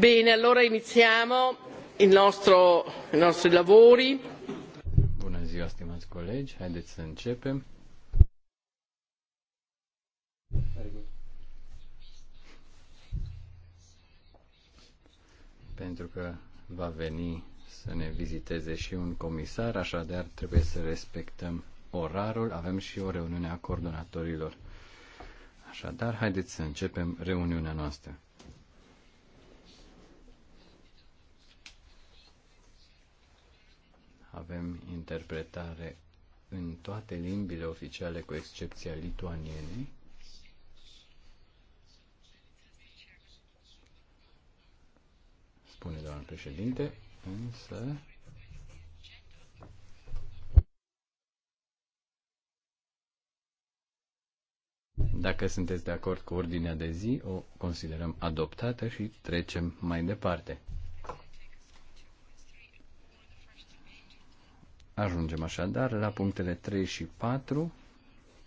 Bine, allora iniziamo il nostro, i nostri lavori. Bună ziua, stimați colegi. Haideți să începem. Pentru că va veni să ne viziteze și un comisar, așadar trebuie să respectăm orarul. Avem și o reuniune a coordonatorilor. Așadar, haideți să începem reuniunea noastră. Avem interpretare în toate limbile oficiale, cu excepția lituanienei. Spune doamna președinte, însă Dacă sunteți de acord cu ordinea de zi, o considerăm adoptată și trecem mai departe. Ajungem așadar la punctele 3 și 4,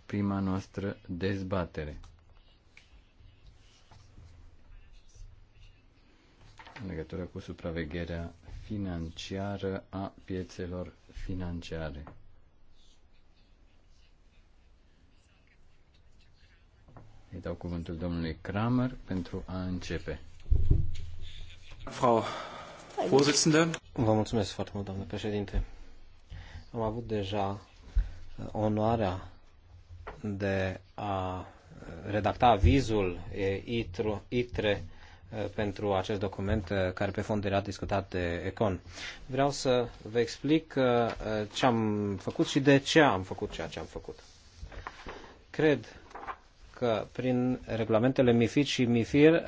prima noastră dezbatere. În legătură cu supravegherea financiară a piețelor financiare. Îi dau cuvântul domnului Kramer pentru a începe. Frau Vorsitzende. Vă mulțumesc foarte mult, doamnă președinte. Am avut deja uh, onoarea de a uh, redacta avizul ITRE uh, pentru acest document care pe fond era discutat de Econ. Vreau să vă explic ce am făcut și de ce am făcut ceea ce am făcut. Cred că prin regulamentele MIFID și MIFIR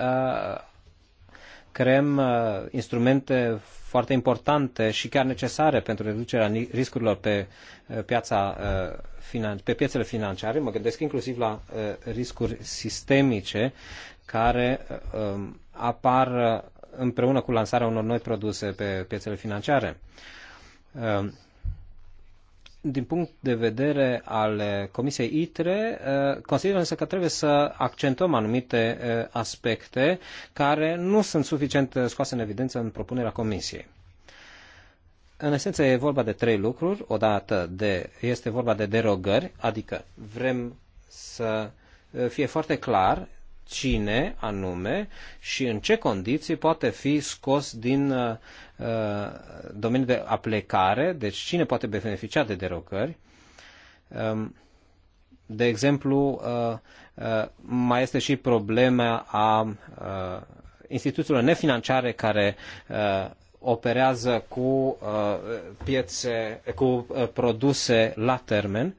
creăm uh, instrumente foarte importante și chiar necesare pentru reducerea riscurilor pe, uh, piața, uh, pe piețele financiare. Mă gândesc inclusiv la riscuri sistemice care um, apar împreună cu lansarea unor noi produse pe piețele financiare din punct de vedere al Comisiei ITRE, uh, consider însă că trebuie să accentuăm anumite uh, aspecte care nu sunt suficient uh, scoase în evidență în propunerea Comisiei. În esență e vorba de trei lucruri. Odată de, este vorba de derogări, adică vrem să fie foarte clar cine anume și în ce condiții poate fi scos din uh, uh domeniul de aplicare, deci cine poate beneficia de derogări. Um, de exemplu, uh, uh, mai este și problema a uh, instituțiilor nefinanciare care uh, operează cu piețe, cu produse la termen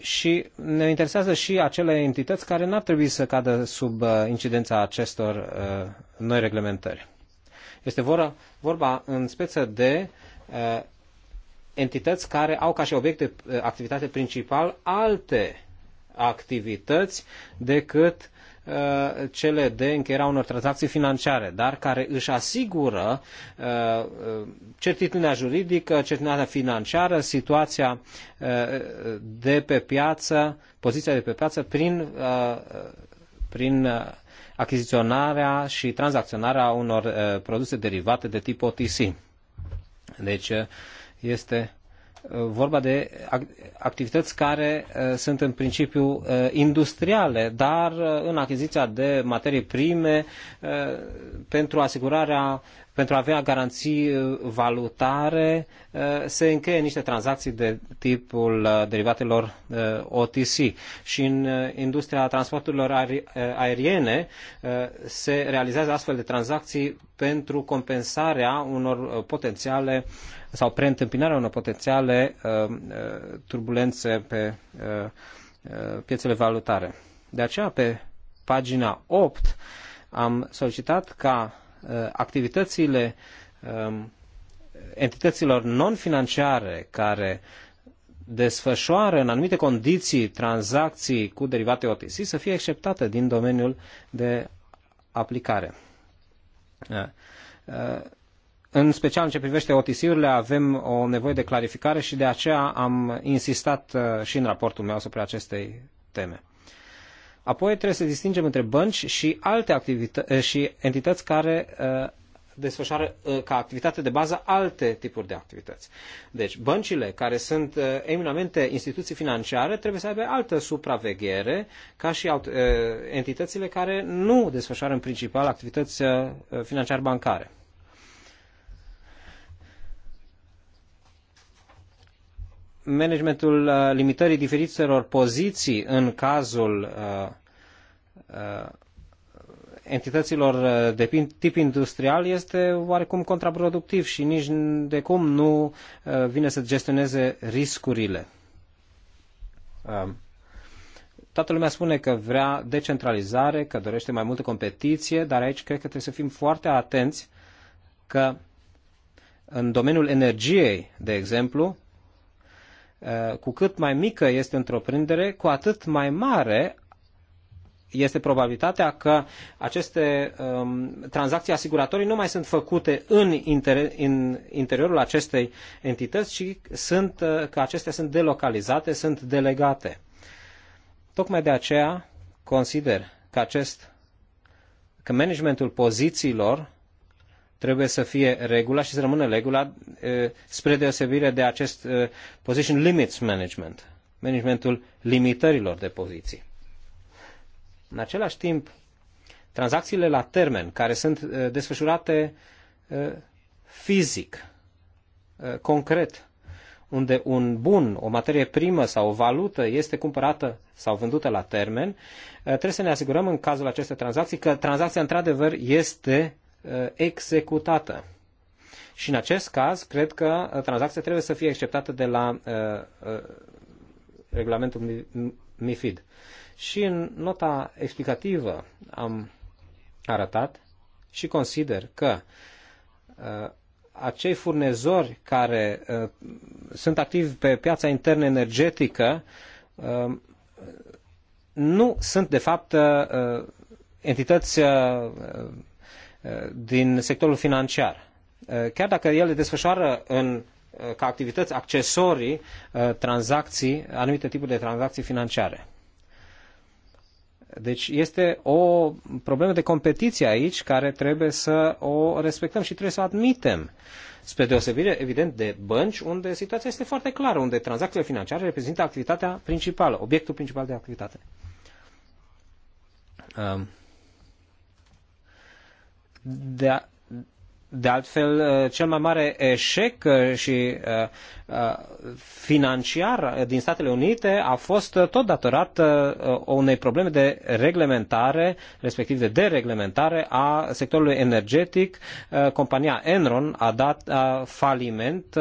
și ne interesează și acele entități care n-ar trebui să cadă sub uh, incidența acestor uh, noi reglementări. Este vorba, vorba în speță de uh, entități care au ca și obiecte activitate principal alte activități decât Uh, cele de încheierea unor tranzacții financiare, dar care își asigură uh, uh, certitudinea juridică, certitudinea financiară, situația de pe piață, poziția de pe piață prin, prin achiziționarea și tranzacționarea unor produse derivate de tip OTC. Deci este Uh, vorba de activități care uh, sunt în principiu uh, industriale, dar în achiziția de materii prime pentru asigurarea, pentru a avea garanții valutare, se încheie niște tranzacții de tipul derivatelor OTC. Și în industria transporturilor aeriene se realizează astfel de tranzacții pentru compensarea unor potențiale uh, sau preîntâmpinarea unor potențiale uh, uh, turbulențe pe uh, piețele valutare. De aceea, pe pagina 8, am solicitat ca activitățile um, entităților non-financiare care desfășoară în anumite condiții tranzacții cu derivate OTC să fie exceptate din domeniul de aplicare în special în ce privește OTC-urile, avem o nevoie de clarificare și de aceea am insistat uh, și în raportul meu asupra acestei teme. Apoi trebuie să distingem între bănci și alte activități uh, și entități care uh, desfășoară ca activitate de bază alte tipuri de activități. Deci, băncile care sunt eminamente instituții financiare trebuie să aibă altă supraveghere ca și aut- entitățile care nu desfășoară în principal activități financiar-bancare. managementul uh, limitării diferitelor poziții în cazul uh, uh, entităților de tip industrial este oarecum contraproductiv și nici de cum nu vine să gestioneze riscurile. Toată lumea spune că vrea decentralizare, că dorește mai multă competiție, dar aici cred că trebuie să fim foarte atenți că în domeniul energiei, de exemplu, Eh, cu cât mai mică este întreprindere, cu atât mai mare este probabilitatea că aceste um, tranzacții asiguratorii nu mai sunt făcute în, inter în interiorul acestei entități, ci sunt, uh, că acestea sunt delocalizate, sunt delegate. Tocmai de aceea consider că acest că managementul pozițiilor trebuie să fie regula și să rămână regula spre deosebire de acest position limits management, managementul limitărilor de poziții. În același timp, tranzacțiile la termen care sunt desfășurate fizic, concret, unde un bun, o materie primă sau o valută este cumpărată sau vândută la termen, trebuie să ne asigurăm în cazul acestei tranzacții că tranzacția într-adevăr este Uh, executată. Și în acest caz, cred că tranzacția trebuie să fie exceptată de la uh, uh, regulamentul MIFID. Și în nota explicativă am arătat și consider că acei furnizori care sunt activi pe piața internă energetică nu sunt, de fapt, entități din sectorul financiar. Eh, chiar dacă ele desfășoară în, eh, ca activități accesorii eh, tranzacții, anumite tipuri de tranzacții financiare. Deci este o problemă de competiție aici care trebuie să o respectăm și trebuie să o admitem. Spre deosebire, evident, de bănci, unde situația este foarte clară, unde tranzacțiile financiare reprezintă activitatea principală, obiectul principal de activitate. Um de, a, de altfel, uh, cel mai mare eșec uh, și uh, financiar din Statele Unite a fost tot datorat unei probleme de reglementare, respectiv de dereglementare a sectorului energetic. Compania Enron a dat faliment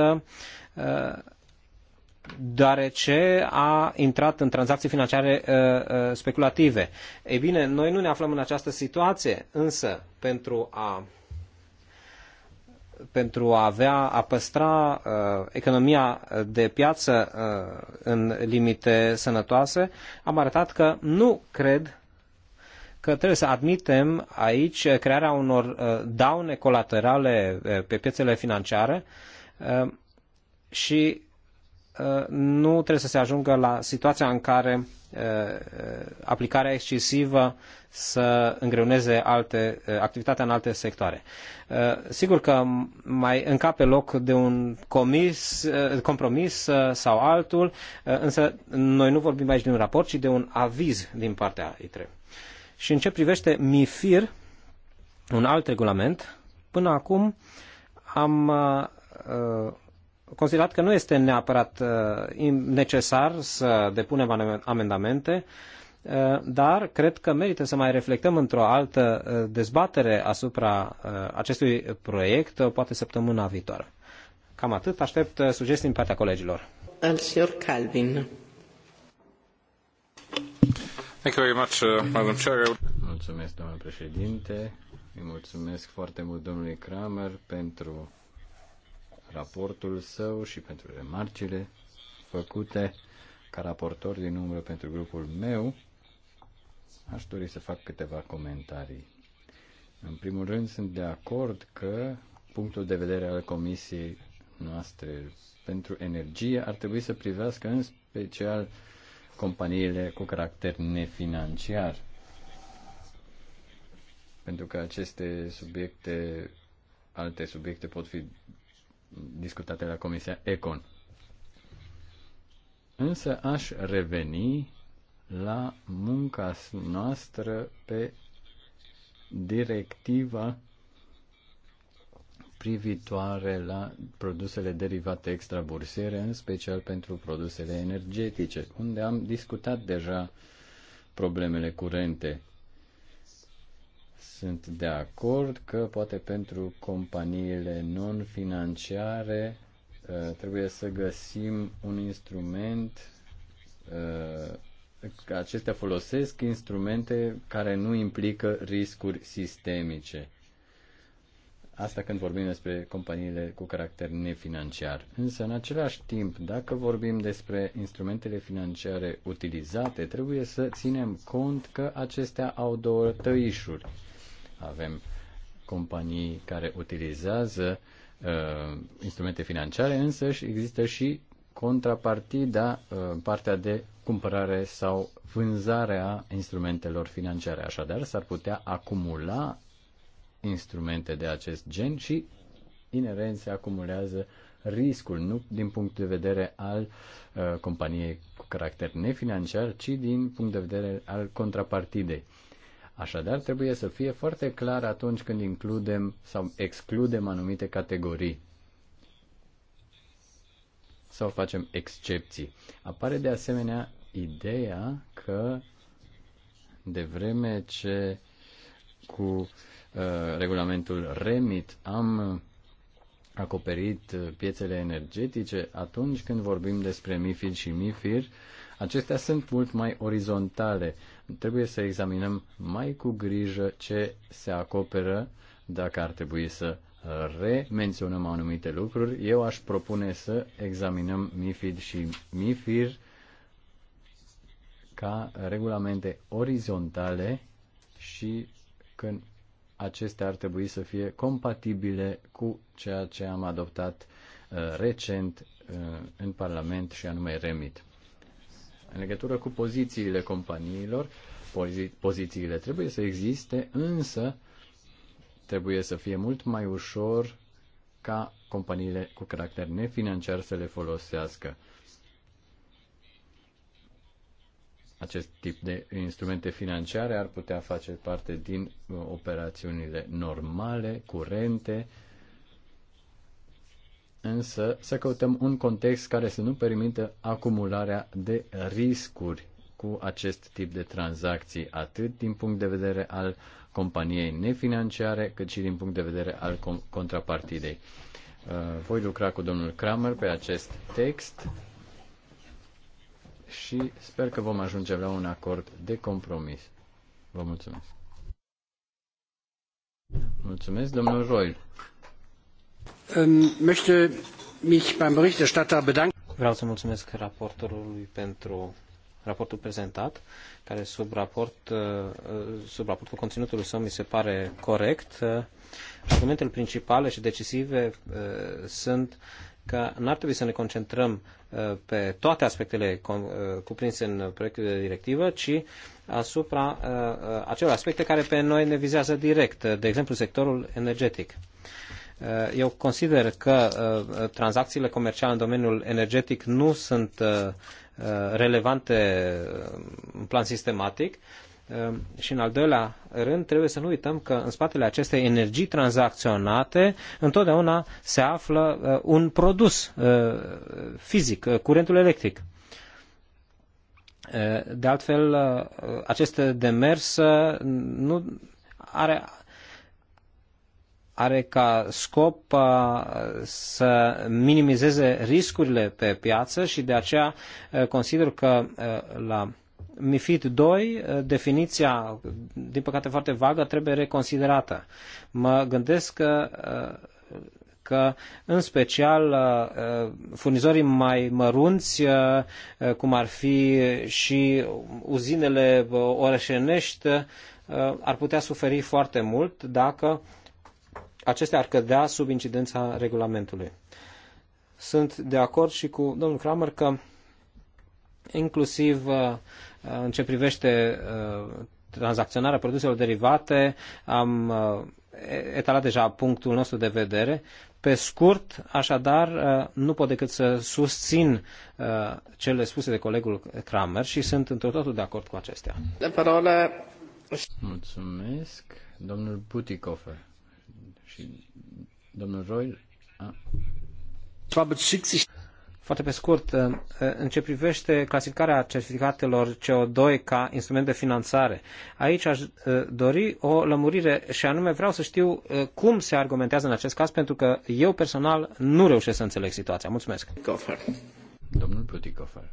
deoarece a intrat în tranzacții financiare uh, uh, speculative. Ei bine, noi nu ne aflăm în această situație, însă pentru a pentru a avea, a păstra uh, economia de piață uh, în limite sănătoase, am arătat că nu cred că trebuie să admitem aici crearea unor uh, daune colaterale uh, pe piețele financiare uh, și Uh, nu trebuie să se ajungă la situația în care uh, uh, aplicarea excesivă să îngreuneze alte, activitatea în alte sectoare. Sigur că mai încape loc de un comis, compromis sau altul, însă noi nu vorbim aici de un raport, ci de un aviz din partea ITRE. Și în ce privește MIFIR, un alt regulament, până acum am considerat că nu este neapărat uh, necesar să depunem amendamente, uh, dar cred că merită să mai reflectăm într-o altă uh, dezbatere asupra acestui proiect, poate săptămâna viitoare. Cam atât, aștept sugestii din partea colegilor. Al Calvin. Thank you very much, Madam Chair. Mulțumesc, domnule președinte. Îi mulțumesc foarte mult domnului Kramer pentru raportul său și pentru remarcile făcute ca raportor din umbră pentru grupul meu. Aș dori să fac câteva comentarii. În primul rând, sunt de acord că punctul de vedere al Comisiei noastre pentru energie ar trebui să privească în special companiile cu caracter nefinanciar. Pentru că aceste subiecte, alte subiecte pot fi discutate la Comisia Econ. Însă aș reveni la munca noastră pe directiva privitoare la produsele derivate extrabursiere, în special pentru produsele energetice, unde am discutat deja problemele curente sunt de acord că poate pentru companiile non-financiare uh, trebuie să găsim un instrument uh, că acestea folosesc instrumente care nu implică riscuri sistemice. Asta când vorbim despre companiile cu caracter nefinanciar. Însă, în același timp, dacă vorbim despre instrumentele financiare utilizate, trebuie să ținem cont că acestea au două tăișuri. Avem companii care utilizează uh, instrumente financiare, însă și există și contrapartida, uh, partea de cumpărare sau vânzare a instrumentelor financiare. Așadar, s-ar putea acumula instrumente de acest gen și inerent se acumulează riscul, nu din punct de vedere al uh, companiei cu caracter nefinanciar, ci din punct de vedere al contrapartidei. Așadar, trebuie să fie foarte clar atunci când includem sau excludem anumite categorii sau facem excepții. Apare de asemenea ideea că de vreme ce cu uh, regulamentul REMIT am acoperit uh, piețele energetice, atunci când vorbim despre mifir și MIFIR, acestea sunt mult mai orizontale. Uh, trebuie să examinăm mai cu grijă ce se acoperă, dacă ar trebui să uh, remenționăm anumite lucruri. Eu aș propune să examinăm MIFID și MIFIR ca regulamente orizontale și când acestea ar trebui să fie compatibile cu ceea ce am adoptat uh, recent uh, în Parlament și anume REMIT în legătură cu pozițiile companiilor, pozi- pozițiile trebuie să existe, însă trebuie să fie mult mai ușor ca companiile cu caracter nefinanciar să le folosească. Acest tip de instrumente financiare ar putea face parte din uh, operațiunile normale, curente, însă să căutăm un context care să nu permită acumularea de riscuri cu acest tip de tranzacții, atât din punct de vedere al companiei nefinanciare, cât și din punct de vedere al contrapartidei. Uh, voi lucra cu domnul Kramer pe acest text și sper că vom ajunge la un acord de compromis. Vă mulțumesc. Mulțumesc, domnul Roil. Ähm, Vreau să mulțumesc raportorului pentru raportul prezentat, care sub, raport, uh, sub raportul conținutul său mi se pare corect. Uh, argumentele principale și decisive uh, sunt că n-ar trebui să ne concentrăm pe toate aspectele cuprinse în proiectul de directivă, ci asupra acelor aspecte care pe noi ne vizează direct, de exemplu sectorul energetic. Eh, eu consider că eh, tranzacțiile comerciale în domeniul energetic nu sunt eh, relevante în plan sistematic și în al doilea rând trebuie să nu uităm că în spatele acestei energii tranzacționate întotdeauna se află un produs fizic, curentul electric. De altfel, acest demers nu are are ca scop uh, să minimizeze riscurile pe piață și de aceea uh, consider că uh, la MIFID 2, definiția, din păcate foarte vagă, trebuie reconsiderată. Mă gândesc că, că în special, furnizorii mai mărunți, cum ar fi și uzinele orășenești, ar putea suferi foarte mult dacă acestea ar cădea sub incidența regulamentului. Sunt de acord și cu domnul Kramer că inclusiv uh, în ce privește uh, tranzacționarea produselor derivate, am uh, etalat deja punctul nostru de vedere. Pe scurt, așadar, nu pot decât să susțin cele spuse de colegul Kramer și sunt într totul de acord cu acestea. De parole. Mulțumesc, domnul Butikofer. Și domnul Roy... A... Foarte pe scurt, în ce privește clasificarea certificatelor CO2 ca instrument de finanțare, aici aș ă, dori o lămurire și anume vreau să știu ă, cum se argumentează în acest caz, pentru că eu personal nu reușesc să înțeleg situația. Mulțumesc. Cofer. Domnul Putikofer.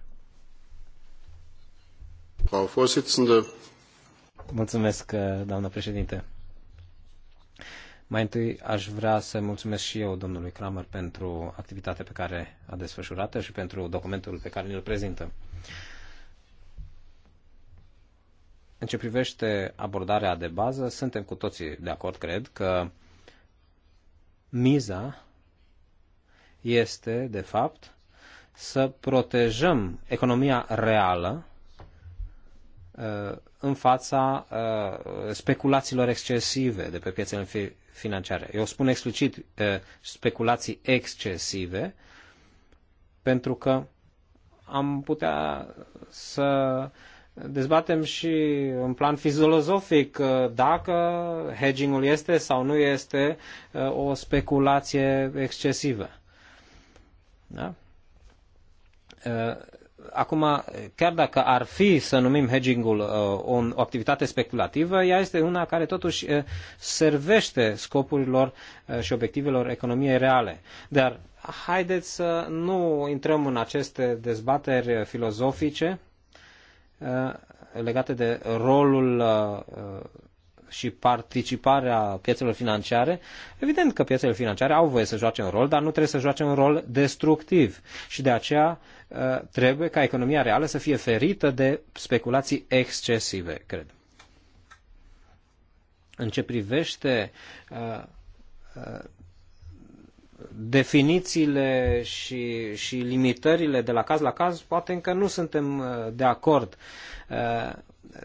Frau Vorsitzende. Mulțumesc, ă, doamnă președinte. Mai întâi aș vrea să mulțumesc și eu domnului Kramer pentru activitatea pe care a desfășurat-o și pentru documentul pe care îl prezintă. În ce privește abordarea de bază, suntem cu toții de acord, cred, că miza este, de fapt, să protejăm economia reală uh, în fața uh, speculațiilor excesive de pe piețele financiare. Eu spun explicit uh, speculații excesive pentru că am putea să dezbatem și în plan filozofic uh, dacă hedgingul este sau nu este uh, o speculație excesivă. Da? Uh, Acum, chiar dacă ar fi să numim hedging-ul o, uh, o activitate speculativă, ea este una care totuși uh, servește scopurilor uh, și obiectivelor economiei reale. Dar haideți să nu intrăm în aceste dezbateri filozofice legate de rolul și participarea piețelor financiare, evident că piețele financiare au voie să joace un rol, dar nu trebuie să joace un rol destructiv și de aceea uh, trebuie ca economia reală să fie ferită de speculații excesive, cred. În ce privește uh, uh, definițiile și, și limitările de la caz la caz, poate încă nu suntem de acord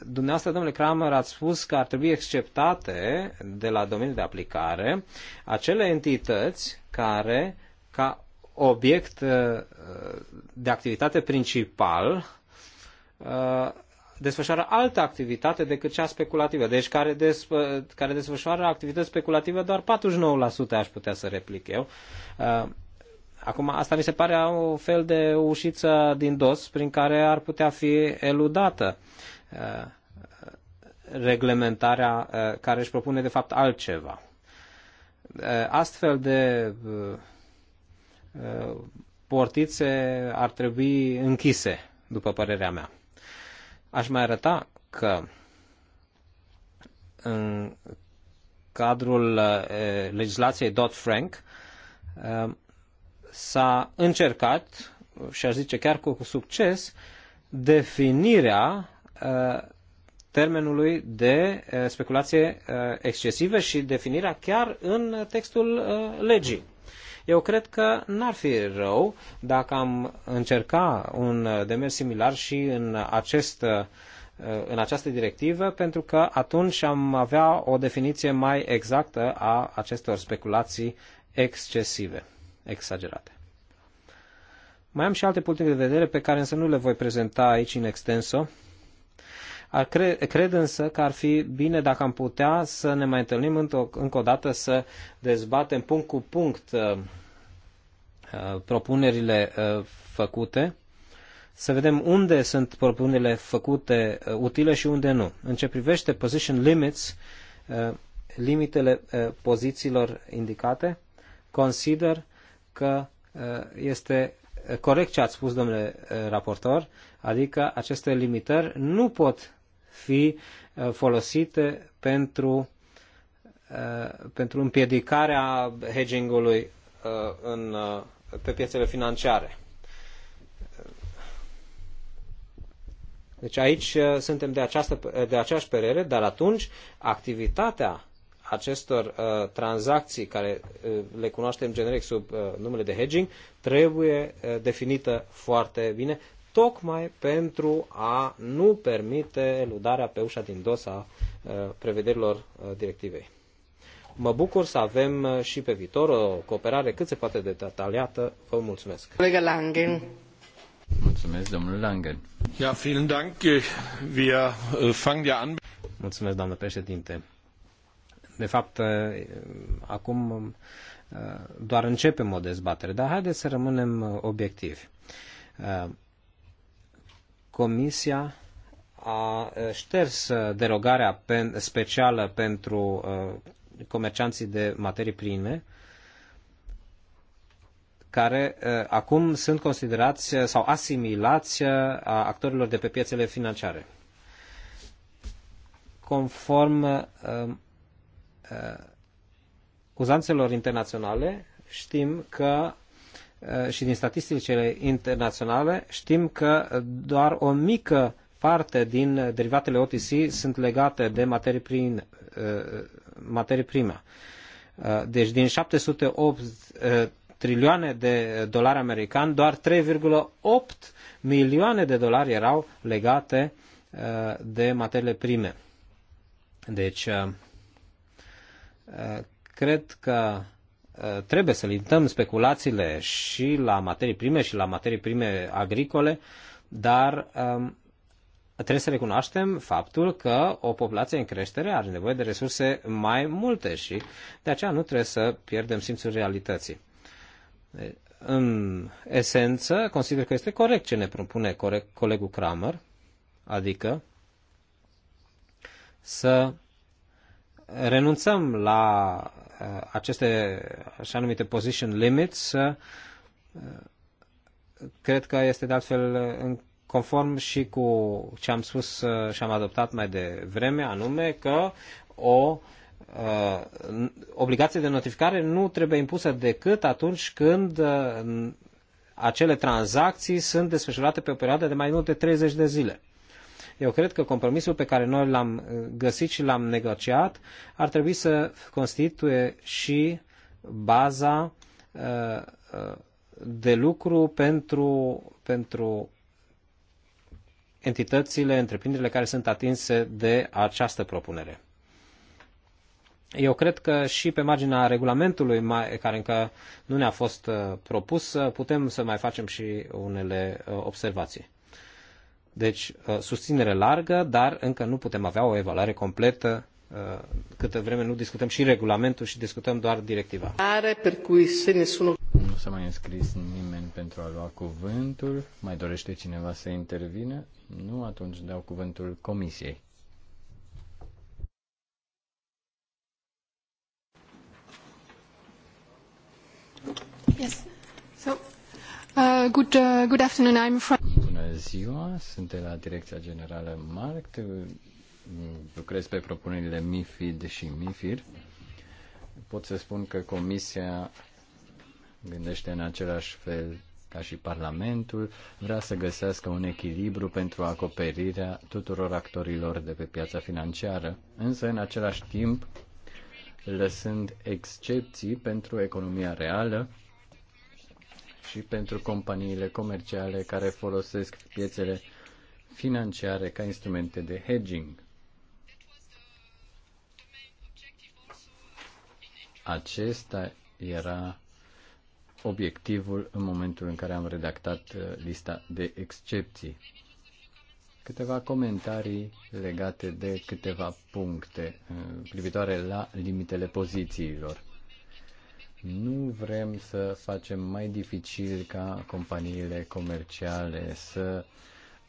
dumneavoastră, domnule Kramer, ați spus că ar trebui exceptate de la domeniul de aplicare acele entități care, ca obiect uh, de activitate principal, uh, desfășoară altă activitate decât cea speculativă, deci care, des, care desfășoară activități speculativă doar 49%, aș putea să replic eu. Uh, acum, asta mi se pare un fel de ușiță din dos prin care ar putea fi eludată. Uh, Uh, reglementarea uh, care își propune de fapt altceva. Uh, astfel de portițe ar trebui închise, după părerea mea. Aș mai arăta că în cadrul legislației Dodd-Frank s-a încercat, și aș zice chiar cu succes, definirea Uh, termenului de uh, speculație uh, excesivă și definirea chiar în textul legii. Eu cred că n-ar fi rău dacă am încerca un demers similar și în, acest, în această directivă, pentru că atunci am avea o definiție mai exactă a acestor speculații excesive, exagerate. Mai am și alte puncte de vedere pe care însă nu le voi prezenta aici în extenso, ar cre- cred însă că ar fi bine dacă am putea să ne mai întâlnim încă o dată să dezbatem punct cu punct uh, uh, propunerile uh, făcute, să vedem unde sunt propunerile făcute uh, utile și unde nu. În ce privește position limits, uh, limitele uh, pozițiilor indicate, consider că este corect ce ați spus, domnule raportor, adică aceste limitări nu pot fi uh, folosite pentru, uh, pentru împiedicarea hedging-ului uh, în, pe piețele financiare. Deci aici suntem de, această, de aceeași părere, dar atunci activitatea acestor uh, tranzacții care uh, le cunoaștem generic sub uh, numele de hedging trebuie uh, definită foarte bine tocmai pentru a nu permite eludarea pe ușa din dosa uh, prevederilor uh, directivei. Mă bucur să avem uh, și pe viitor o cooperare cât se poate de detaliată. Vă mulțumesc. Colega Langen. Mulțumesc, domnule Langen. Ja, vielen Dank. Wir äh, fangen ja an. Mulțumesc, doamnă președinte. De fapt, uh, acum doar începem o dezbatere, dar haideți să rămânem obiectivi. Comisia a șters derogarea specială pentru comercianții de materii prime, care acum sunt considerați sau asimilați a actorilor de pe piețele financiare. Conform uzanțelor internaționale, știm că Eh, și din statisticile internaționale știm că doar o mică parte din derivatele OTC sunt legate de materii, prin, eh, materii prime. Eh, deci din 708 trilioane de dolari americani, doar 3,8 milioane de dolari erau legate de materiile prime. Deci, cred că Uh, trebuie să limităm speculațiile și la materii prime și la materii prime agricole, dar um, trebuie să recunoaștem faptul că o populație în creștere are nevoie de resurse mai multe și de aceea nu trebuie să pierdem simțul realității. Uh, în esență, consider că este corect ce ne propune colegul Kramer, adică să renunțăm la Uh, aceste așa numite position limits, uh, cred că este de altfel uh, în conform și cu ce am spus și am adoptat mai devreme, anume că o obligație de notificare nu trebuie impusă decât atunci când acele tranzacții sunt desfășurate pe o perioadă de mai mult de 30 de zile. Eu cred că compromisul pe care noi l-am uh, găsit și l-am negociat ar trebui să constituie și baza uh, uh, de lucru pentru, pentru entitățile, întreprinderile care sunt atinse de această propunere. Eu cred că și pe marginea regulamentului care încă nu ne-a fost propus, putem să mai facem și unele observații. Deci, uh, susținere largă, dar încă nu putem avea o evaluare completă uh, câtă vreme nu discutăm și regulamentul și discutăm doar directiva. Are per cui se nessuno... Nu s-a mai înscris nimeni pentru a lua cuvântul. Mai dorește cineva să intervină? Nu, atunci dau cuvântul comisiei. Yes. So, uh, good, uh, good afternoon. I'm from Bună ziua, sunt de la Direcția Generală Markt, lucrez pe propunerile MIFID și MIFIR. Pot să spun că Comisia gândește în același fel ca și Parlamentul, vrea să găsească un echilibru pentru acoperirea tuturor actorilor de pe piața financiară, însă în același timp lăsând excepții pentru economia reală și pentru companiile comerciale care folosesc piețele financiare ca instrumente de hedging. Acesta era obiectivul în momentul în care am redactat uh, lista de excepții. Câteva comentarii legate de câteva puncte uh, privitoare la limitele pozițiilor. Nu vrem să facem mai dificil ca companiile comerciale să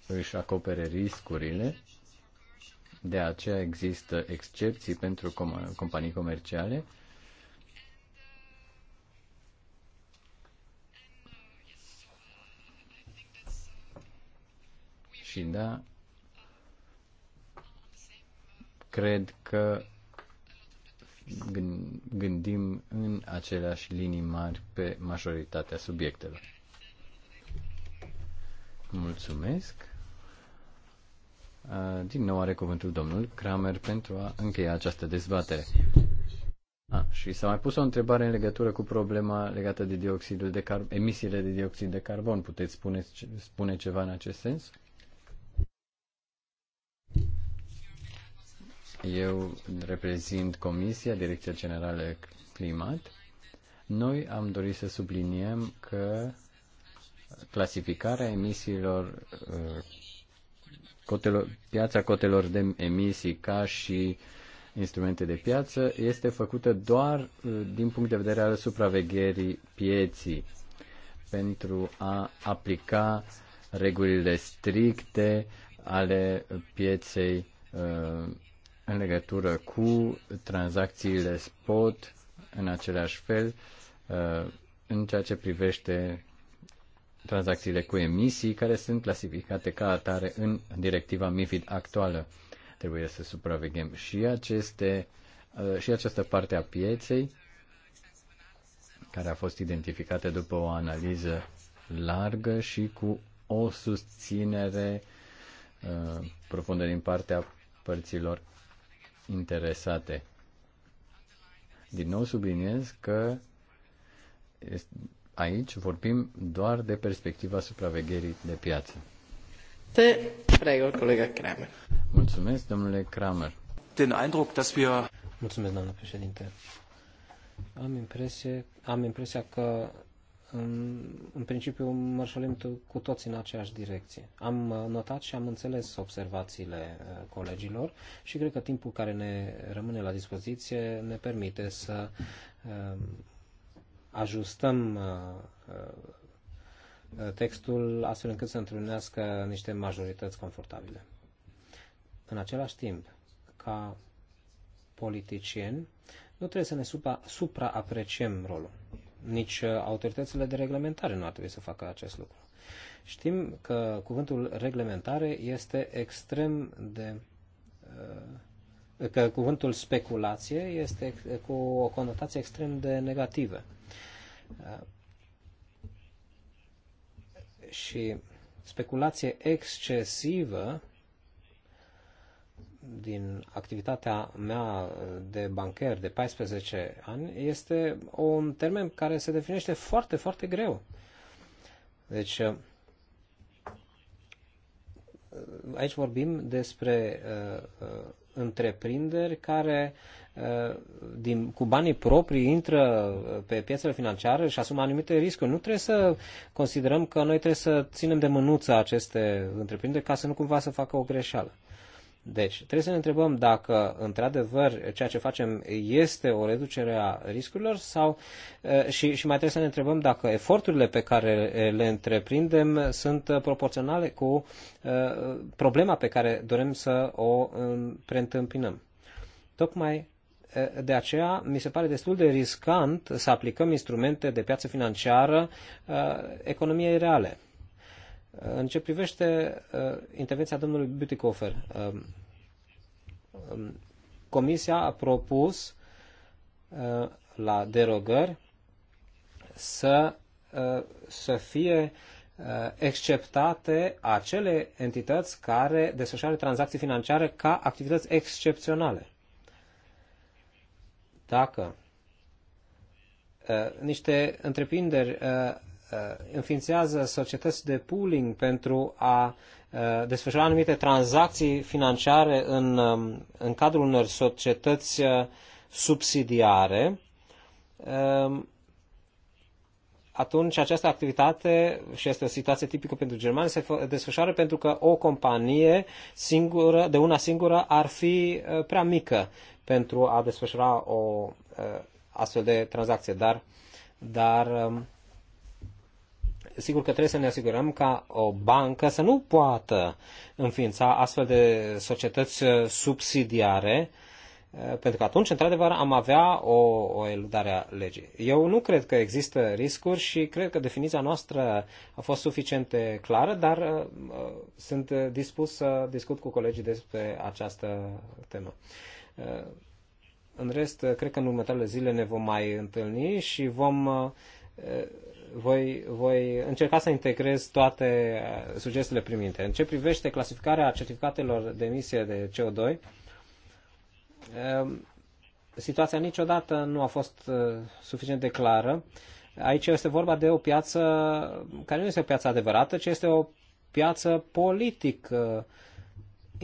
își acopere riscurile. De aceea există excepții pentru com- companii comerciale. Și da, cred că gândim în aceleași linii mari pe majoritatea subiectelor. Mulțumesc. Din nou are cuvântul domnul Kramer pentru a încheia această dezbatere. A, ah, și s-a mai pus o întrebare în legătură cu problema legată de dioxidul de car- emisiile de dioxid de carbon. Puteți spune, spune ceva în acest sens? Eu reprezint Comisia, Direcția Generală Climat. Noi am dorit să subliniem că clasificarea emisiilor, uh, cotelor, piața cotelor de emisii ca și instrumente de piață este făcută doar uh, din punct de vedere al supravegherii pieții pentru a aplica regulile stricte ale pieței uh, în legătură cu tranzacțiile spot în același fel uh, în ceea ce privește tranzacțiile cu emisii care sunt clasificate ca atare în directiva MIFID actuală. Trebuie să supraveghem și, aceste, uh, și această parte a pieței care a fost identificată după o analiză largă și cu o susținere uh, profundă din partea părților interesate. Din nou subliniez că aici vorbim doar de perspectiva supravegherii de piață. Te prego, colega Kramer. Mulțumesc, domnule Kramer. Den Eindruck, dass wir... Mulțumesc, doamnă președinte. Am, impresie, am impresia că în, în principiu mărșolim cu toți în aceeași direcție. Am uh, notat și am înțeles observațiile uh, colegilor și cred că timpul care ne rămâne la dispoziție ne permite să um, ajustăm uh, textul astfel încât să întrunească niște majorități confortabile. În același timp, ca politicieni, nu trebuie să ne supraapreciem rolul. Nici uh, autoritățile de reglementare nu ar trebui să facă acest lucru. Știm că cuvântul reglementare este extrem de. Uh, că cuvântul speculație este cu o conotație extrem de negativă. Uh, și speculație excesivă din activitatea mea de bancher de 14 ani este un termen care se definește foarte, foarte greu. Deci, uh, aici vorbim despre uh, uh, întreprinderi care uh, din, cu banii proprii intră uh, pe piețele financiare și asumă anumite riscuri. Nu trebuie să considerăm că noi trebuie să ținem de mânuță aceste întreprinderi ca să nu cumva să facă o greșeală. Deci, trebuie să ne întrebăm dacă, într-adevăr, ceea ce facem este o reducere a riscurilor sau și, și mai trebuie să ne întrebăm dacă eforturile pe care le întreprindem sunt uh, proporționale cu uh, problema pe care dorem să o um, preîntâmpinăm. Tocmai de aceea mi se pare destul de riscant să aplicăm instrumente de piață financiară uh, economiei reale. În ce privește uh, intervenția domnului Butikofer, um, um, Comisia a propus uh, la derogări să, uh, să fie exceptate acele entități care desfășoară tranzacții financiare ca activități excepționale. Dacă niște întreprinderi Uh, înființează societăți de pooling pentru a uh, desfășura anumite tranzacții financiare în, um, în cadrul unor societăți uh, subsidiare, um, atunci această activitate, și este o situație tipică pentru Germania, se desfășoară pentru că o companie singură, de una singură ar fi prea mică pentru a desfășura o astfel de tranzacție. Dar, dar um, sigur că trebuie să ne asigurăm ca o bancă să nu poată înființa astfel de societăți uh, subsidiare, uh, pentru că atunci, într-adevăr, am avea o, o eludare a legii. Eu nu cred că există riscuri și cred că definiția noastră a fost suficient de clară, dar uh, uh sunt dispus să discut cu colegii despre această temă. Uh, în rest, cred că în următoarele zile ne vom mai întâlni și vom uh, voi, voi încerca să integrez toate uh, sugestiile primite. În ce privește clasificarea certificatelor de emisie de CO2, um, situația niciodată nu a fost uh, suficient de clară. Aici este vorba de o piață care nu este o piață adevărată, ci este o piață politică uh,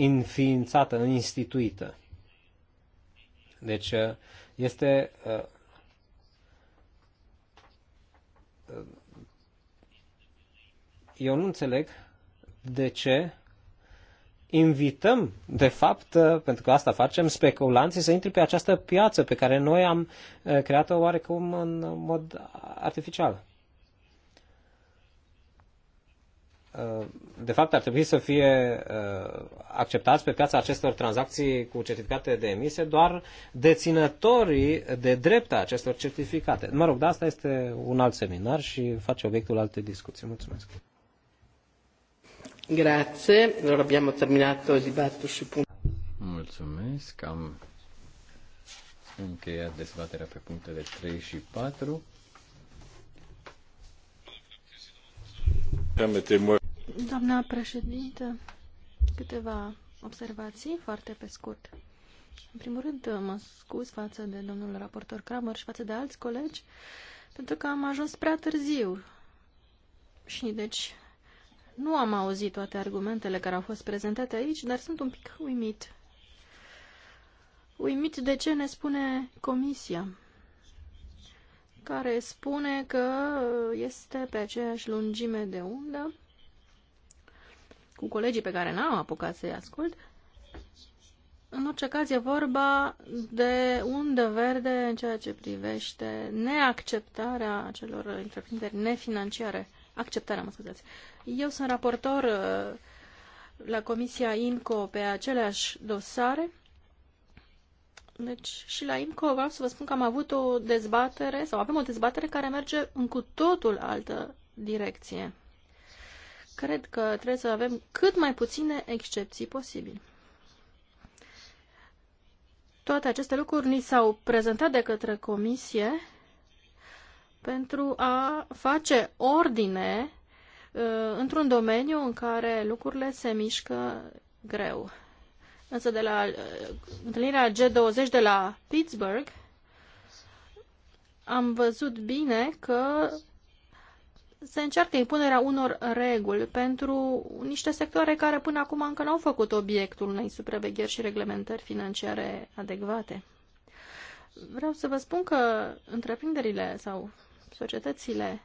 înființată, instituită. Deci este eu nu înțeleg de ce invităm, de fapt, pentru că asta facem, speculanții să intre pe această piață pe care noi am eh, creat-o oarecum în mod artificial. Uh, de fapt, ar trebui să fie uh, acceptați pe piața acestor tranzacții cu certificate de emisie doar deținătorii de drept a acestor certificate. Mă rog, dar asta este un alt seminar și face obiectul alte discuții. Mulțumesc. Grazie, allora abbiamo terminato il dibattito su punto. Mulțumesc, am încheiat dezbaterea pe punctele 3 și 4. Permettez-moi Doamna președintă, câteva observații foarte pe scurt. În primul rând, mă scuz față de domnul raportor Kramer și față de alți colegi, pentru că am ajuns prea târziu. Și deci nu am auzit toate argumentele care au fost prezentate aici, dar sunt un pic uimit. Uimit de ce ne spune comisia, care spune că este pe aceeași lungime de undă cu colegii pe care n-am apucat să-i ascult. În orice caz, e vorba de unde verde în ceea ce privește neacceptarea acelor întreprinderi nefinanciare. Acceptarea, mă scuzați. Eu sunt raportor uh, la Comisia IMCO pe aceleași dosare. Deci și la IMCO vreau să vă spun că am avut o dezbatere sau avem o dezbatere care merge în cu totul altă direcție cred că trebuie să avem cât mai puține excepții posibil. Toate aceste lucruri ni s-au prezentat de către comisie pentru a face ordine uh, într-un domeniu în care lucrurile se mișcă greu. Însă de la uh, întâlnirea G20 de la Pittsburgh am văzut bine că se încearcă impunerea unor reguli pentru niște sectoare care până acum încă n-au făcut obiectul unei supravegheri și reglementări financiare adecvate. Vreau să vă spun că întreprinderile sau societățile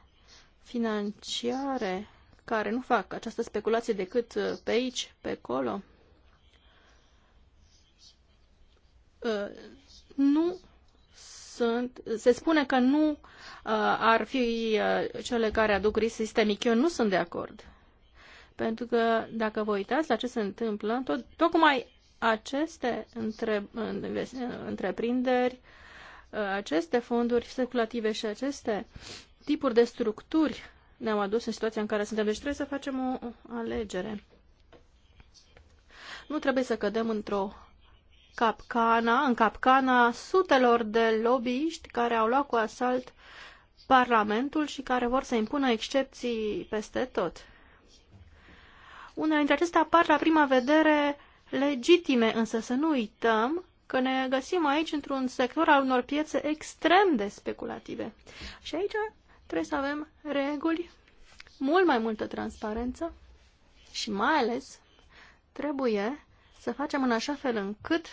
financiare care nu fac această speculație decât uh, pe aici, pe acolo, uh, nu sunt, se spune că nu uh, ar fi uh, cele care aduc risc sistemic. Eu nu sunt de acord. Pentru că dacă vă uitați la ce se întâmplă, tot, tocmai aceste între, întreprinderi, uh, aceste fonduri speculative și aceste tipuri de structuri ne-au adus în situația în care suntem. Deci trebuie să facem o, o alegere. Nu trebuie să cădem într-o capcana, în capcana sutelor de lobbyiști care au luat cu asalt Parlamentul și care vor să impună excepții peste tot. Unele dintre acestea apar la prima vedere legitime, însă să nu uităm că ne găsim aici într-un sector al unor piețe extrem de speculative. Și aici trebuie să avem reguli, mult mai multă transparență și mai ales trebuie să facem în așa fel încât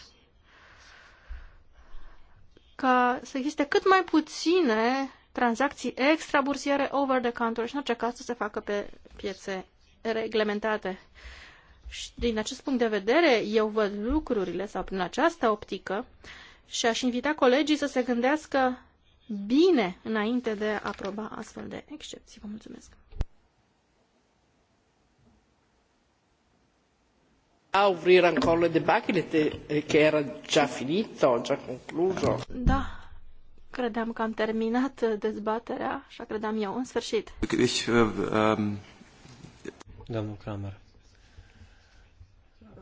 ca să existe cât mai puține tranzacții extrabursiere over the counter și în orice caz să se facă pe piețe reglementate. Și din acest punct de vedere, eu văd lucrurile sau prin această optică și aș invita colegii să se gândească bine înainte de a aproba astfel de excepții. Vă mulțumesc! a aprire ancora il debacle eh, che era già finito, già concluso. Da, credeam că am terminat dezbaterea, așa credeam eu, în sfârșit. Ich, deci, uh, um... Domnul Kramer,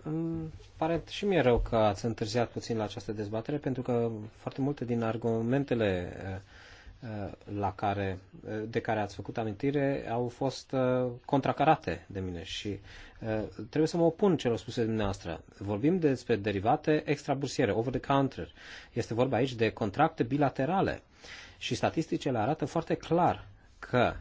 îmi pare și mie rău că ați întârziat puțin la această dezbatere, pentru că foarte multe din argumentele Uh, la care, uh, de care ați făcut amintire au fost uh, contracarate de mine și trebuie să mă opun celor spuse dumneavoastră. Vorbim despre derivate extrabursiere, over the counter. Este vorba aici de contracte bilaterale și statisticele arată foarte clar că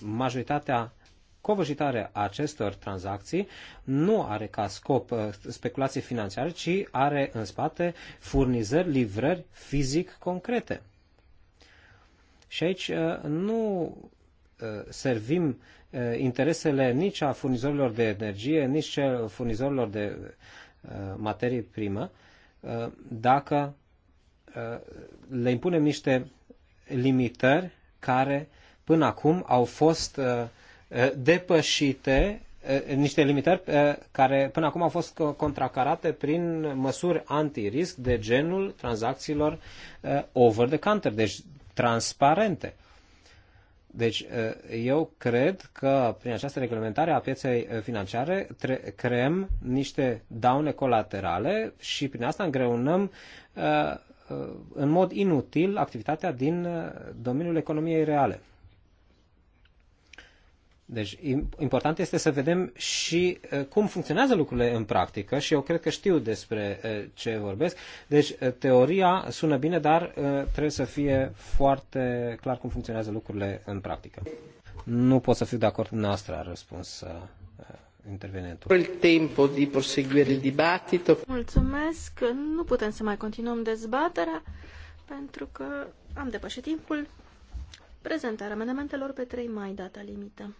majoritatea covârșitare a acestor tranzacții nu are ca scop speculații financiare, ci are în spate furnizări, livrări fizic concrete. Și aici uh, nu uh, servim uh, interesele nici a furnizorilor de energie, nici a furnizorilor de materie primă, dacă le impunem niște limitări care până acum au fost depășite, niște limitări care până acum au fost contracarate prin măsuri anti-risc de genul tranzacțiilor over the counter, deci transparente. Deci eu cred că prin această reglementare a pieței financiare creăm niște daune colaterale și prin asta îngreunăm în mod inutil activitatea din domeniul economiei reale. Deci important este să vedem și uh, cum funcționează lucrurile în practică și eu cred că știu despre uh, ce vorbesc. Deci uh, teoria sună bine, dar trebuie să fie foarte clar cum funcționează lucrurile în practică. Nu pot să fiu de acord cu noastră, a răspuns intervenentul. timpul de proseguire dibattito. Mulțumesc, nu putem să mai continuăm dezbaterea pentru că am depășit timpul. Prezentarea amendamentelor pe 3 mai, data limită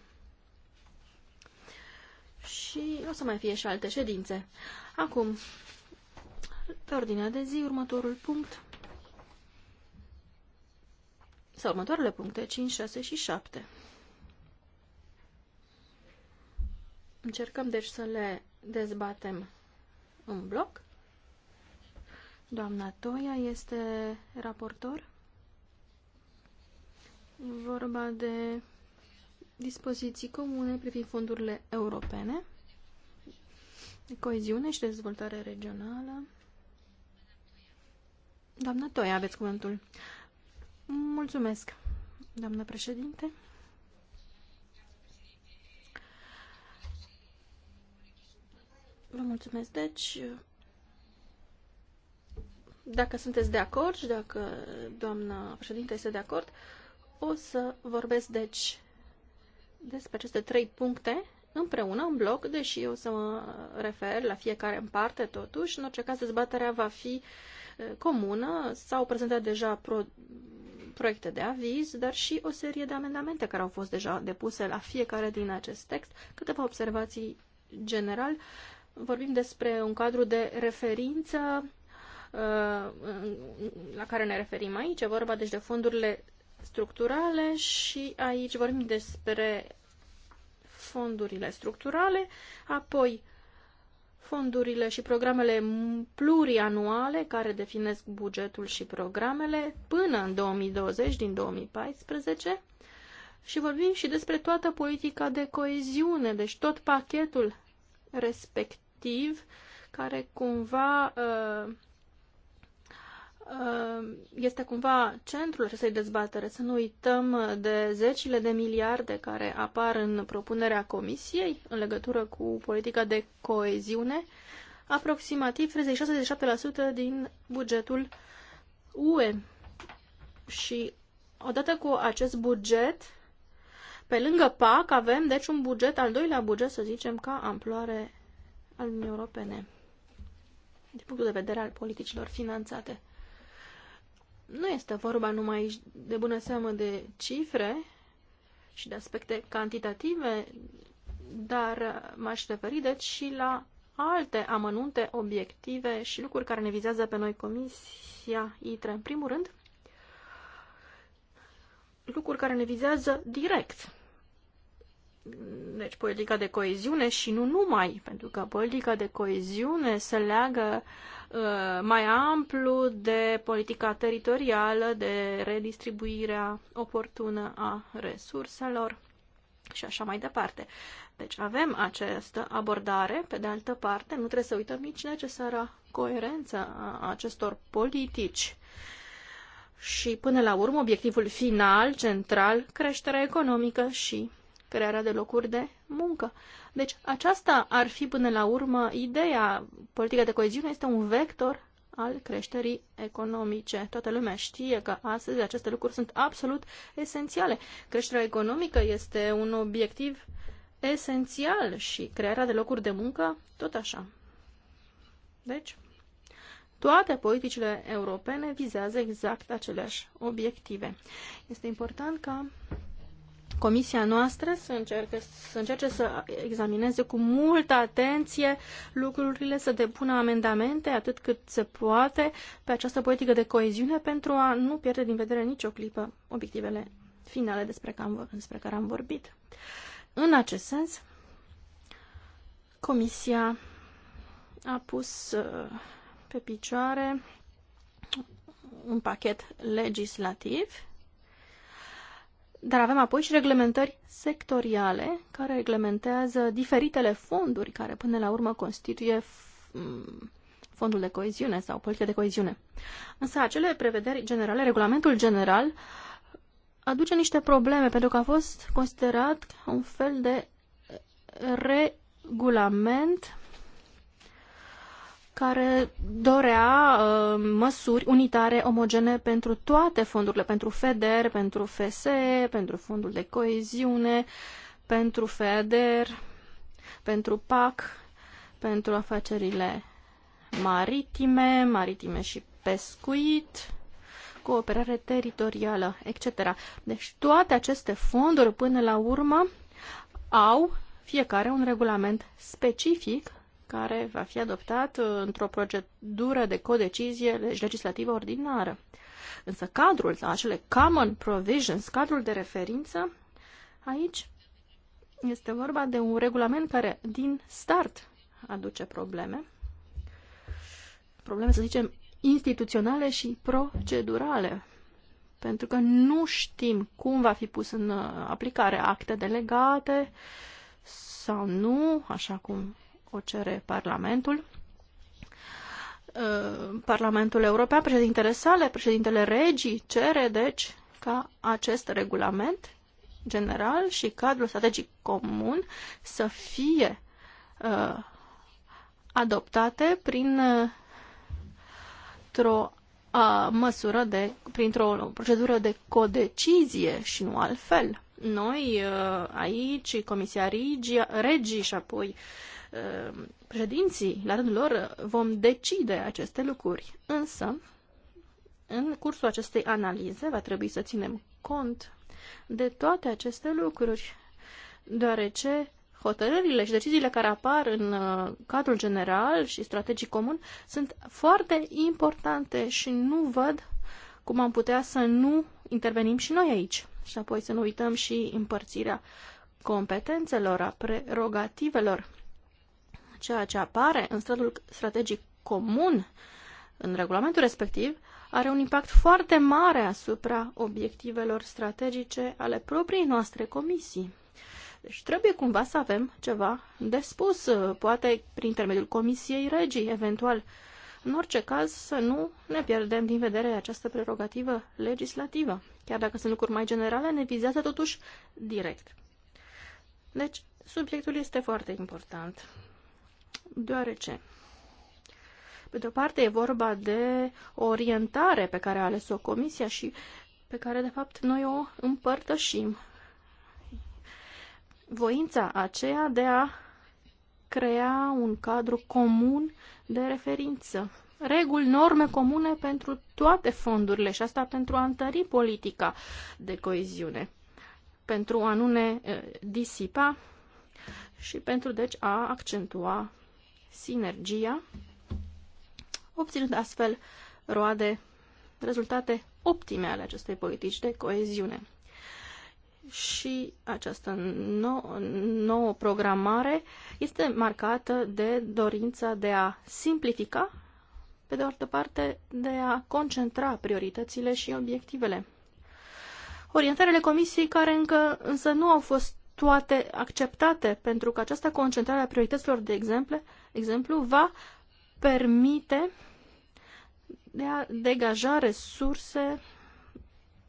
și o să mai fie și alte ședințe. Acum, pe ordinea de zi, următorul punct sau următoarele puncte 5, 6 și 7. Încercăm deci să le dezbatem în bloc. Doamna Toia este raportor. E vorba de dispoziții comune privind fondurile europene, coeziune și dezvoltare regională. Doamna Toia, aveți cuvântul. Mulțumesc, doamnă președinte. Vă mulțumesc. Deci, dacă sunteți de acord și dacă doamna președinte este de acord, o să vorbesc, deci, despre aceste trei puncte împreună, în bloc, deși eu să mă refer la fiecare în parte, totuși, în orice caz, dezbaterea va fi comună. S-au prezentat deja pro- proiecte de aviz, dar și o serie de amendamente care au fost deja depuse la fiecare din acest text. Câteva observații general. Vorbim despre un cadru de referință la care ne referim aici, e vorba deci de fondurile structurale și aici vorbim despre fondurile structurale, apoi fondurile și programele plurianuale care definesc bugetul și programele până în 2020 din 2014 și vorbim și despre toată politica de coeziune, deci tot pachetul respectiv care cumva uh, este cumva centrul acestei dezbatere. Să nu uităm de zecile de miliarde care apar în propunerea Comisiei în legătură cu politica de coeziune, aproximativ 36-37% din bugetul UE. Și odată cu acest buget, pe lângă PAC, avem deci un buget, al doilea buget, să zicem, ca amploare al Uniunii Europene, din punctul de vedere al politicilor finanțate nu este vorba numai de bună seamă de cifre și de aspecte cantitative, dar m-aș referi deci și la alte amănunte, obiective și lucruri care ne vizează pe noi Comisia ITRE. În primul rând, lucruri care ne vizează direct. Deci politica de coeziune și nu numai, pentru că politica de coeziune se leagă uh, Uh, mai amplu de politica teritorială, de redistribuirea oportună a resurselor și așa mai departe. Deci avem această abordare, pe de altă parte, nu trebuie să uităm nici necesara coerență a acestor politici. Și până la urmă, obiectivul final, central, creșterea economică și crearea de locuri de muncă. Deci aceasta ar fi până la urmă ideea. Politica de coeziune este un vector al creșterii economice. Toată lumea știe că astăzi aceste lucruri sunt absolut esențiale. Creșterea economică este un obiectiv esențial și crearea de locuri de muncă tot așa. Deci, toate politicile europene vizează exact aceleași obiective. Este important ca comisia noastră să încerce, să încerce să examineze cu multă atenție lucrurile, să depună amendamente atât cât se poate pe această politică de coeziune pentru a nu pierde din vedere nicio clipă obiectivele finale despre care am, despre care am vorbit. În acest sens, comisia a pus uh, pe picioare un pachet legislativ dar avem apoi și reglementări sectoriale care reglementează diferitele fonduri care până la urmă constituie fondul de coeziune sau politica de coeziune. Însă acele prevederi generale, regulamentul general, aduce niște probleme pentru că a fost considerat un fel de regulament care dorea uh, măsuri unitare, omogene pentru toate fondurile, pentru FEDER, pentru FSE, pentru fondul de coeziune, pentru FEDER, pentru PAC, pentru afacerile maritime, maritime și pescuit, cooperare teritorială, etc. Deci toate aceste fonduri, până la urmă, au fiecare un regulament specific care va fi adoptat uh, într-o procedură de codecizie legislativă ordinară. Însă cadrul, da, acele common provisions, cadrul de referință, aici este vorba de un regulament care din start aduce probleme, probleme, să zicem, instituționale și procedurale, pentru că nu știm cum va fi pus în uh, aplicare acte delegate sau nu, așa cum o cere Parlamentul. Uh, Parlamentul European, președintele sale, președintele regii, cere, deci, ca acest regulament general și cadrul strategic comun să fie uh, adoptate prin o uh, măsură de, printr-o procedură de codecizie și nu altfel. Noi uh, aici, Comisia Regii, regii și apoi uh, Uh, președinții, la rândul lor, vom decide aceste lucruri. Însă, în cursul acestei analize, va trebui să ținem cont de toate aceste lucruri, deoarece hotărârile și deciziile care apar în uh, cadrul general și strategii comun sunt foarte importante și nu văd cum am putea să nu intervenim și noi aici. Și apoi să nu uităm și împărțirea competențelor, a prerogativelor. Ceea ce apare în stradul strategic comun, în regulamentul respectiv, are un impact foarte mare asupra obiectivelor strategice ale proprii noastre comisii. Deci trebuie cumva să avem ceva de spus, poate prin intermediul Comisiei Regii, eventual. În orice caz, să nu ne pierdem din vedere această prerogativă legislativă. Chiar dacă sunt lucruri mai generale, ne vizează totuși direct. Deci, subiectul este foarte important deoarece pe de o parte e vorba de o orientare pe care a ales-o comisia și pe care de fapt noi o împărtășim. Voința aceea de a crea un cadru comun de referință. Reguli, norme comune pentru toate fondurile și asta pentru a întări politica de coeziune, pentru a nu ne eh, disipa și pentru deci a accentua sinergia, obținând astfel roade, rezultate optime ale acestei politici de coeziune. Și această nouă, nouă programare este marcată de dorința de a simplifica, pe de altă parte, de a concentra prioritățile și obiectivele. Orientările comisiei care încă însă nu au fost toate acceptate, pentru că această concentrare a priorităților, de exemplu, exemplu va permite de a degaja resurse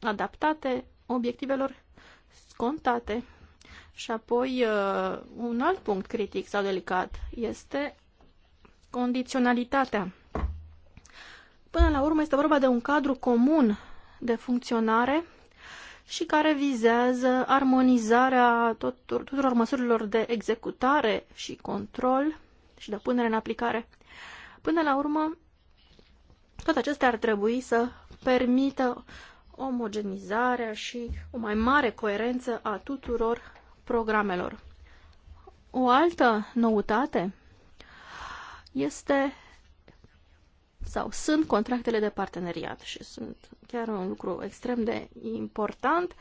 adaptate obiectivelor scontate. Și apoi, uh, un alt punct critic sau delicat este condiționalitatea. Până la urmă, este vorba de un cadru comun de funcționare și care vizează armonizarea tuturor, măsurilor de executare și control și de punere în aplicare. Până la urmă, toate acestea ar trebui să permită omogenizarea și o mai mare coerență a tuturor programelor. O altă noutate este sau sunt contractele de parteneriat și sunt chiar un lucru extrem de important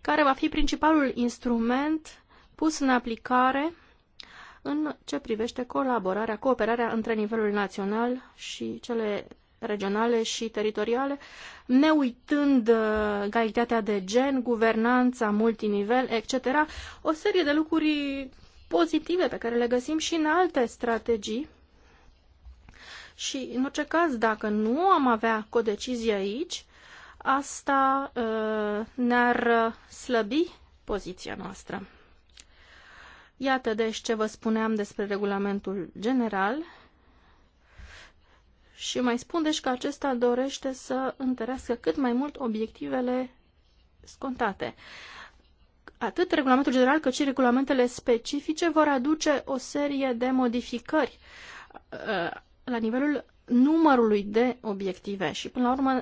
care va fi principalul instrument pus în aplicare în ce privește colaborarea, cooperarea între nivelul național și cele regionale și teritoriale, ne uitând uh, egalitatea de gen, guvernanța multinivel, etc. O serie de lucruri pozitive pe care le găsim și în alte strategii și, în orice caz, dacă nu am avea codecizie aici, asta uh, ne-ar uh, slăbi poziția noastră. Iată deci ce vă spuneam despre regulamentul general și mai spun deci că acesta dorește să întărească cât mai mult obiectivele scontate. Atât regulamentul general cât și regulamentele specifice vor aduce o serie de modificări uh, la nivelul numărului de obiective și până la urmă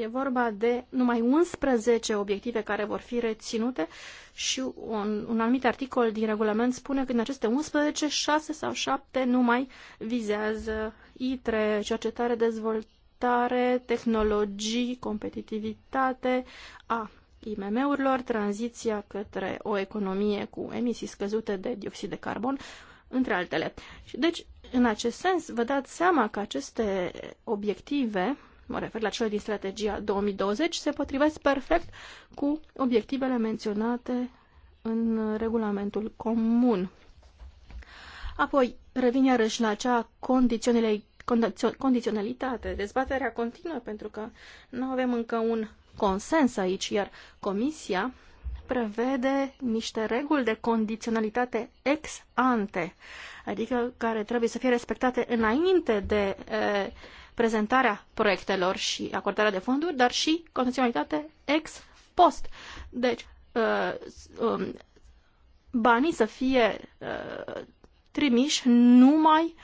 e vorba de numai 11 obiective care vor fi reținute și un, un anumit articol din regulament spune că în aceste 11, 6 sau 7 numai vizează ITRE, cercetare, dezvoltare, tehnologii, competitivitate a IMM-urilor, tranziția către o economie cu emisii scăzute de dioxid de carbon între altele. Și deci, în acest sens, vă dați seama că aceste obiective, mă refer la cele din strategia 2020, se potrivesc perfect cu obiectivele menționate în regulamentul comun. Apoi, revin iarăși la acea condiționalitate, dezbaterea continuă, pentru că nu avem încă un consens aici, iar Comisia prevede niște reguli de condiționalitate ex ante, adică care trebuie să fie respectate înainte de e, prezentarea proiectelor și acordarea de fonduri, dar și condiționalitate ex post. Deci, e, um, banii să fie trimiși numai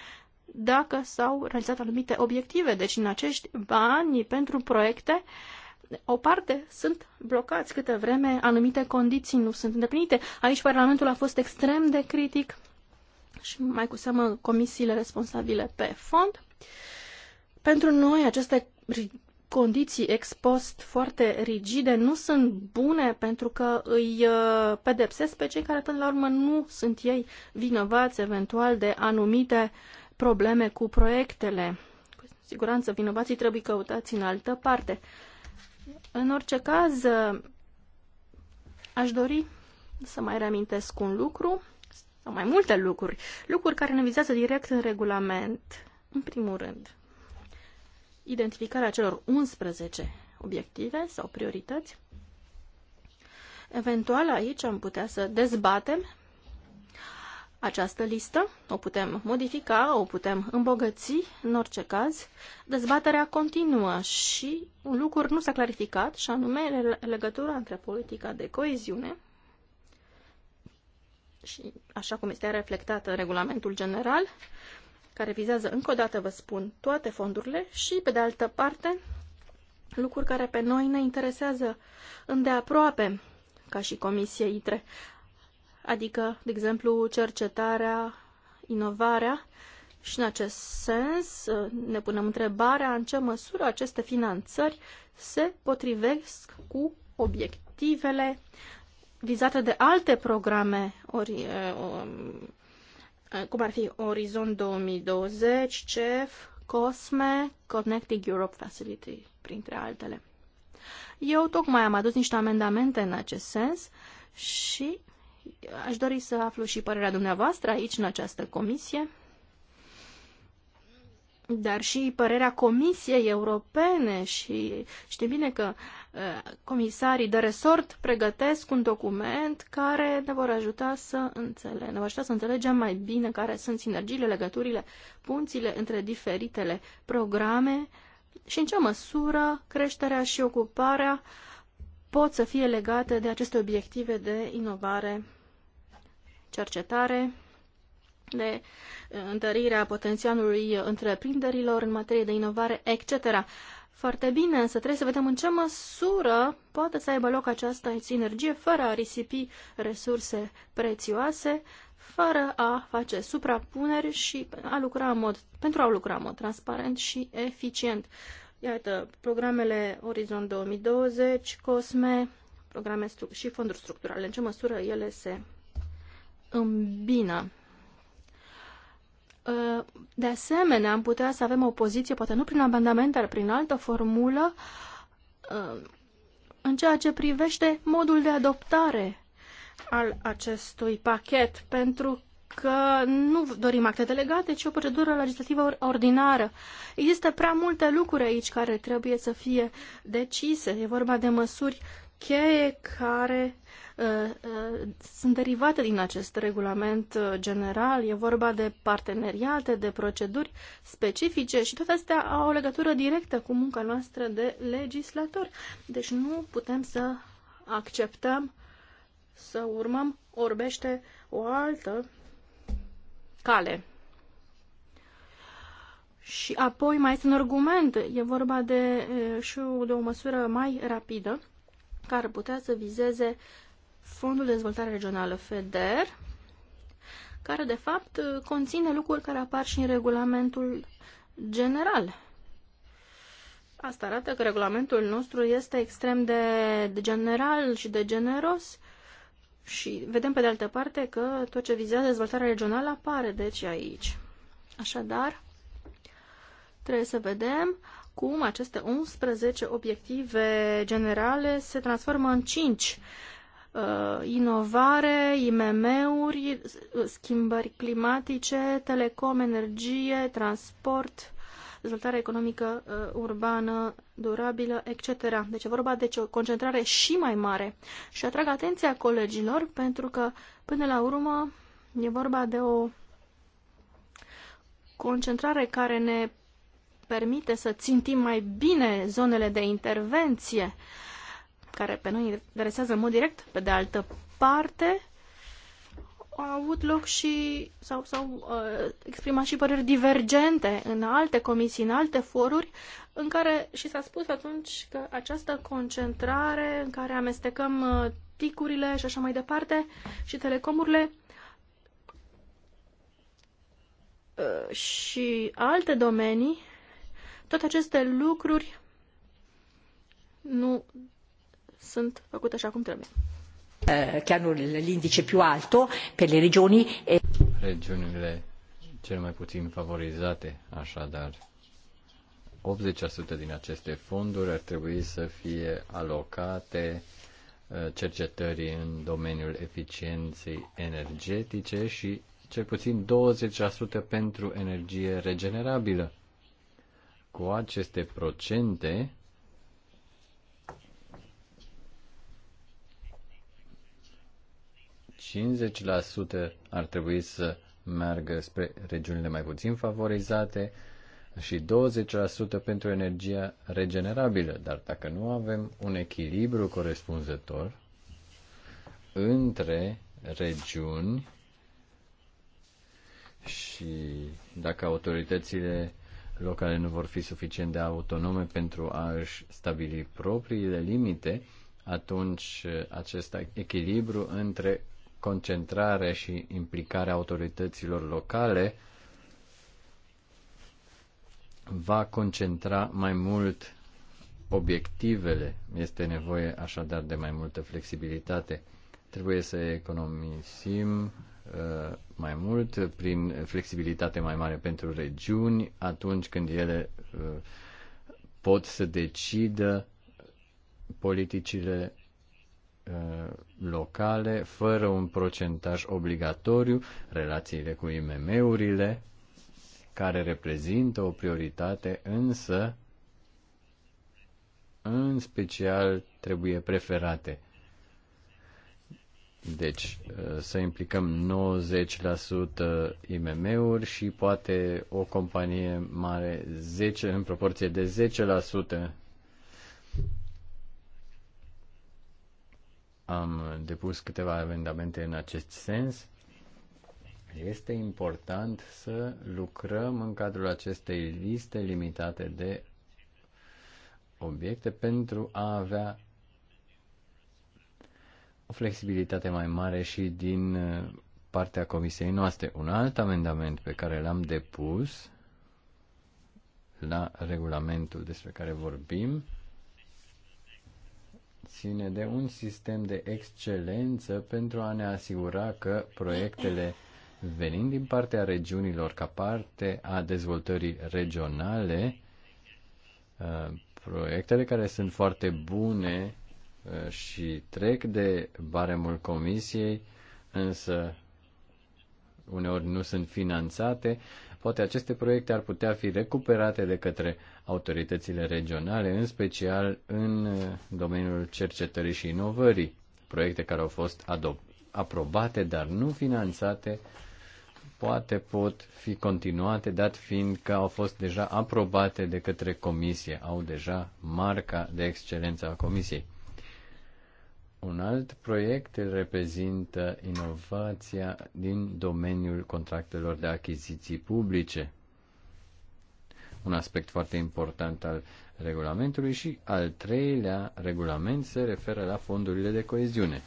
dacă s-au realizat anumite obiective. Deci, în acești bani pentru proiecte uh, o parte sunt blocați câte vreme anumite condiții nu sunt îndeplinite. Aici Parlamentul a fost extrem de critic și mai cu seamă comisiile responsabile pe fond. Pentru noi aceste condiții ex post foarte rigide nu sunt bune pentru că îi uh, pedepsesc pe cei care până la urmă nu sunt ei vinovați eventual de anumite probleme cu proiectele. Cu siguranță vinovații trebuie căutați în altă parte. În orice caz, aș dori să mai reamintesc un lucru, sau mai multe lucruri, lucruri care ne vizează direct în regulament. În primul rând, identificarea celor 11 obiective sau priorități. Eventual aici am putea să dezbatem această listă, o putem modifica, o putem îmbogăți, în orice caz. Dezbaterea continuă și un lucru nu s-a clarificat, și anume legătura între politica de coeziune și așa cum este reflectată în regulamentul general, care vizează, încă o dată vă spun, toate fondurile și, pe de altă parte, lucruri care pe noi ne interesează îndeaproape, ca și Comisie ITRE adică, de exemplu, cercetarea, inovarea. Și în acest sens uh, ne punem întrebarea în ce măsură aceste finanțări se potrivesc cu obiectivele vizate de alte programe, ori, uh, um, uh, cum ar fi Orizont 2020, CEF, COSME, Connecting Europe Facility, printre altele. Eu tocmai am adus niște amendamente în acest sens și Aș dori să aflu și părerea dumneavoastră aici, în această comisie, dar și părerea Comisiei Europene și știm bine că uh, comisarii de resort pregătesc un document care ne vor ajuta să înțelegem, ne vor ajuta să înțelegem mai bine care sunt sinergiile, legăturile, punțile între diferitele programe și în ce măsură creșterea și ocuparea pot să fie legate de aceste obiective de inovare cercetare, de uh, întărirea potențialului întreprinderilor în materie de inovare, etc. Foarte bine, însă trebuie să vedem în ce măsură poate să aibă loc această sinergie fără a risipi resurse prețioase, fără a face suprapuneri și a lucra în mod, pentru a lucra în mod transparent și eficient. Iată, programele Orizon 2020, COSME, programe și fonduri structurale, în ce măsură ele se îmbină. Ă, de asemenea, am putea să avem o poziție, poate nu prin amendament, dar prin altă formulă, ă, în ceea ce privește modul de adoptare al acestui pachet, pentru că nu dorim acte delegate, ci o procedură legislativă ordinară. Există prea multe lucruri aici care trebuie să fie decise. E vorba de măsuri cheie care uh, sunt derivate din acest regulament uh, general. E vorba de parteneriate, de proceduri specifice și toate astea au o legătură directă cu munca noastră de legislator. Deci nu putem să acceptăm să urmăm orbește o altă cale. Și apoi mai este un argument, e vorba de, uh, și de o măsură mai rapidă care putea să vizeze Fondul de Dezvoltare Regională, FEDER, care de fapt conține lucruri care apar și în regulamentul general. Asta arată că regulamentul nostru este extrem de, de general și de generos și vedem pe de altă parte că tot ce vizează dezvoltarea regională apare deci aici. Așadar, trebuie să vedem cum aceste 11 obiective generale se transformă în 5 Uh, inovare, IMM-uri, schimbări climatice, telecom, energie, transport, dezvoltare economică uh, urbană, durabilă, etc. Deci e vorba de o concentrare și mai mare. Și atrag atenția colegilor pentru că, până la urmă, e vorba de o concentrare care ne permite să țintim mai bine zonele de intervenție. Uh, care pe noi interesează în mod direct, pe de altă parte, au avut loc și, sau, sau uh, exprimat și păreri divergente în alte comisii, în alte foruri, în care și s-a spus atunci că această concentrare în care amestecăm uh, ticurile și așa mai departe și telecomurile uh, și alte domenii, toate aceste lucruri nu sunt făcute așa cum trebuie. Eh, che hanno l'indice più alto per le regioni. Regiunile cel mai puțin favorizate, așadar, 80% din aceste fonduri ar trebui să fie alocate eh, cercetării în domeniul eficienței energetice și cel puțin 20% pentru energie regenerabilă. Cu aceste procente, 50% ar trebui să meargă spre regiunile mai puțin favorizate și 20% pentru energia regenerabilă. Dar dacă nu avem un echilibru corespunzător între regiuni și dacă autoritățile locale nu vor fi suficient de autonome pentru a-și stabili propriile limite, atunci acest echilibru între concentrare și implicarea autorităților locale va concentra mai mult obiectivele. Este nevoie așadar de mai multă flexibilitate. Trebuie să economisim uh, mai mult prin flexibilitate mai mare pentru regiuni atunci când ele uh, pot să decidă politicile Uh, locale, fără un procentaj obligatoriu, relațiile cu IMM-urile, care reprezintă o prioritate, însă, în special, trebuie preferate. Deci, uh, să implicăm 90% IMM-uri și poate o companie mare 10, în proporție de 10% Am depus câteva amendamente în acest sens. Este important să lucrăm în cadrul acestei liste limitate de obiecte pentru a avea o flexibilitate mai mare și din partea comisiei noastre. Un alt amendament pe care l-am depus la regulamentul despre care vorbim ține de un sistem de excelență pentru a ne asigura că proiectele venind din partea regiunilor ca parte a dezvoltării regionale, uh, proiectele care sunt foarte bune uh, și trec de baremul comisiei, însă uneori nu sunt finanțate, Poate aceste proiecte ar putea fi recuperate de către autoritățile regionale, în special în uh, domeniul cercetării și inovării, proiecte care au fost aprobate, dar nu finanțate, poate pot fi continuate, dat fiind că au fost deja aprobate de către comisie, au deja marca de excelență a comisiei. Un alt proiect îl reprezintă inovația din domeniul contractelor de achiziții publice. Un aspect foarte important al regulamentului și al treilea regulament se referă la fondurile de coeziune.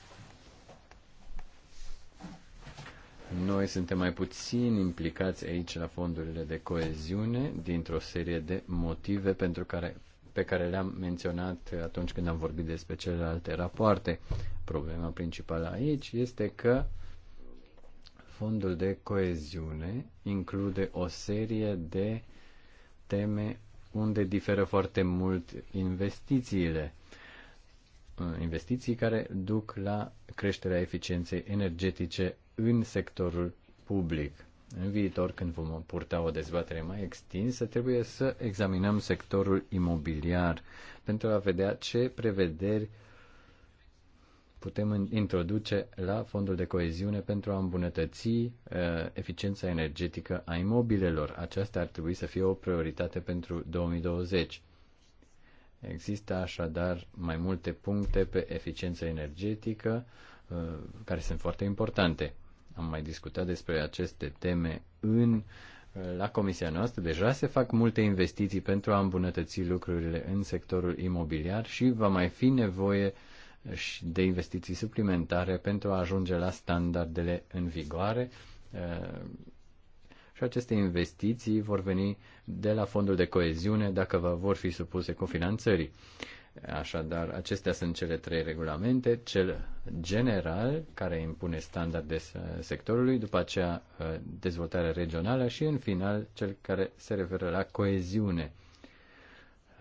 Noi suntem mai puțin implicați aici la fondurile de coeziune dintr-o serie de motive pentru care pe care le-am menționat atunci când am vorbit despre celelalte rapoarte. Problema principală aici este că fondul de coeziune include o serie de teme unde diferă foarte mult investițiile. Investiții care duc la creșterea eficienței energetice în sectorul public. În viitor, când vom purta o dezbatere mai extinsă, trebuie să examinăm sectorul imobiliar pentru a vedea ce prevederi putem introduce la fondul de coeziune pentru a îmbunătăți uh, eficiența energetică a imobilelor. Aceasta ar trebui să fie o prioritate pentru 2020. Există așadar mai multe puncte pe eficiență energetică uh, care sunt foarte importante. Am mai discutat despre aceste teme în la comisia noastră deja se fac multe investiții pentru a îmbunătăți lucrurile în sectorul imobiliar și va mai fi nevoie și de investiții suplimentare pentru a ajunge la standardele în vigoare și aceste investiții vor veni de la fondul de coeziune dacă vor fi supuse cofinanțării. Așadar, acestea sunt cele trei regulamente, cel general, care impune standarde sectorului, după aceea uh, dezvoltarea regională și, în final, cel care se referă la coeziune.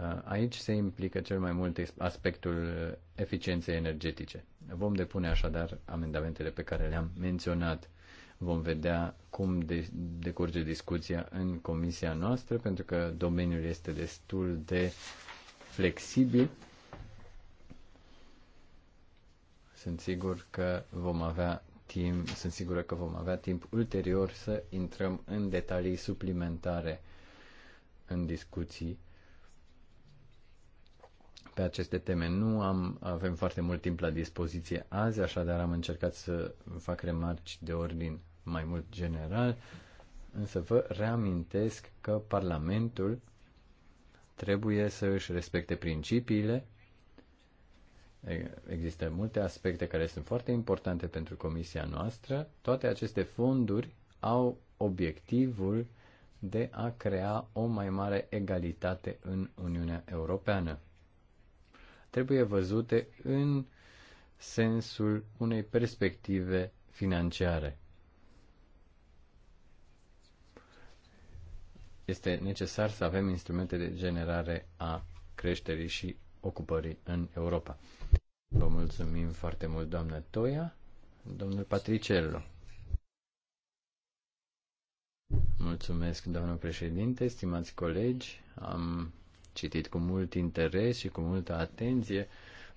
Uh, aici se implică cel mai mult aspectul uh, eficienței energetice. Vom depune așadar amendamentele pe care le-am menționat. Vom vedea cum de- decurge discuția în comisia noastră, pentru că domeniul este destul de flexibil Sunt sigur că vom avea timp, sunt sigură că vom avea timp ulterior să intrăm în detalii suplimentare în discuții pe aceste teme. Nu am, avem foarte mult timp la dispoziție azi, așadar am încercat să fac remarci de ordin mai mult general, însă vă reamintesc că Parlamentul trebuie să își respecte principiile Există multe aspecte care sunt foarte importante pentru comisia noastră. Toate aceste fonduri au obiectivul de a crea o mai mare egalitate în Uniunea Europeană. Trebuie văzute în sensul unei perspective financiare. Este necesar să avem instrumente de generare a creșterii și ocupării în Europa. Vă mulțumim foarte mult, doamnă Toia. Domnul Patricello. Mulțumesc, doamnă președinte, stimați colegi. Am citit cu mult interes și cu multă atenție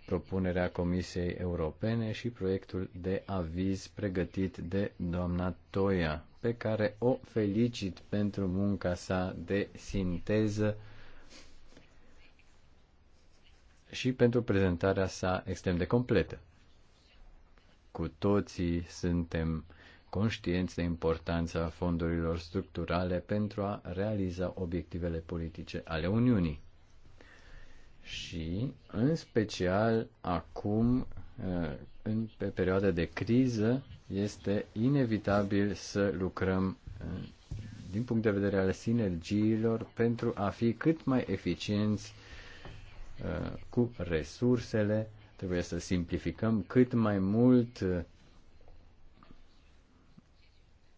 propunerea Comisiei Europene și proiectul de aviz pregătit de doamna Toia, pe care o felicit pentru munca sa de sinteză și pentru prezentarea sa extrem de completă. Cu toții suntem conștienți de importanța fondurilor structurale pentru a realiza obiectivele politice ale Uniunii. Și, în special, acum, eh, în, pe perioada de criză, este inevitabil să lucrăm eh, din punct de vedere al sinergiilor pentru a fi cât mai eficienți cu resursele, trebuie să simplificăm cât mai mult uh,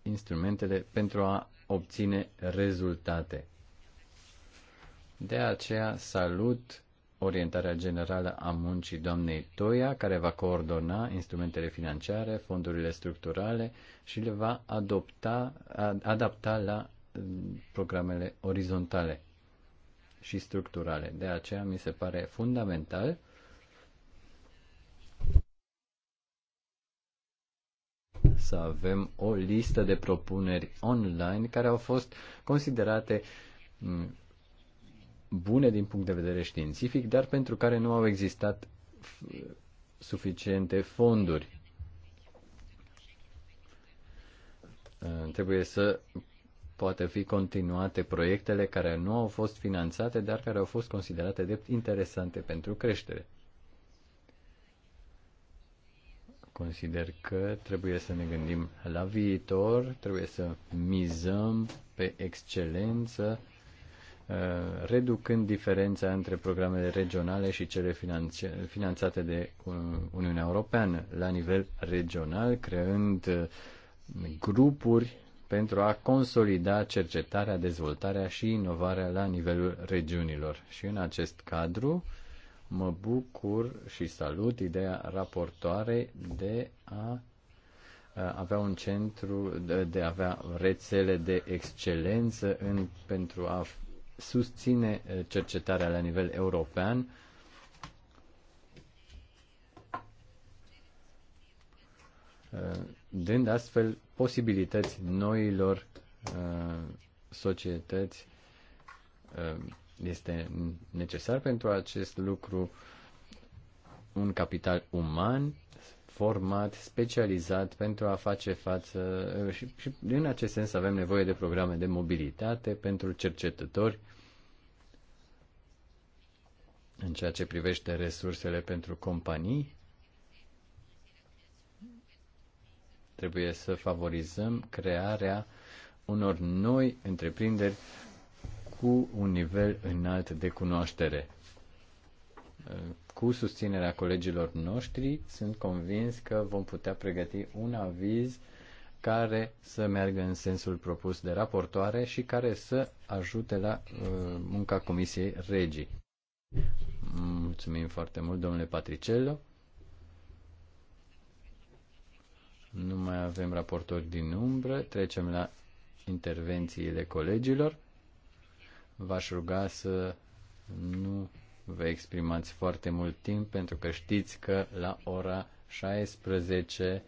instrumentele pentru a obține rezultate. De aceea salut orientarea generală a muncii doamnei Toia, care va coordona instrumentele financiare, fondurile structurale și le va adopta, adapta la mm, programele orizontale și structurale. De aceea mi se pare fundamental să avem o listă de propuneri online care au fost considerate bune din punct de vedere științific, dar pentru care nu au existat suficiente fonduri. Trebuie să poate fi continuate proiectele care nu au fost finanțate, dar care au fost considerate drept interesante pentru creștere. Consider că trebuie să ne gândim la viitor, trebuie să mizăm pe excelență, uh, reducând diferența între programele regionale și cele finanțate de uh, Uniunea Europeană la nivel regional, creând uh, grupuri pentru a consolida cercetarea, dezvoltarea și inovarea la nivelul regiunilor. Și în acest cadru mă bucur și salut ideea raportoare de a avea un centru, de, de a avea rețele de excelență în, pentru a susține cercetarea la nivel european. Uh, dând astfel posibilități noilor uh, societăți. Uh, este necesar pentru acest lucru un capital uman format, specializat pentru a face față uh, și, și în acest sens avem nevoie de programe de mobilitate pentru cercetători în ceea ce privește resursele pentru companii Trebuie să favorizăm crearea unor noi întreprinderi cu un nivel înalt de cunoaștere. Cu susținerea colegilor noștri, sunt convins că vom putea pregăti un aviz care să meargă în sensul propus de raportoare și care să ajute la uh, munca Comisiei Regii. Mulțumim foarte mult, domnule Patricello. Nu mai avem raportori din umbră. Trecem la intervențiile colegilor. V-aș ruga să nu vă exprimați foarte mult timp pentru că știți că la ora 16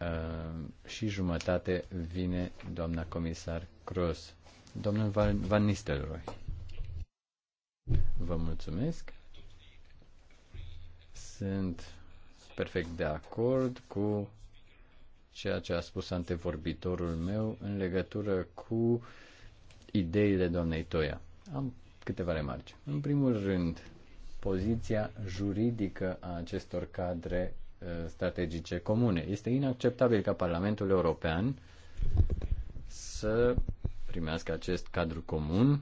uh, și jumătate vine doamna comisar Cross. Domnul Van, Van Nistelrooy. Vă mulțumesc. Sunt perfect de acord cu ceea ce a spus antevorbitorul meu în legătură cu ideile doamnei Toia. Am câteva remarci. În primul rând, poziția juridică a acestor cadre uh, strategice comune. Este inacceptabil ca Parlamentul European să primească acest cadru comun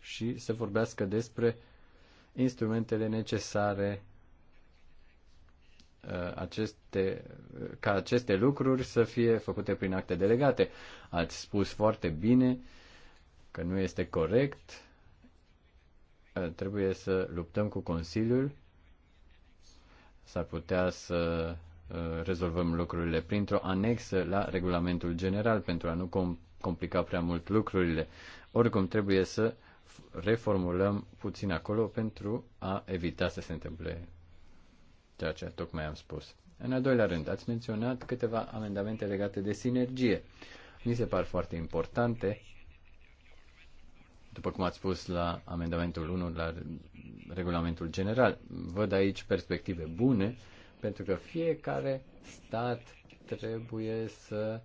și să vorbească despre instrumentele necesare Uh, aceste, uh, ca aceste lucruri să fie făcute prin acte delegate. Ați spus foarte bine că nu este corect. Uh, trebuie să luptăm cu Consiliul. S-ar putea să rezolvăm lucrurile printr-o anexă la regulamentul general pentru a nu complica prea mult lucrurile. Oricum trebuie să reformulăm puțin acolo pentru a evita să se întâmple ceea ce tocmai am spus. În al doilea rând, ați menționat câteva amendamente legate de sinergie. Mi se par foarte importante, după cum ați spus la amendamentul 1, la regulamentul general. Văd aici perspective bune, pentru că fiecare stat trebuie să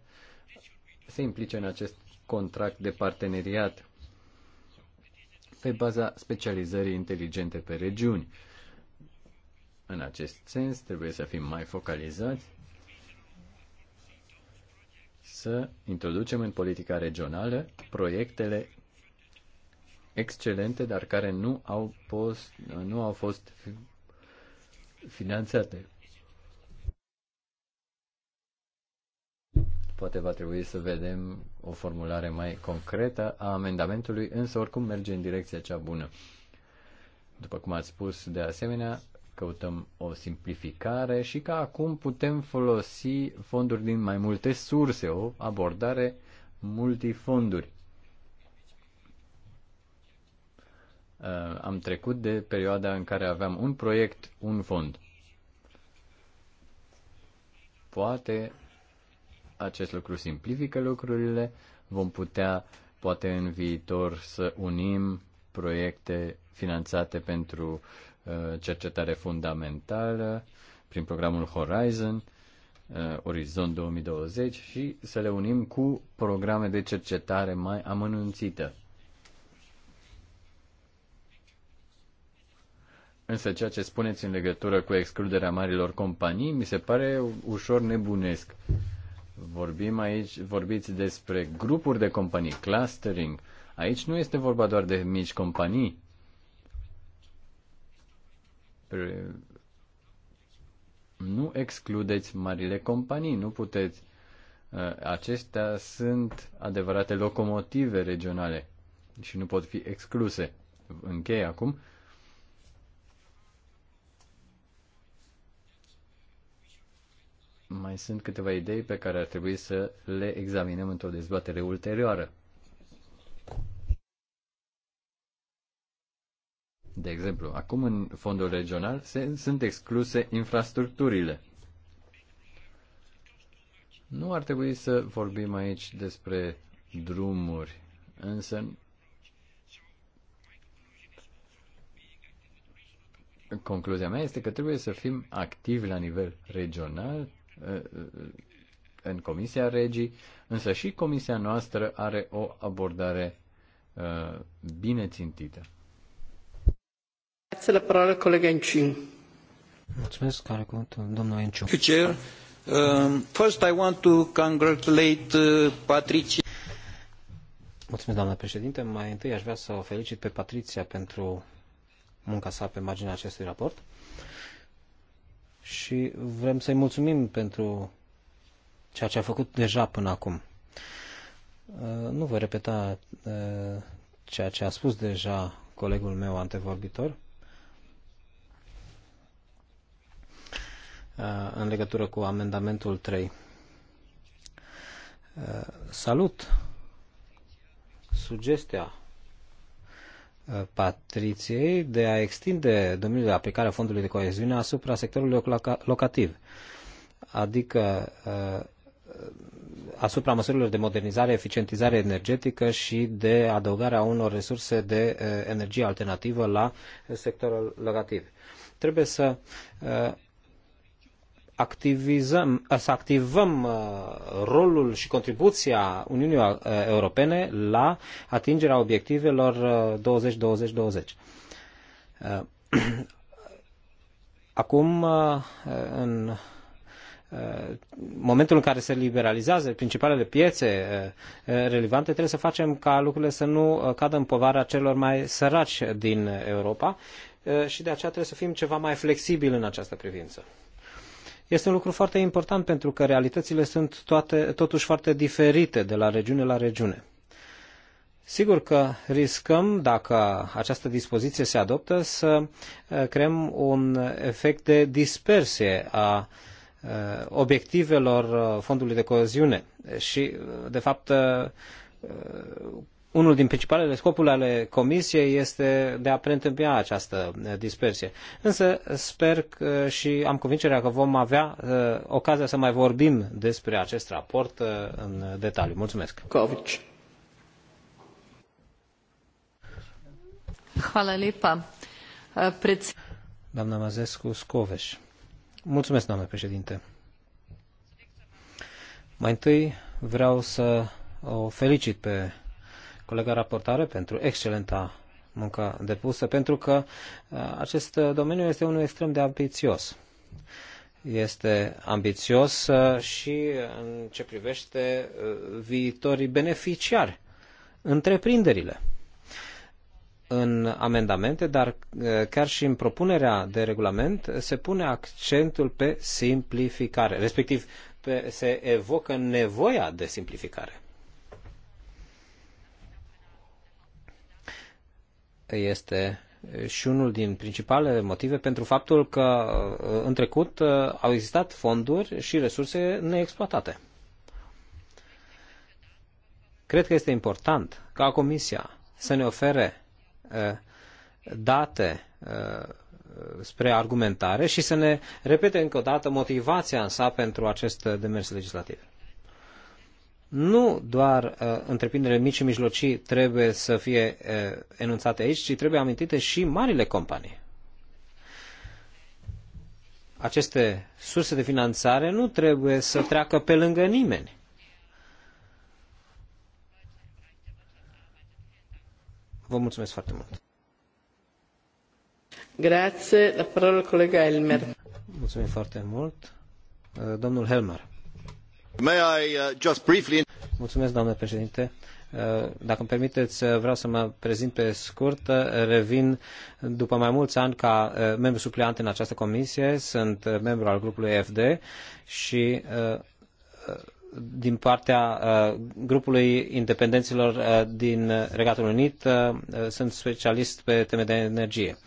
se implice în acest contract de parteneriat pe baza specializării inteligente pe regiuni. În acest sens, trebuie să fim mai focalizați, să introducem în politica regională proiectele excelente, dar care nu au, post, nu au fost finanțate. Poate va trebui să vedem o formulare mai concretă a amendamentului, însă oricum merge în direcția cea bună. După cum ați spus, de asemenea, căutăm o simplificare și că acum putem folosi fonduri din mai multe surse, o abordare multifonduri. Uh, am trecut de perioada în care aveam un proiect, un fond. Poate acest lucru simplifică lucrurile, vom putea poate în viitor să unim proiecte finanțate pentru Uh, cercetare fundamentală prin programul Horizon, uh, Orizont 2020 și să le unim cu programe de cercetare mai amănunțită. Însă ceea ce spuneți în legătură cu excluderea marilor companii mi se pare ușor nebunesc. Vorbim aici, vorbiți despre grupuri de companii, clustering. Aici nu este vorba doar de mici companii nu excludeți marile companii, nu puteți. Uh, acestea sunt adevărate locomotive regionale și nu pot fi excluse. Închei acum. Mai sunt câteva idei pe care ar trebui să le examinăm într-o dezbatere ulterioară. De exemplu, acum în fondul regional se, sunt excluse infrastructurile. Nu ar trebui să vorbim aici despre drumuri, însă concluzia mea este că trebuie să fim activi la nivel regional ă, ă, în Comisia Regii, însă și Comisia noastră are o abordare ă, bine țintită. Grazie, la parola colega Enciu. Mulțumesc, care cuvântul, domnul Enciu. Um, first, I want to congratulate uh, Patricia. Mulțumesc, doamnă președinte. Mai întâi aș vrea să o felicit pe Patricia pentru munca sa pe marginea acestui raport și vrem să-i mulțumim pentru ceea ce a făcut deja până acum. Uh, nu voi repeta uh, ceea ce a spus deja colegul meu antevorbitor, Uh, în legătură cu amendamentul 3. Uh, salut sugestia uh, Patriției de a extinde domeniul de aplicare a fondului de coeziune asupra sectorului locativ, adică asupra măsurilor de modernizare, eficientizare energetică și de adăugarea unor resurse de energie alternativă la sectorul locativ. Trebuie să activizăm, să activăm uh, rolul și contribuția Uniunii uh, Europene la atingerea obiectivelor 20-20-20. Uh, Acum, în momentul în care se liberalizează principalele piețe relevante, trebuie să facem ca lucrurile să nu cadă în povara celor mai săraci din Europa și de aceea trebuie să fim ceva mai flexibili în această privință este un lucru foarte important pentru că realitățile sunt toate, totuși foarte diferite de la regiune la regiune. Sigur că riscăm, dacă această dispoziție se adoptă, să uh, creăm un efect de dispersie a uh, obiectivelor uh, fondului de coeziune și, de fapt, unul din principalele scopuri ale Comisiei este de a preîntâmpina această eh, dispersie. Însă sper că și am convingerea că vom avea eh, ocazia să mai vorbim despre acest raport eh, în detaliu. Mulțumesc! Covici. Hvala lepa. Preț... Doamna Mazescu Scoveș. Mulțumesc, doamnă președinte. Mai întâi vreau să o felicit pe colega raportare pentru excelenta muncă depusă, pentru că uh, acest uh, domeniu este unul extrem de ambițios. Este ambițios uh, și în ce privește viitorii beneficiari, întreprinderile în amendamente, dar chiar și în propunerea de regulament se pune accentul pe simplificare, respectiv pe, se evocă nevoia de simplificare. este și unul din principalele motive pentru faptul că uh, în trecut uh, au existat fonduri și resurse neexploatate. Cred că este important ca Comisia să ne ofere uh, date spre argumentare și să ne repete încă o dată motivația în sa pentru acest demers legislativ nu doar uh, întreprinderile mici și mijlocii trebuie să fie uh, enunțate aici, ci trebuie amintite și marile companii. Aceste surse de finanțare nu trebuie să treacă pe lângă nimeni. Vă mulțumesc foarte mult. Grazie, la parola colega Elmer. Mulțumim foarte mult. Uh, domnul Helmer. Uh, Mulțumesc, doamnă președinte. Uh, dacă îmi permiteți, uh, vreau să mă prezint pe scurt. Revin după mai mulți ani ca membru supleant în această comisie. Sunt membru al grupului FD și din partea grupului independenților din Regatul Unit sunt specialist pe teme de energie.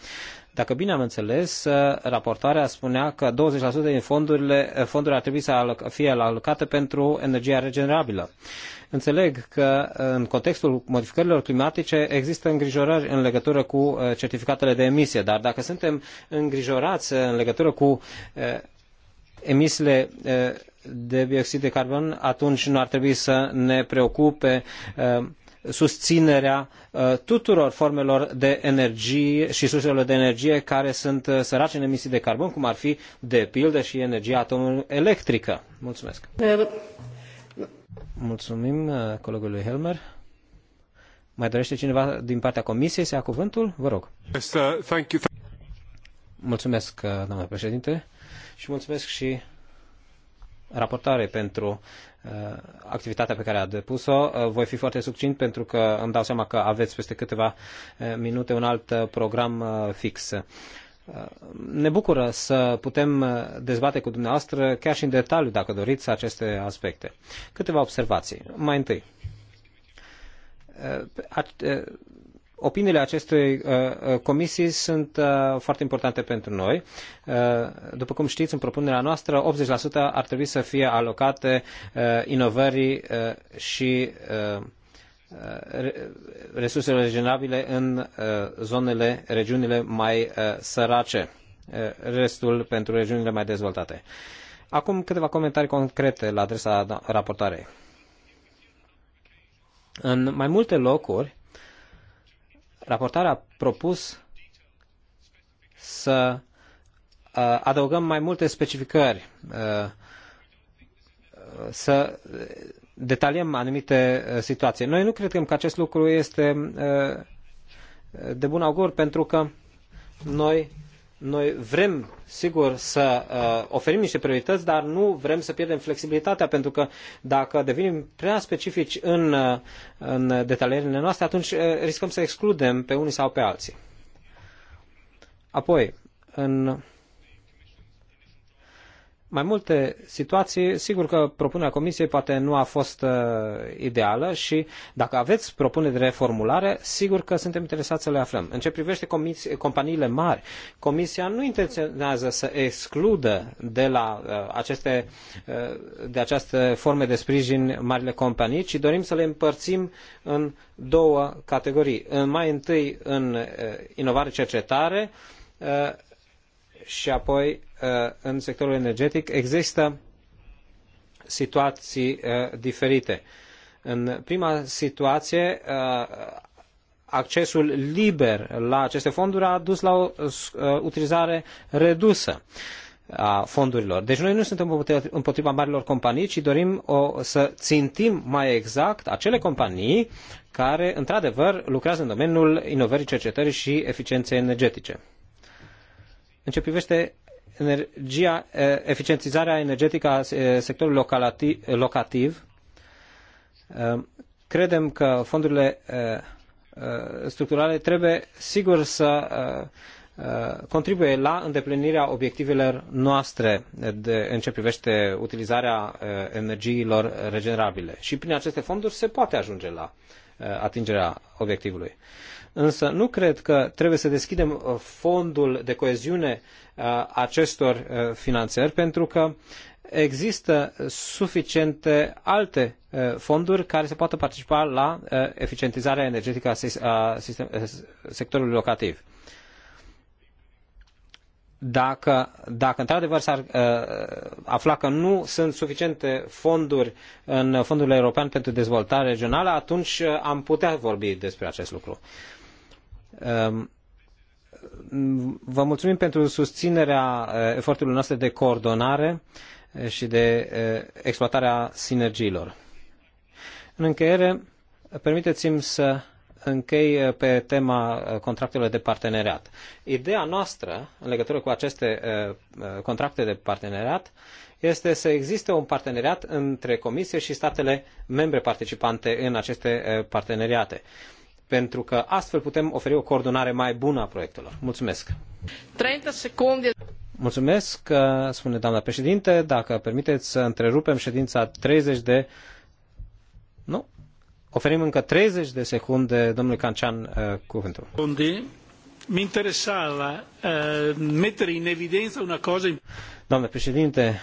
Dacă bine am înțeles, raportarea spunea că 20% din fondurile, fonduri ar trebui să fie alocate pentru energia regenerabilă. Înțeleg că în contextul modificărilor climatice există îngrijorări în legătură cu uh, certificatele de emisie, dar dacă suntem îngrijorați în legătură cu uh, emisiile uh, de dioxid de carbon, atunci nu ar trebui să ne preocupe uh, susținerea uh, tuturor formelor de energie și surselor de energie care sunt uh, sărace în emisii de carbon, cum ar fi, de pildă, și energia atomoelectrică. Mulțumesc! Mulțumim uh, colegului Helmer. Mai dorește cineva din partea Comisiei să ia cuvântul? Vă rog. Yes, thank you. Mulțumesc, doamnă președinte, și mulțumesc și raportare pentru uh, activitatea pe care a depus-o. Uh, voi fi foarte succint pentru că îmi dau seama că aveți peste câteva uh, minute un alt program fix. Ne bucură să putem dezbate cu dumneavoastră, chiar și în detaliu, dacă doriți, aceste aspecte. Câteva observații. Mai întâi, Opiniile acestei uh, uh, comisii sunt uh, foarte importante pentru noi. După cum știți, în propunerea noastră, 80% ar trebui să fie alocate inovării și resursele regenerabile în zonele, regiunile mai sărace, restul pentru regiunile mai dezvoltate. Acum câteva comentarii concrete la adresa raportoarei. În mai multe locuri Raportarea a propus să uh, adăugăm mai multe specificări, uh, să detaliem anumite uh, situații. Noi nu credem că acest lucru este de bun augur pentru că noi noi vrem, sigur, să uh, oferim niște priorități, dar nu vrem să pierdem flexibilitatea, pentru că dacă devenim prea specifici în, uh, în detalierile noastre, atunci uh, riscăm să excludem pe unii sau pe alții. Apoi, în mai multe situații, sigur că propunerea Comisiei poate nu a fost uh, ideală și dacă aveți propuneri de reformulare, sigur că suntem interesați să le aflăm. În ce privește companiile mari, Comisia nu intenționează să excludă de la uh, aceste, uh, de această forme de sprijin marile companii, ci dorim să le împărțim în două categorii. Mai întâi în uh, inovare-cercetare, uh, și apoi uh, în sectorul energetic există situații uh, diferite. În prima situație, uh, accesul liber la aceste fonduri a dus la o utilizare redusă a fondurilor. Deci noi nu suntem împotriva marilor companii, ci dorim o, să țintim mai exact acele companii care, într-adevăr, lucrează în domeniul inovării cercetării și eficienței energetice. În ce privește energia, eficientizarea energetică a sectorului locativ, credem că fondurile structurale trebuie sigur să contribuie la îndeplinirea obiectivelor noastre de, în ce privește utilizarea energiilor regenerabile. Și prin aceste fonduri se poate ajunge la atingerea obiectivului. Însă nu cred că trebuie să deschidem uh, fondul de coeziune uh, acestor uh, finanțări, pentru că există suficiente alte fonduri care se poată participa la eficientizarea energetică a sectorului locativ dacă, dacă într-adevăr s-ar uh, afla că nu sunt suficiente fonduri în Fondul European pentru Dezvoltare Regională, atunci am putea vorbi despre acest lucru. Um, vă mulțumim pentru susținerea uh, eforturilor noastre de coordonare uh, și de uh, exploatarea sinergiilor. În încheiere, permiteți-mi să închei pe tema contractelor de parteneriat. Ideea noastră în legătură cu aceste contracte de parteneriat este să existe un parteneriat între Comisie și statele membre participante în aceste parteneriate pentru că astfel putem oferi o coordonare mai bună a proiectelor. Mulțumesc! 30 secunde. Mulțumesc, uh, spune doamna președinte. Dacă permiteți să întrerupem ședința 30 de... Nu? Oferim încă 30 de secunde domnului Cancian uh, cuvântul. Unde mi interesava uh, mettere in evidenza una cosa... Doamne președinte,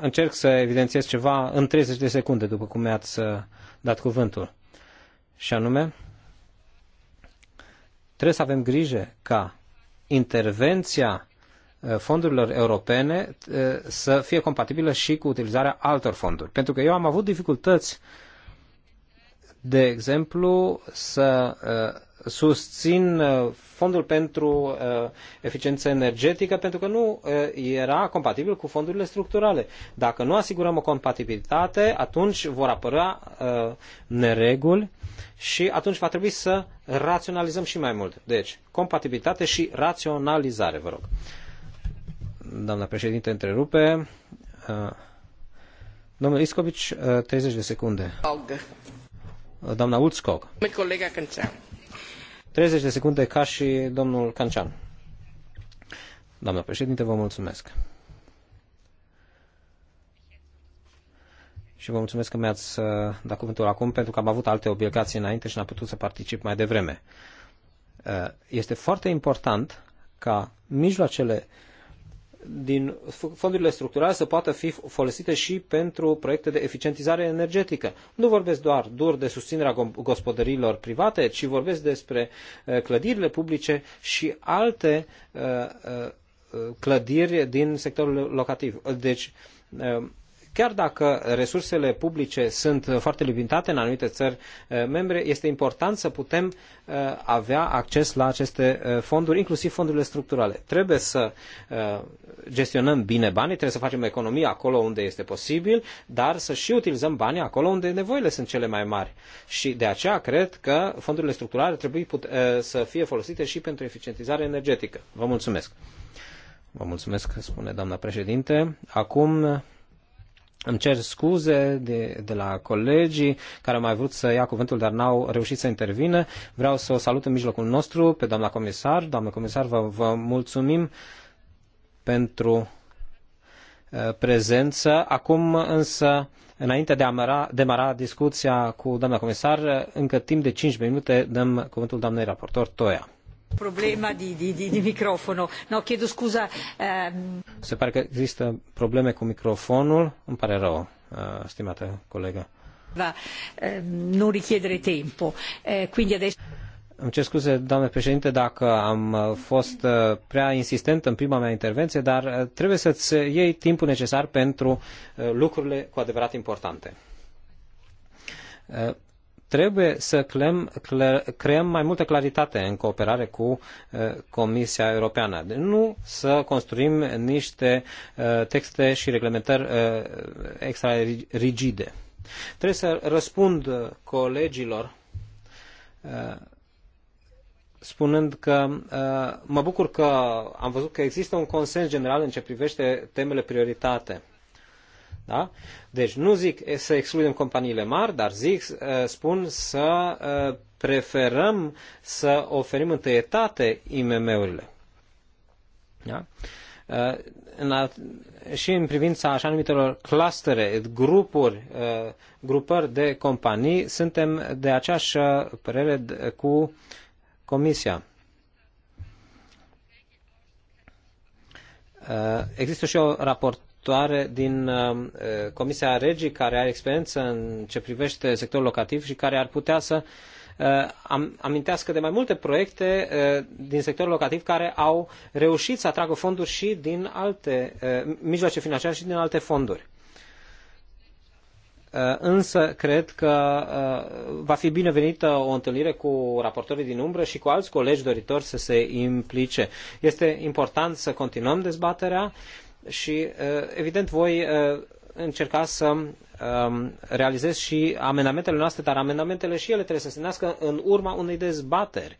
încerc să evidențiez ceva în 30 de secunde după cum mi-ați uh, dat cuvântul. Și anume, trebuie să avem grijă ca intervenția uh, fondurilor europene uh, să fie compatibilă și cu utilizarea altor fonduri. Pentru că eu am avut dificultăți, de exemplu, să uh, susțin fondul pentru eficiență energetică pentru că nu era compatibil cu fondurile structurale. Dacă nu asigurăm o compatibilitate, atunci vor apărea nereguli și atunci va trebui să raționalizăm și mai mult. Deci, compatibilitate și raționalizare, vă rog. Doamna președinte, întrerupe. Uh, domnul Iscovici, 30 uh, de secunde. Uh, doamna Ulskog. Colega Cancean. 30 de secunde ca și domnul Cancean. Doamna președinte, vă mulțumesc. și vă mulțumesc că mi-ați uh, dat cuvântul acum pentru că am avut alte obligații înainte și n-am putut să particip mai devreme. Uh, este foarte important ca mijloacele din fondurile structurale să poată fi folosite și pentru proiecte de eficientizare energetică. Nu vorbesc doar dur de susținerea gospodăriilor private, ci vorbesc despre uh, clădirile publice și alte clădiri din sectorul locativ. Deci, Chiar dacă resursele publice sunt foarte limitate în anumite țări eh, membre, este important să putem eh, avea acces la aceste eh, fonduri, inclusiv fondurile structurale. Trebuie să gestionăm bine banii, trebuie să facem economie acolo unde este posibil, dar să și utilizăm banii acolo unde nevoile sunt cele mai mari. Și de aceea cred că fondurile structurale trebuie să fie folosite și pentru eficientizare energetică. Vă mulțumesc! Vă mulțumesc, spune doamna președinte. Acum îmi cer scuze de, de la colegii care au mai vrut să ia cuvântul, dar n-au reușit să intervină. Vreau să o salut în mijlocul nostru pe doamna comisar. Doamna comisar, vă, vă mulțumim pentru uh, prezență. Acum însă, înainte de a măra, demara discuția cu doamna comisar, încă timp de 5 minute dăm cuvântul doamnei raportor Toia problema di, di, di, di microfono. No, chiedo scusa. Um... Se pare că există probleme cu microfonul. Îmi pare rău, eh, stimată colegă. Va um, ehm, nu richiedere tempo. Eh, quindi adesso... Îmi cer scuze, doamnă președinte, dacă am eh, fost eh, prea insistent în prima mea intervenție, dar trebuie să-ți iei timpul necesar pentru lucrurile cu adevărat importante. Trebuie să creăm, creăm mai multă claritate în cooperare cu uh, Comisia Europeană. Deci nu să construim niște uh, texte și reglementări uh, extra rigide. Trebuie să răspund colegilor spunând că mă bucur că am văzut că există un consens general în ce privește temele prioritate da? Deci nu zic eh, să excludem companiile mari, dar zic, eh, spun să eh, preferăm să oferim întâietate IMM-urile. Da? În a, și în privința așa numitelor clustere, grupuri, grupări de companii, suntem de aceeași părere cu Comisia. Există și o raport raportoare din uh, uh, Comisia Regii care are experiență în ce privește sectorul locativ și care ar putea să uh, amintească de mai multe proiecte din sectorul locativ care au reușit să atragă fonduri și din alte mijloace financiare și din alte fonduri. Însă cred că va fi binevenită o întâlnire cu raportorii din umbră și cu alți colegi doritori să se implice. Este important să continuăm dezbaterea și, uh, evident, voi uh, încerca să um, realizez și amendamentele noastre, dar amendamentele și ele trebuie să se nască în urma unei dezbateri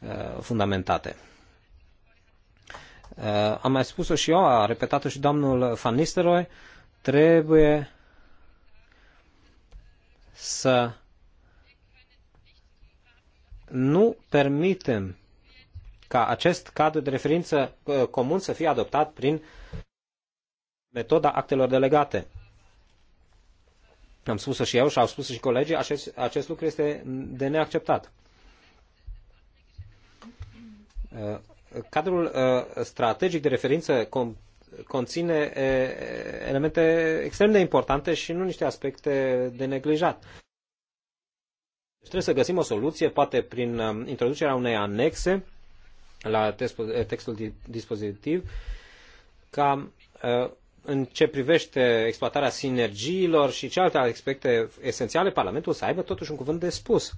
uh, fundamentate. Am mai spus-o și eu, a repetat-o și domnul Van Nistelrooy, trebuie să nu permitem ca acest cadru de referință comun să fie adoptat prin uh, metoda actelor delegate. Am spus-o și eu și au spus și colegii, acest, acest lucru este de neacceptat. Uh, cadrul uh, strategic de referință conține elemente extrem de importante și nu niște aspecte de neglijat. Deci trebuie să găsim o soluție, poate prin um, introducerea unei anexe la textul dispozitiv, ca uh, în ce privește exploatarea sinergiilor și celelalte aspecte esențiale, Parlamentul să aibă totuși un cuvânt de spus.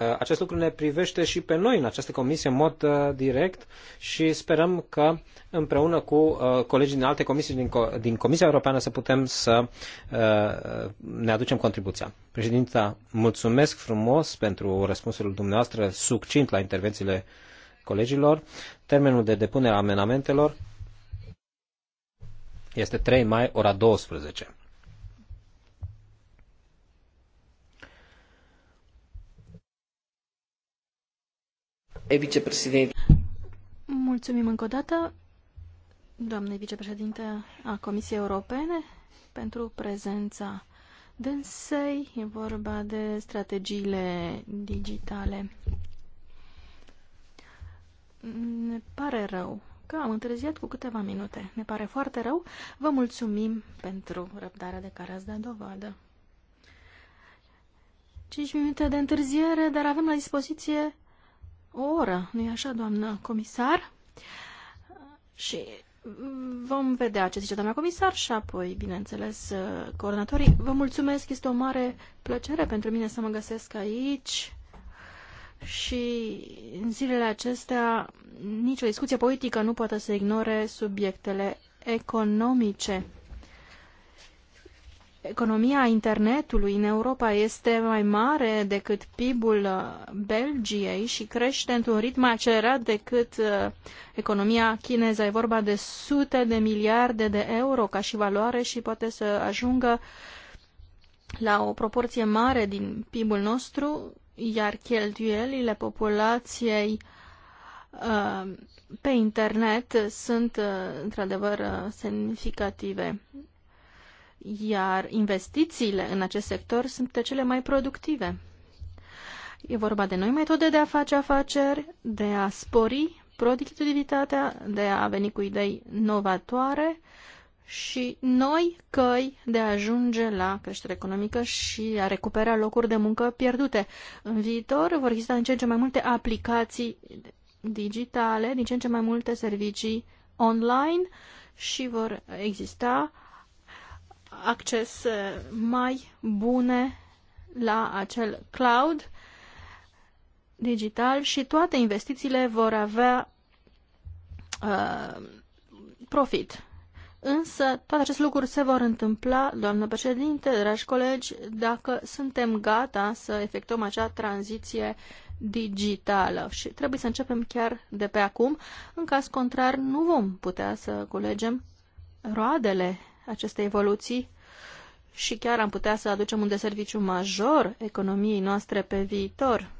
Uh, acest lucru ne privește și pe noi în această comisie în mod uh, direct și sperăm că împreună cu uh, colegii din alte comisii din, din Comisia Europeană să putem să ne aducem contribuția. Președinta, mulțumesc frumos pentru răspunsul dumneavoastră succint la intervențiile colegilor. Termenul de depunere a amenamentelor este 3 mai, ora 12. vicepreședinte. Mulțumim încă o dată, doamne vicepreședinte a Comisiei Europene, pentru prezența dânsei. E vorba de strategiile digitale. Ne pare rău că am întârziat cu câteva minute. Ne pare foarte rău. Vă mulțumim pentru răbdarea de care ați dat dovadă. 5 minute de întârziere, dar avem la dispoziție o oră, nu-i așa, doamnă comisar? Și vom vedea ce zice doamna comisar și apoi, bineînțeles, coordonatorii. Vă mulțumesc, este o mare plăcere pentru mine să mă găsesc aici și în zilele acestea nicio discuție politică nu poate să ignore subiectele economice. Economia internetului în Europa este mai mare decât PIB-ul uh, Belgiei și crește într-un ritm mai accelerat decât uh, economia chineză. E vorba de sute de miliarde de euro ca și valoare și poate să ajungă la o proporție mare din PIB-ul nostru iar cheltuielile populației uh, pe internet sunt uh, într-adevăr uh, semnificative, iar investițiile în acest sector sunt cele mai productive. E vorba de noi metode de a face afaceri, de a spori productivitatea, de a veni cu idei novatoare și noi căi de a ajunge la creștere economică și a recupera locuri de muncă pierdute. În viitor vor exista din ce în ce mai multe aplicații digitale, din ce în ce mai multe servicii online și vor exista acces mai bune la acel cloud digital și toate investițiile vor avea uh, profit Însă, toate aceste lucruri se vor întâmpla, doamnă președinte, dragi colegi, dacă suntem gata să efectuăm acea tranziție digitală și trebuie să începem chiar de pe acum. În caz contrar, nu vom putea să culegem roadele acestei evoluții și chiar am putea să aducem un deserviciu major economiei noastre pe viitor.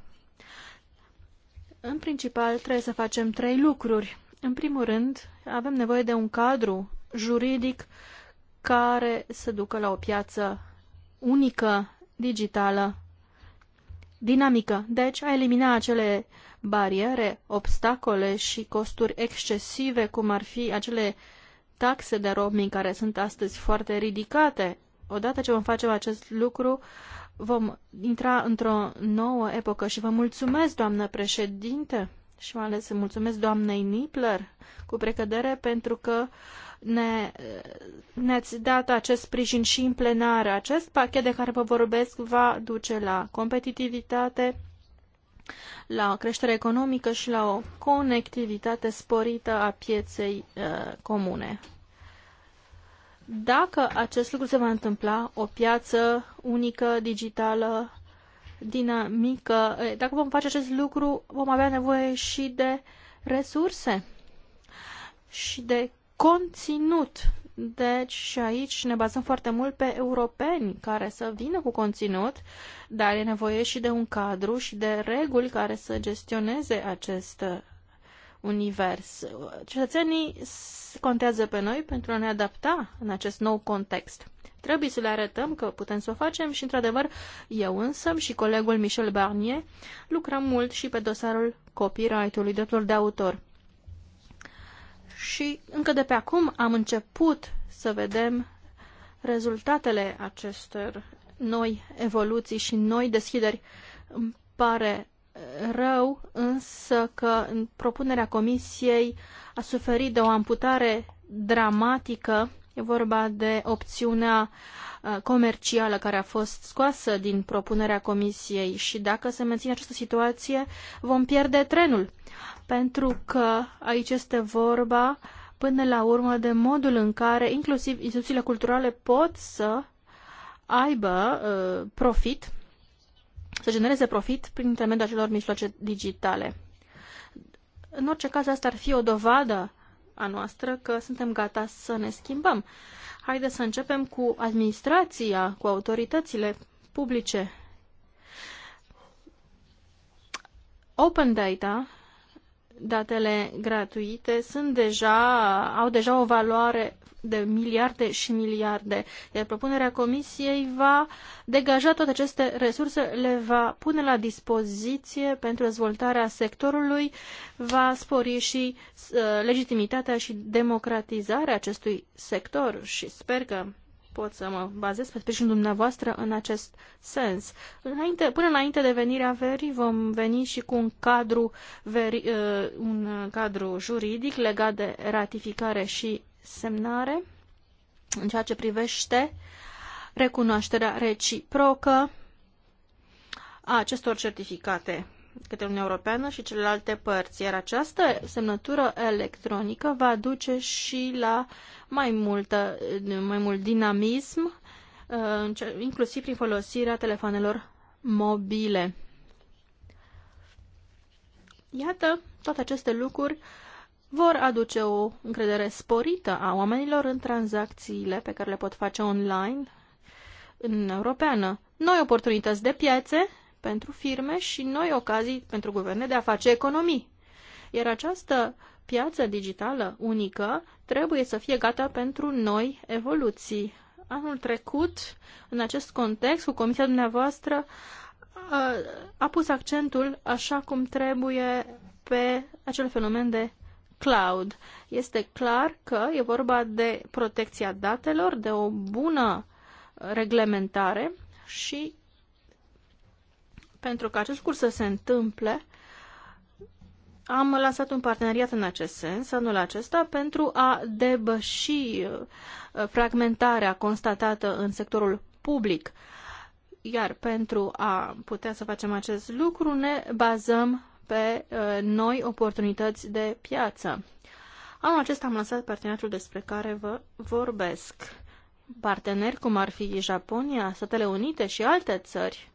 În principal, trebuie să facem trei lucruri. În primul rând, avem nevoie de un cadru juridic care să ducă la o piață unică, digitală, dinamică. Deci a elimina acele bariere, obstacole și costuri excesive, cum ar fi acele taxe de roaming care sunt astăzi foarte ridicate. Odată ce vom face acest lucru, vom intra într-o nouă epocă și vă mulțumesc, doamnă președinte și mai ales mulțumesc doamnei Nipler cu precădere pentru că ne, ne-ați dat acest sprijin și în plenară. Acest pachet de care vă vorbesc va duce la competitivitate, la o creștere economică și la o conectivitate sporită a pieței uh, comune. Dacă acest lucru se va întâmpla, o piață unică, digitală, dinamică. Dacă vom face acest lucru, vom avea nevoie și de resurse și de conținut. Deci și aici ne bazăm foarte mult pe europeni care să vină cu conținut, dar e nevoie și de un cadru și de reguli care să gestioneze acest uh, univers. Cetățenii contează pe noi pentru a ne adapta în acest nou context. Trebuie să le arătăm că putem să o facem și, într-adevăr, eu însă și colegul Michel Barnier lucrăm mult și pe dosarul copyright-ului, dreptul de autor. Și încă de pe acum am început să vedem rezultatele acestor noi evoluții și noi deschideri. Îmi pare rău, însă că în propunerea comisiei a suferit de o amputare dramatică E vorba de opțiunea uh, comercială care a fost scoasă din propunerea comisiei și dacă se menține această situație, vom pierde trenul. Pentru că aici este vorba până la urmă de modul în care inclusiv instituțiile culturale pot să aibă uh, profit, să genereze profit prin intermediul acelor mijloace digitale. În orice caz, asta ar fi o dovadă a noastră că suntem gata să ne schimbăm. Haideți să începem cu administrația, cu autoritățile publice. Open data, datele gratuite, sunt deja, au deja o valoare de miliarde și miliarde. Iar propunerea Comisiei va degaja toate aceste resurse, le va pune la dispoziție pentru dezvoltarea sectorului, va spori și uh, legitimitatea și democratizarea acestui sector și sper că pot să mă bazez pe sprijinul dumneavoastră în acest sens. Înainte, până înainte de venirea verii vom veni și cu un cadru, veri, uh, un cadru juridic legat de ratificare și semnare în ceea ce privește recunoașterea reciprocă a acestor certificate către Uniunea Europeană și celelalte părți, iar această semnătură electronică va duce și la mai, multă, mai mult dinamism, uh, inclusiv prin folosirea telefonelor mobile. Iată, toate aceste lucruri vor aduce o încredere sporită a oamenilor în tranzacțiile pe care le pot face online în europeană. Noi oportunități de piețe pentru firme și noi ocazii pentru guverne de a face economii. Iar această piață digitală unică trebuie să fie gata pentru noi evoluții. Anul trecut, în acest context, cu comisia dumneavoastră, a pus accentul, așa cum trebuie, pe acel fenomen de cloud. Este clar că e vorba de protecția datelor, de o bună reglementare și pentru că acest curs să se întâmple, am lansat un parteneriat în acest sens anul acesta pentru a debăși uh, fragmentarea constatată în sectorul public. Iar pentru a putea să facem acest lucru ne bazăm pe uh, noi oportunități de piață. Anul acesta am lansat parteneriatul despre care vă vorbesc. Parteneri cum ar fi Japonia, Statele Unite și alte țări.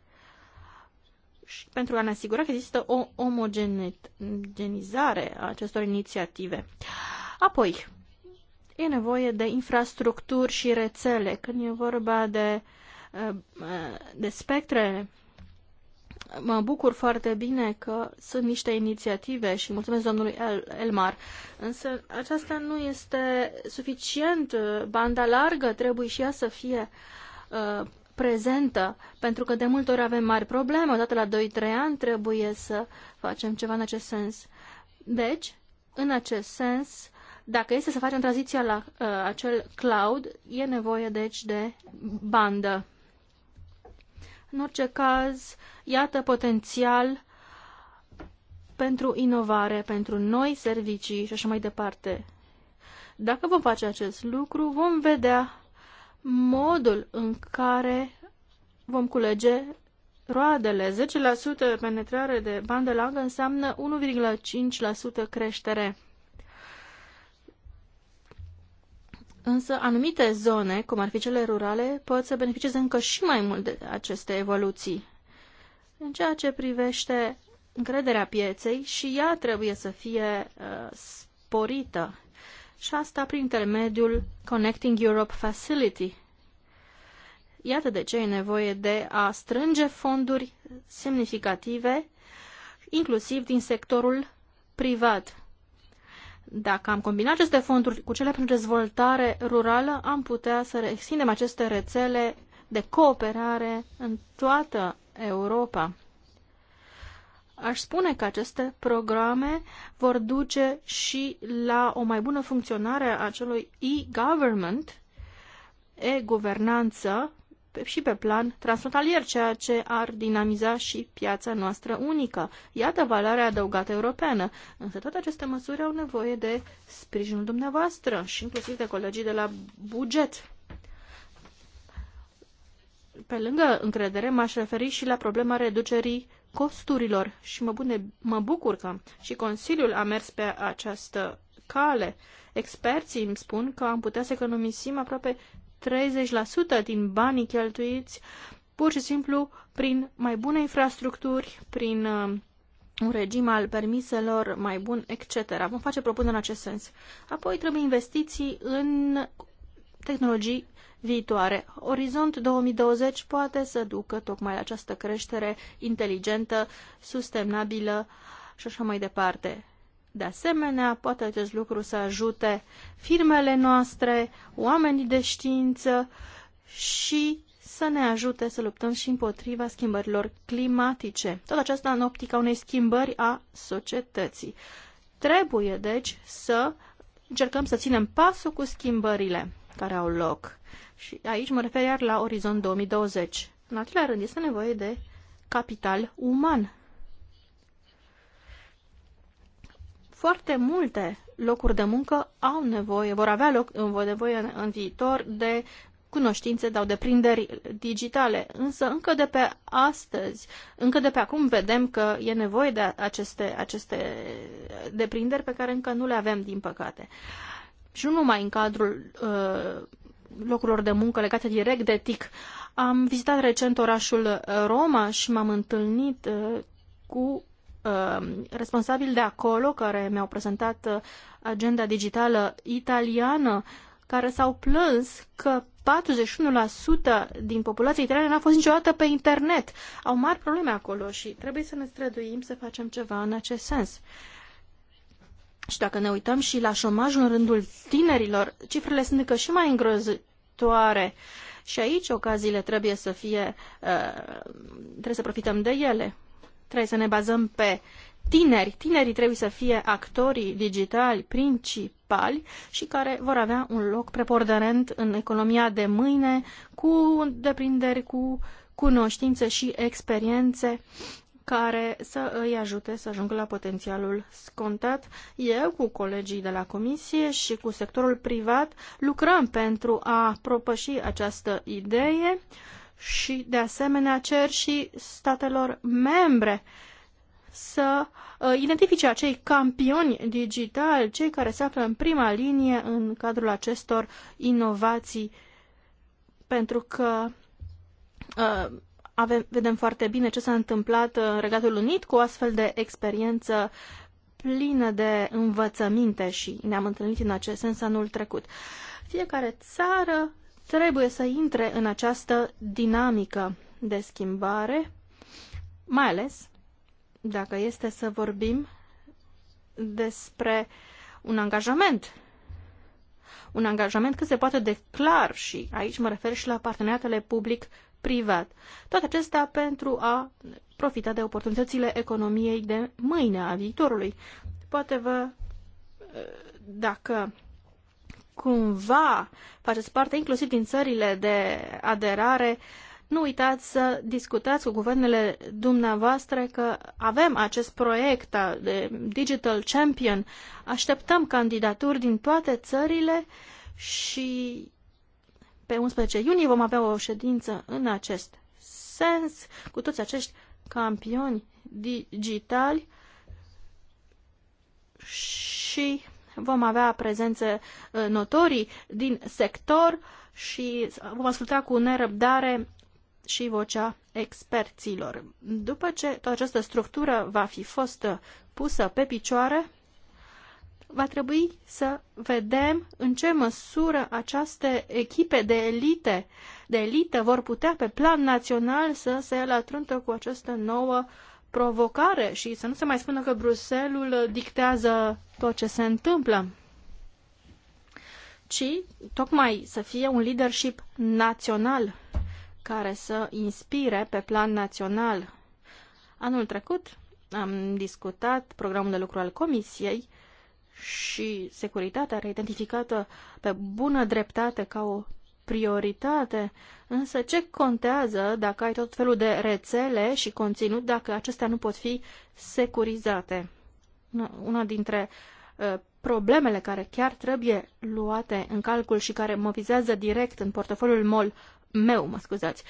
Și pentru a ne asigura că există o omogenizare a acestor inițiative. Apoi, e nevoie de infrastructuri și rețele. Când e vorba de, uh, uh, de spectre Mă bucur foarte bine că sunt niște inițiative și mulțumesc domnului El- Elmar, însă aceasta nu este suficient. Banda largă trebuie și ea să fie uh, prezentă, pentru că de multe ori avem mari probleme. Odată la 2-3 ani trebuie să facem ceva în acest sens. Deci, în acest sens, dacă este să facem tranziția la uh, acel cloud, e nevoie deci de bandă. În orice caz, iată potențial pentru inovare, pentru noi servicii și așa mai departe. Dacă vom face acest lucru, vom vedea modul în care vom culege roadele. 10% penetrare de bandă largă înseamnă 1,5% creștere Însă anumite zone, cum ar fi cele rurale, pot să beneficieze încă și mai mult de aceste evoluții. În ceea ce privește încrederea pieței, și ea trebuie să fie uh, sporită. Și asta prin intermediul Connecting Europe Facility. Iată de ce e nevoie de a strânge fonduri semnificative, inclusiv din sectorul privat dacă am combinat aceste fonduri cu cele pentru dezvoltare rurală, am putea să extindem aceste rețele de cooperare în toată Europa. Aș spune că aceste programe vor duce și la o mai bună funcționare a acelui e-government, e-guvernanță, și pe plan transfrontalier, ceea ce ar dinamiza și piața noastră unică. Iată valoarea adăugată europeană. Însă toate aceste măsuri au nevoie de sprijinul dumneavoastră și inclusiv de colegii de la buget. Pe lângă încredere, m-aș referi și la problema reducerii costurilor și mă, bune, mă bucur că și Consiliul a mers pe această cale. Experții îmi spun că am putea să economisim aproape 30% din banii cheltuiți pur și simplu prin mai bune infrastructuri, prin uh, un regim al permiselor mai bun, etc. Vom face propuneri în acest sens. Apoi trebuie investiții în tehnologii viitoare. Orizont 2020 poate să ducă tocmai la această creștere inteligentă, sustenabilă și așa mai departe. De asemenea, poate acest lucru să ajute firmele noastre, oamenii de știință și să ne ajute să luptăm și împotriva schimbărilor climatice. Tot aceasta în optica unei schimbări a societății. Trebuie, deci, să încercăm să ținem pasul cu schimbările care au loc. Și aici mă refer iar la orizont 2020. În al treilea rând, este nevoie de capital uman foarte multe locuri de muncă au nevoie, vor avea loc, nevoie în, în viitor de cunoștințe, de deprinderi digitale. Însă încă de pe astăzi, încă de pe acum vedem că e nevoie de aceste, aceste deprinderi pe care încă nu le avem, din păcate. Și nu numai în cadrul uh, locurilor de muncă legate direct de TIC. Am vizitat recent orașul uh, Roma și m-am întâlnit uh, cu Uh, responsabili de acolo, care mi-au prezentat uh, agenda digitală italiană, care s-au plâns că 41% din populația italiană n-a fost niciodată pe internet. Au mari probleme acolo și trebuie să ne străduim să facem ceva în acest sens. Și dacă ne uităm și la șomajul în rândul tinerilor, cifrele sunt încă și mai îngrozitoare. Și aici ocaziile trebuie să fie, uh, trebuie să profităm de ele. Trebuie să ne bazăm pe tineri. Tinerii trebuie să fie actorii digitali principali și care vor avea un loc preponderent în economia de mâine cu deprinderi, cu cunoștințe și experiențe care să îi ajute să ajungă la potențialul scontat. Eu, cu colegii de la comisie și cu sectorul privat, lucrăm pentru a propăși această idee și, de asemenea, cer și statelor membre să uh, identifice acei campioni digitali, cei care se află în prima linie în cadrul acestor inovații, pentru că uh, avem, vedem foarte bine ce s-a întâmplat în Regatul Unit cu o astfel de experiență plină de învățăminte și ne-am întâlnit în acest sens anul trecut. Fiecare țară trebuie să intre în această dinamică de schimbare, mai ales dacă este să vorbim despre un angajament. Un angajament cât se poate de clar și aici mă refer și la parteneriatele public-privat. Toate acestea pentru a profita de oportunitățile economiei de mâine, a viitorului. Poate vă, dacă cumva faceți parte inclusiv din țările de aderare, nu uitați să discutați cu guvernele dumneavoastră că avem acest proiect de Digital Champion. Așteptăm candidaturi din toate țările și pe 11 iunie vom avea o ședință în acest sens cu toți acești campioni digitali și vom avea prezențe uh, notorii din sector și vom asculta cu nerăbdare și vocea experților. După ce toată această structură va fi fost uh, pusă pe picioare, va trebui să vedem în ce măsură aceste echipe de elite, de elită vor putea pe plan național să se lătrântă cu această nouă uh, provocare și să nu se mai spună că Bruselul dictează tot ce se întâmplă, ci tocmai să fie un leadership național care să inspire pe plan național. Anul trecut am discutat programul de lucru al Comisiei și securitatea era identificată pe bună dreptate ca o prioritate. Însă ce contează dacă ai tot felul de rețele și conținut dacă acestea nu pot fi securizate? Una dintre uh, problemele care chiar trebuie luate în calcul și care mă vizează direct în portofoliul MOL meu, mă scuzați,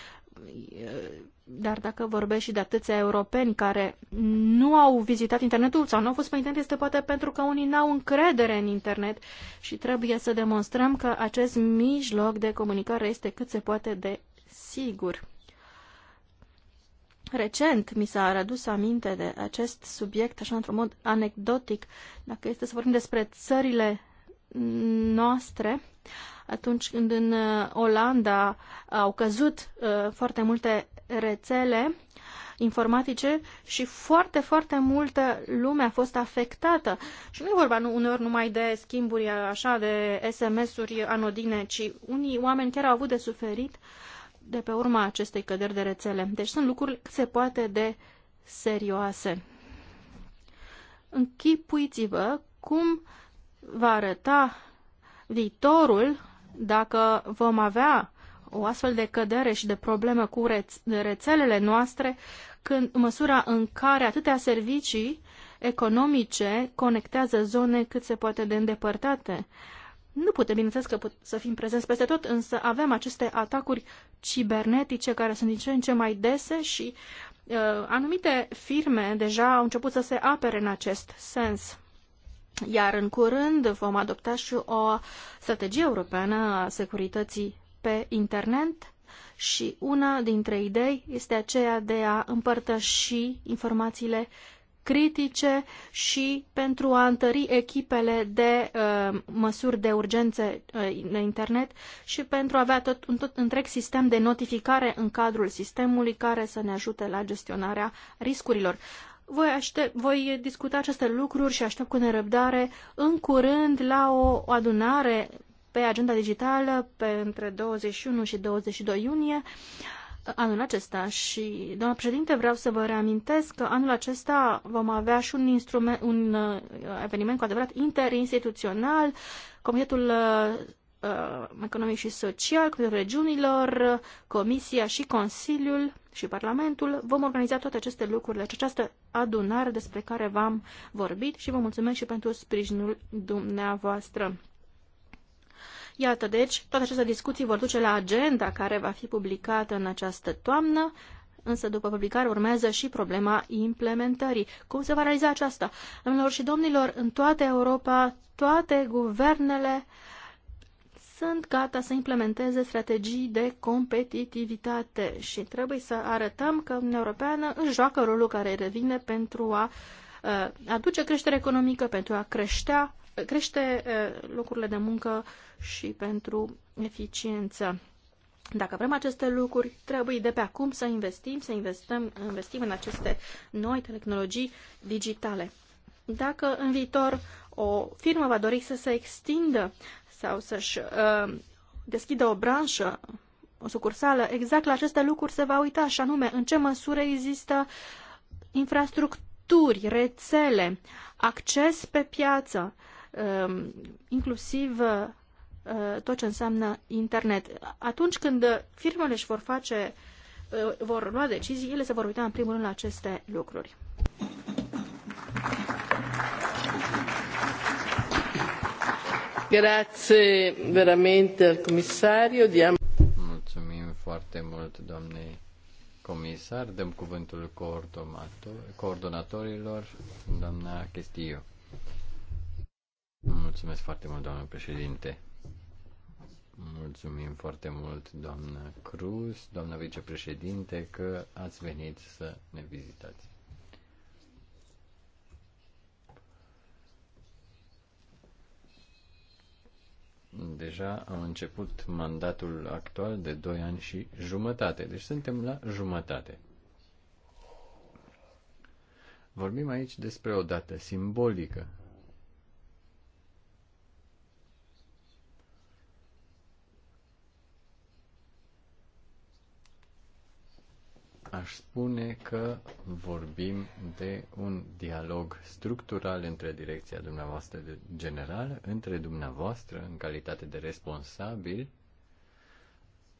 dar dacă vorbești și de atâția europeni care nu au vizitat internetul sau nu au fost pe internet, este poate pentru că unii n-au încredere în internet și trebuie să demonstrăm că acest mijloc de comunicare este cât se poate de sigur. Recent mi s-a adus aminte de acest subiect, așa într-un mod anecdotic, dacă este să vorbim despre țările noastre, atunci când în uh, Olanda au căzut uh, foarte multe rețele informatice și foarte, foarte multă lume a fost afectată. Și nu e vorba nu, uneori numai de schimburi așa, de SMS-uri anodine, ci unii oameni chiar au avut de suferit de pe urma acestei căderi de rețele. Deci sunt lucruri cât se poate de serioase. Închipuiți-vă cum uh, va arăta viitorul dacă vom avea o astfel de cădere și de problemă cu rețelele noastre când, măsura în care atâtea servicii economice conectează zone cât se poate de îndepărtate. Nu putem, bineînțeles, că put să fim prezenți peste tot, însă avem aceste atacuri cibernetice care sunt din ce în ce mai dese și uh, anumite firme deja au început să se apere în acest sens. Iar în curând vom adopta și o strategie europeană a securității pe internet și una dintre idei este aceea de a împărtăși informațiile critice și pentru a întări echipele de uh, măsuri de urgențe uh, în internet și pentru a avea tot un tot întreg sistem de notificare în cadrul sistemului care să ne ajute la gestionarea riscurilor voi, aștept, voi discuta aceste lucruri și aștept cu nerăbdare în curând la o, o adunare pe agenda digitală pe între 21 și 22 iunie uh, anul acesta și, doamna președinte, vreau să vă reamintesc că anul acesta vom avea și un, instrument, un uh, eveniment cu adevărat interinstituțional, Comitetul uh, Uh, economic și social, cu Regiunilor, Comisia și Consiliul și Parlamentul. Vom organiza toate aceste lucruri, deci această adunare despre care v-am vorbit și vă mulțumesc și pentru sprijinul dumneavoastră. Iată, deci, toate aceste discuții vor duce la agenda care va fi publicată în această toamnă însă după publicare urmează și problema implementării. Cum se va realiza aceasta? Domnilor și domnilor, în toată Europa, toate guvernele uh, sunt gata să implementeze strategii de competitivitate și trebuie să arătăm că Uniunea Europeană își joacă rolul care îi revine pentru a uh, aduce creștere economică, pentru a creștea, crește uh, locurile de muncă și pentru eficiență. Dacă vrem aceste lucruri, trebuie de pe acum să investim, să investim, investim în aceste noi tehnologii digitale. Dacă în viitor o firmă va dori să se extindă sau să-și uh, deschidă o branșă, o sucursală, exact la aceste lucruri se va uita, și anume în ce măsură există infrastructuri, rețele, acces pe piață, uh, inclusiv uh, tot ce înseamnă internet. Atunci când firmele își vor face, uh, vor lua decizii, ele se vor uita în primul rând la aceste lucruri. Grazie veramente al Mulțumim foarte mult, doamnei comisar. Dăm cuvântul coordonatorilor, doamna Chestiu. Mulțumesc foarte mult, doamnă președinte. Mulțumim foarte mult, doamnă Cruz, doamnă vicepreședinte, că ați venit să ne vizitați. deja am început mandatul actual de 2 ani și jumătate. Deci suntem la jumătate. Vorbim aici despre o dată simbolică, aș spune că vorbim de un dialog structural între direcția dumneavoastră generală, între dumneavoastră în calitate de responsabil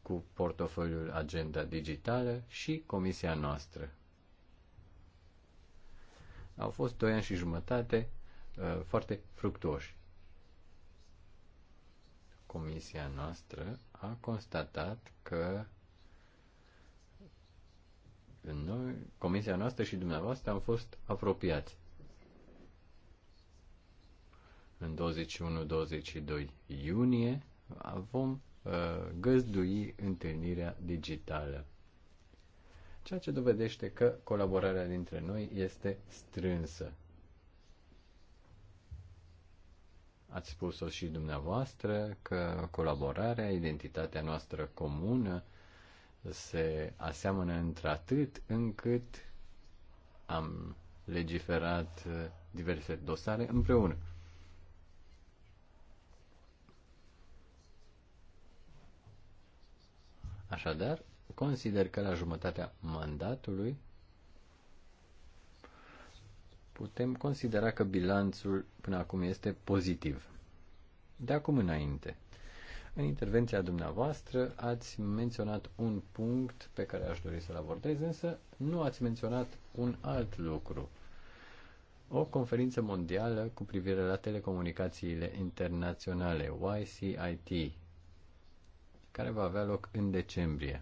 cu portofoliul Agenda Digitală și comisia noastră. Au fost doi ani și jumătate uh, foarte fructuoși. Comisia noastră a constatat că noi, comisia noastră și dumneavoastră au fost apropiați. În 21-22 iunie vom uh, găzdui întâlnirea digitală. Ceea ce dovedește că colaborarea dintre noi este strânsă. ați spus-o și dumneavoastră, că colaborarea, identitatea noastră comună se aseamănă într-atât încât am legiferat uh, diverse dosare împreună. Așadar, consider că la jumătatea mandatului putem considera că bilanțul până acum este pozitiv. De acum înainte, în intervenția dumneavoastră ați menționat un punct pe care aș dori să-l abordez, însă nu ați menționat un alt lucru. O conferință mondială cu privire la telecomunicațiile internaționale, YCIT, care va avea loc în decembrie.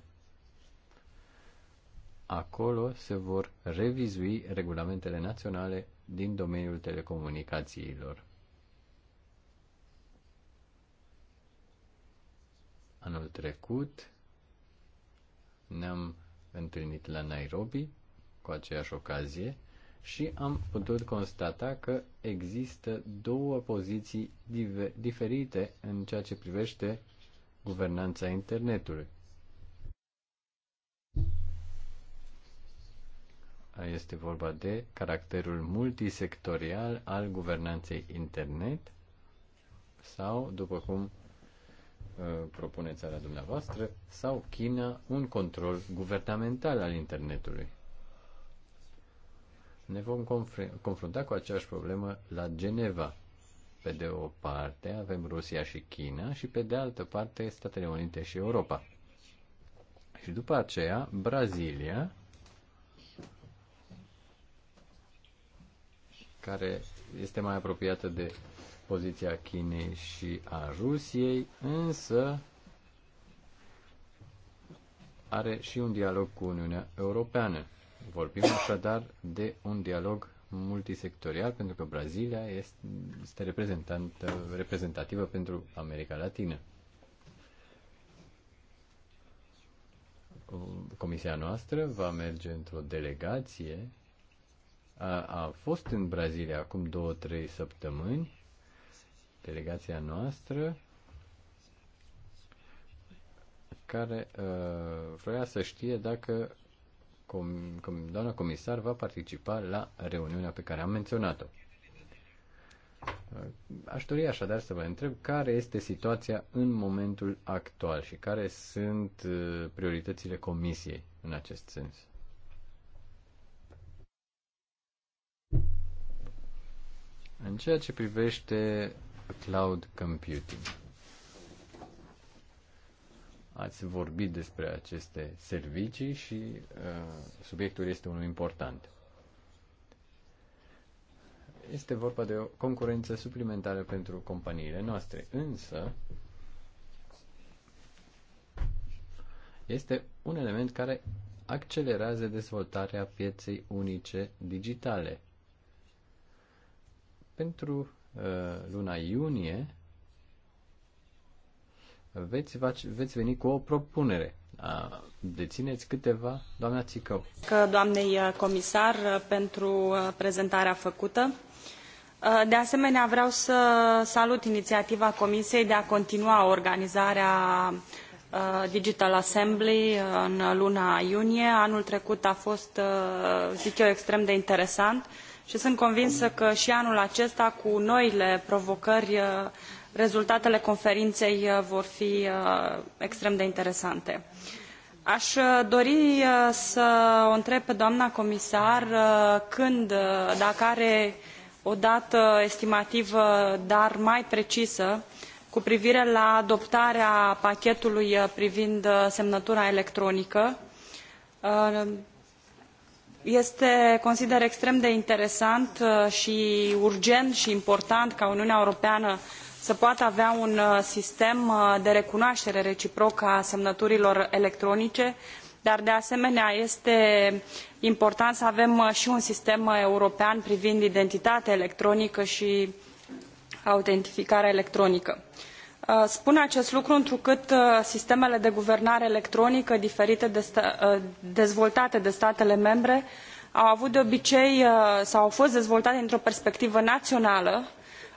Acolo se vor revizui regulamentele naționale din domeniul telecomunicațiilor. Anul trecut ne-am întâlnit la Nairobi cu aceeași ocazie și am putut constata că există două poziții diferite în ceea ce privește guvernanța internetului. Este vorba de caracterul multisectorial al guvernanței internet sau, după cum Uh, propune țara dumneavoastră, sau China, un control guvernamental al internetului. Ne vom confr- confrunta cu aceeași problemă la Geneva. Pe de o parte avem Rusia și China și pe de altă parte Statele Unite și Europa. Și după aceea Brazilia, care este mai apropiată de poziția Chinei și a Rusiei, însă are și un dialog cu Uniunea Europeană. Vorbim așadar de un dialog multisectorial, pentru că Brazilia este, reprezentantă, reprezentativă pentru America Latină. Comisia noastră va merge într-o delegație. A, a fost în Brazilia acum două, trei săptămâni delegația noastră care uh, vrea să știe dacă com, com, doamna comisar va participa la reuniunea pe care am menționat-o. Uh, aș dori așadar să vă întreb care este situația în momentul actual și care sunt uh, prioritățile comisiei în acest sens. În ceea ce privește cloud computing. Ați vorbit despre aceste servicii și uh, subiectul este unul important. Este vorba de o concurență suplimentară pentru companiile noastre, însă este un element care accelerează dezvoltarea pieței unice digitale. Pentru Uh, luna iunie, veți, veți veni cu o propunere. Dețineți câteva, doamna Țicău. Că doamnei uh, comisar uh, pentru prezentarea făcută. De asemenea, vreau să salut inițiativa Comisiei de a continua organizarea Digital Assembly în luna iunie. Anul trecut a fost, zic eu, extrem de interesant și sunt convinsă că și anul acesta, cu noile provocări, uh, rezultatele conferinței uh, vor fi uh, extrem de interesante. Aș dori să o întreb pe doamna comisar când, dacă are o dată estimativă, dar mai precisă, cu privire la adoptarea pachetului privind semnătura electronică este consider extrem de interesant uh, i urgent i important ca uniunea europeană să poată avea un uh, sistem uh, de recunoatere reciprocă a semnăturilor electronice dar de asemenea este important să avem i un sistem european privind identitatea electronică i autentificarea electronică. Uh, spun acest lucru întrucât uh, sistemele de guvernare electronică diferite de uh, dezvoltate de statele membre au avut de obicei sau au fost dezvoltate dintr o perspectivă naională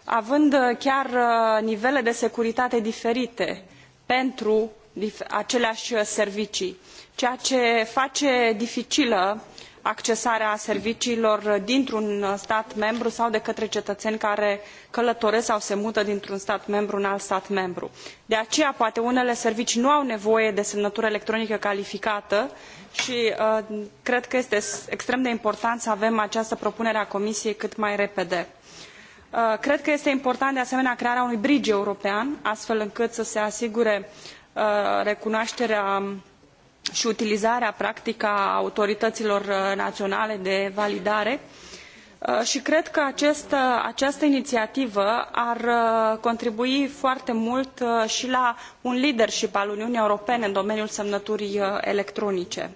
având chiar nivele de securitate diferite pentru aceleai servicii ceea ce face dificilă accesarea serviciilor dintr un stat membru sau de către cetăeni care călătoresc sau se mută dintr un stat membru în alt stat membru. de aceea poate unele servicii nu au nevoie de semnătură electronică calificată i uh, cred că este extrem de important să avem această propunere a comisiei cât mai repede uh, cred că este important de asemenea crearea unui bridge european astfel încât să se asigure uh, recunoaterea și utilizarea practică a autorităților uh, naționale de validare uh, și cred că acest, uh, această inițiativă ar contribui foarte mult și la un leadership al Uniunii Europene în domeniul semnăturii electronice.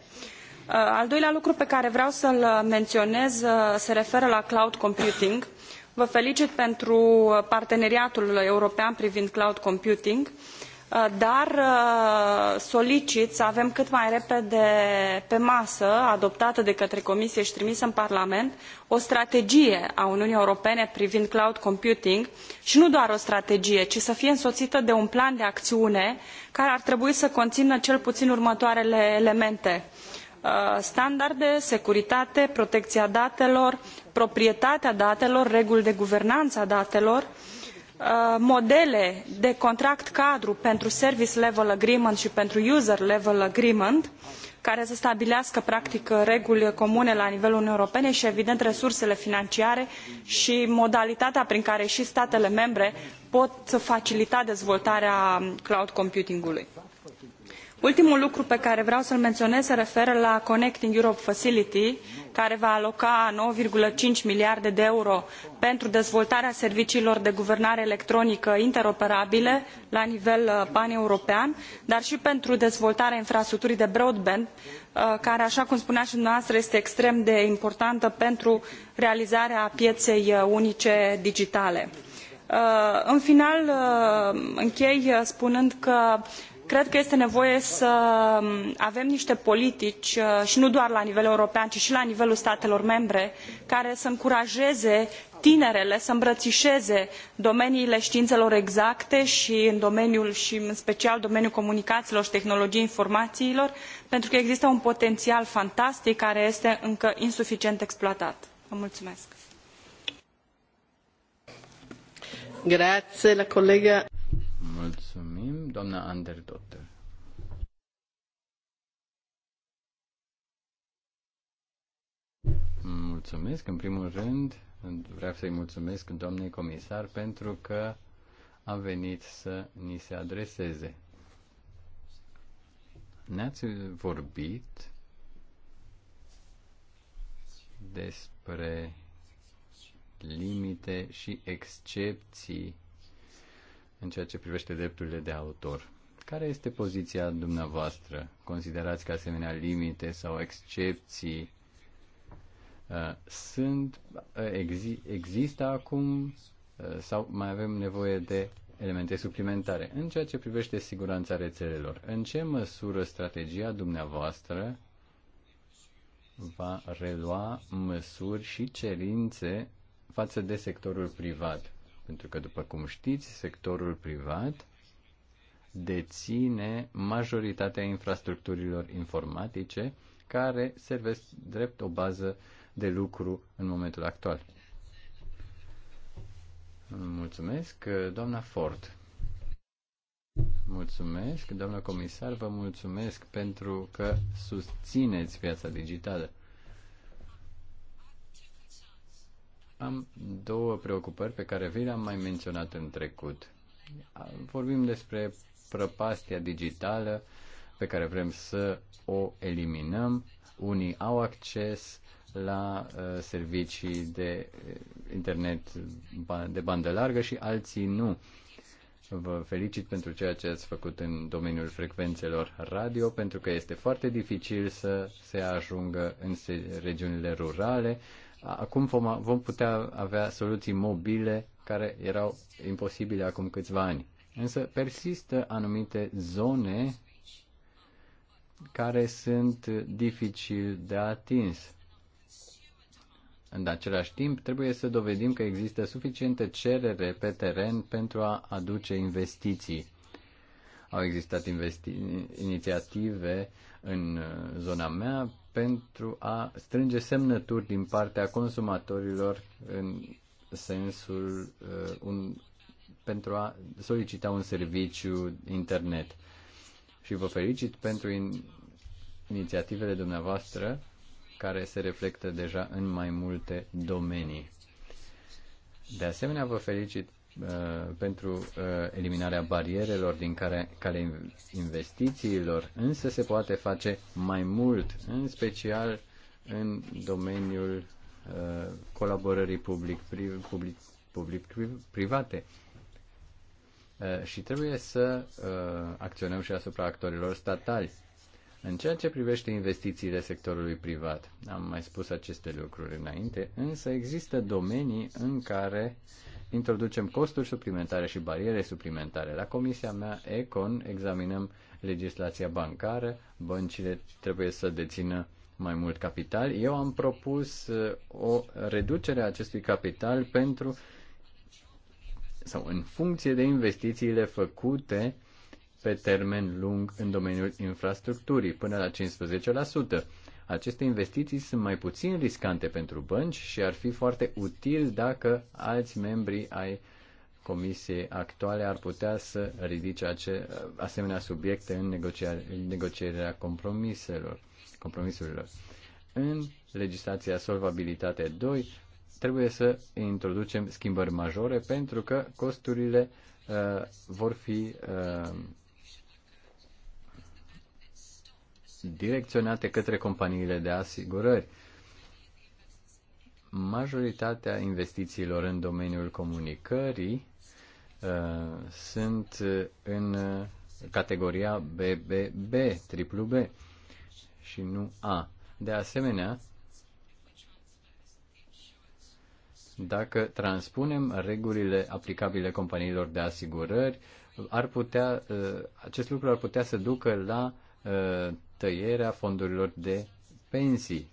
Al doilea lucru pe care vreau să-l menționez se referă la cloud computing. Vă felicit pentru parteneriatul european privind cloud computing. Uh, Uh, dar uh, solicit să avem cât mai repede pe masă, adoptată de către Comisie și trimisă în Parlament, o strategie a Uniunii Europene privind cloud computing și nu doar o strategie, ci să fie însoțită de un plan de acțiune care ar trebui să conțină cel puțin următoarele elemente uh, standarde, securitate, protecția datelor, proprietatea datelor, reguli de guvernanță a datelor, Uh, modele de contract cadru pentru service level agreement i pentru user level agreement care să stabilească practic reguli comune la nivelul uniunii europene i evident resursele financiare i modalitatea prin care i statele membre pot facilita dezvoltarea cloud computing ului ultimul lucru pe care vreau să l menionez se referă la connecting europe facility care va aloca nouă cinci miliarde de euro pentru dezvoltarea serviciilor de guvernare electronică interoperabile la nivel uh, paneuropean dar i pentru dezvoltarea infrastructurii de broadband uh, care aa cum spunea i dumneavoastră este extrem de importantă pentru realizarea pieei uh, unice digitale. în final închei spunând că cred că este nevoie să um, avem nite politici uh, i nu doar la nivel european ci i la nivelul statelor membre care să încurajeze tinerele să îmbrăieze domeniile tiinelor exacte i în special domeniul comunicaiilor i tehnologiei informaiilor pentru că există un potenial fantastic care este încă insuficient exploatat. Vă mulțumesc. Grazie, la colega doamna Anderdotter. Mulțumesc, în primul rând, vreau să-i mulțumesc doamnei comisar pentru că a venit să ni se adreseze. Ne-ați vorbit despre limite și excepții în ceea ce privește drepturile de autor. Care este poziția dumneavoastră? Considerați că asemenea limite sau excepții uh, sunt, uh, exi, există acum uh, sau mai avem nevoie de elemente suplimentare? În ceea ce privește siguranța rețelelor, în ce măsură strategia dumneavoastră va relua măsuri și cerințe față de sectorul privat? Pentru că, după cum știți, sectorul privat deține majoritatea infrastructurilor informatice care servesc drept o bază de lucru în momentul actual. Mulțumesc, doamna Ford. Mulțumesc, doamna comisar, vă mulțumesc pentru că susțineți piața digitală. Am două preocupări pe care vi le-am mai menționat în trecut. Vorbim despre prăpastia digitală pe care vrem să o eliminăm. Unii au acces la uh, servicii de uh, internet de bandă largă și alții nu. Vă felicit pentru ceea ce ați făcut în domeniul frecvențelor radio, pentru că este foarte dificil să se ajungă în regiunile rurale Acum vom, vom putea avea soluții mobile care erau imposibile acum câțiva ani. Însă persistă anumite zone care sunt dificil de atins. În același timp, trebuie să dovedim că există suficientă cerere pe teren pentru a aduce investiții. Au existat investi- inițiative în uh, zona mea pentru a strânge semnături din partea consumatorilor în sensul uh, un, pentru a solicita un serviciu internet. Și vă felicit pentru in, inițiativele dumneavoastră care se reflectă deja în mai multe domenii. De asemenea, vă felicit Uh, pentru uh, eliminarea barierelor din care, care investițiilor, însă se poate face mai mult, în special în domeniul uh, colaborării public-private. Public, public, private și trebuie să acționăm și asupra actorilor statali. În ceea ce privește investițiile sectorului privat, am mai spus aceste lucruri înainte, însă există domenii în care uh, introducem costuri suplimentare și bariere suplimentare. La comisia mea Econ examinăm legislația bancară, băncile trebuie să dețină mai mult capital. Eu am propus uh, o reducere a acestui capital pentru sau în funcție de investițiile făcute pe termen lung în domeniul infrastructurii, până la aceste investiții sunt mai puțin riscante pentru bănci și ar fi foarte util dacă alți membri ai comisiei actuale ar putea să ridice ace, asemenea subiecte în, negocierea compromiselor, compromisurilor. În legislația Solvabilitate 2 trebuie să introducem schimbări majore pentru că costurile uh, vor fi uh, direcționate către companiile de asigurări. Majoritatea investițiilor în domeniul comunicării uh, sunt în categoria BBB, triplu B și nu A. De asemenea, dacă transpunem regulile aplicabile companiilor de asigurări, ar putea, uh, acest lucru ar putea să ducă la uh, tăierea fondurilor de pensii.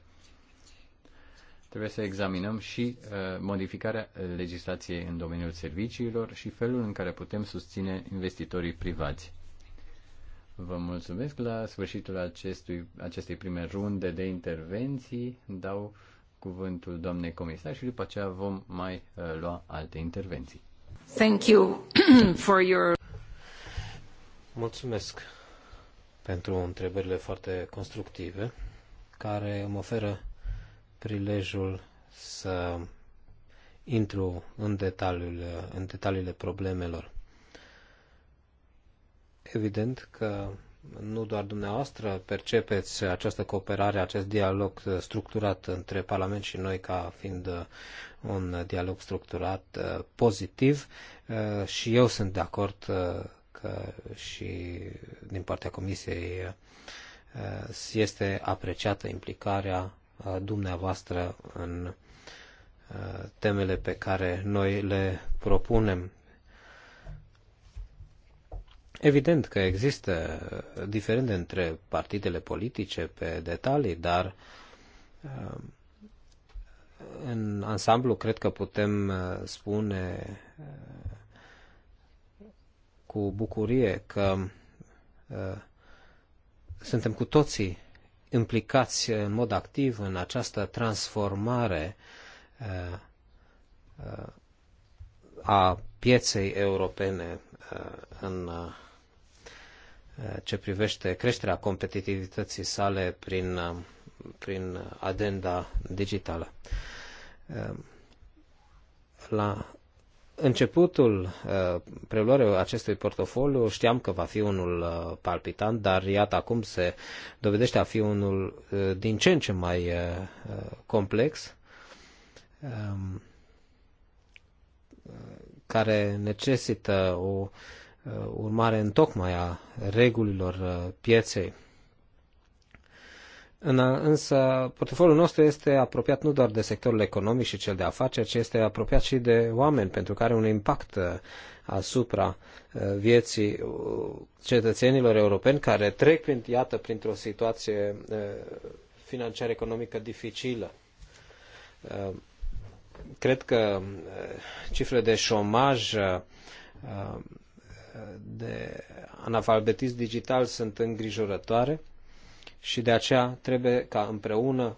Trebuie să examinăm și uh, modificarea legislației în domeniul serviciilor și felul în care putem susține investitorii privați. Vă mulțumesc. La sfârșitul acestui, acestei prime runde de intervenții dau cuvântul doamnei comisar și după aceea vom mai uh, lua alte intervenții. Thank you for your... Mulțumesc pentru întrebările foarte constructive, care îmi oferă prilejul să intru în detaliile, în detaliile problemelor. Evident că nu doar dumneavoastră percepeți această cooperare, acest dialog structurat între Parlament și noi ca fiind un dialog structurat uh, pozitiv uh, și eu sunt de acord uh, și din partea Comisiei uh, este apreciată implicarea uh, dumneavoastră în uh, temele pe care noi le propunem. Evident că există diferențe între partidele politice pe detalii, dar în ansamblu cred că putem spune cu bucurie că uh, suntem cu toții implicați în mod activ în această transformare uh, uh, a pieței europene în ce privește creșterea competitivității sale prin, prin agenda digitală. La începutul uh, preluării acestui portofoliu știam că va fi unul uh, palpitant, dar iată acum se dovedește a fi unul uh, din ce în ce mai complex, um, care necesită o urmare întocmai a regulilor pieței. Însă, portofoliul nostru este apropiat nu doar de sectorul economic și cel de afaceri, ci este apropiat și de oameni, pentru că are un impact uh, asupra uh, vieții uh, cetățenilor europeni care trec, prin, iată, printr-o situație financiară economică dificilă. Cred că cifrele de șomaj de analfabetism digital sunt îngrijorătoare și de aceea trebuie ca împreună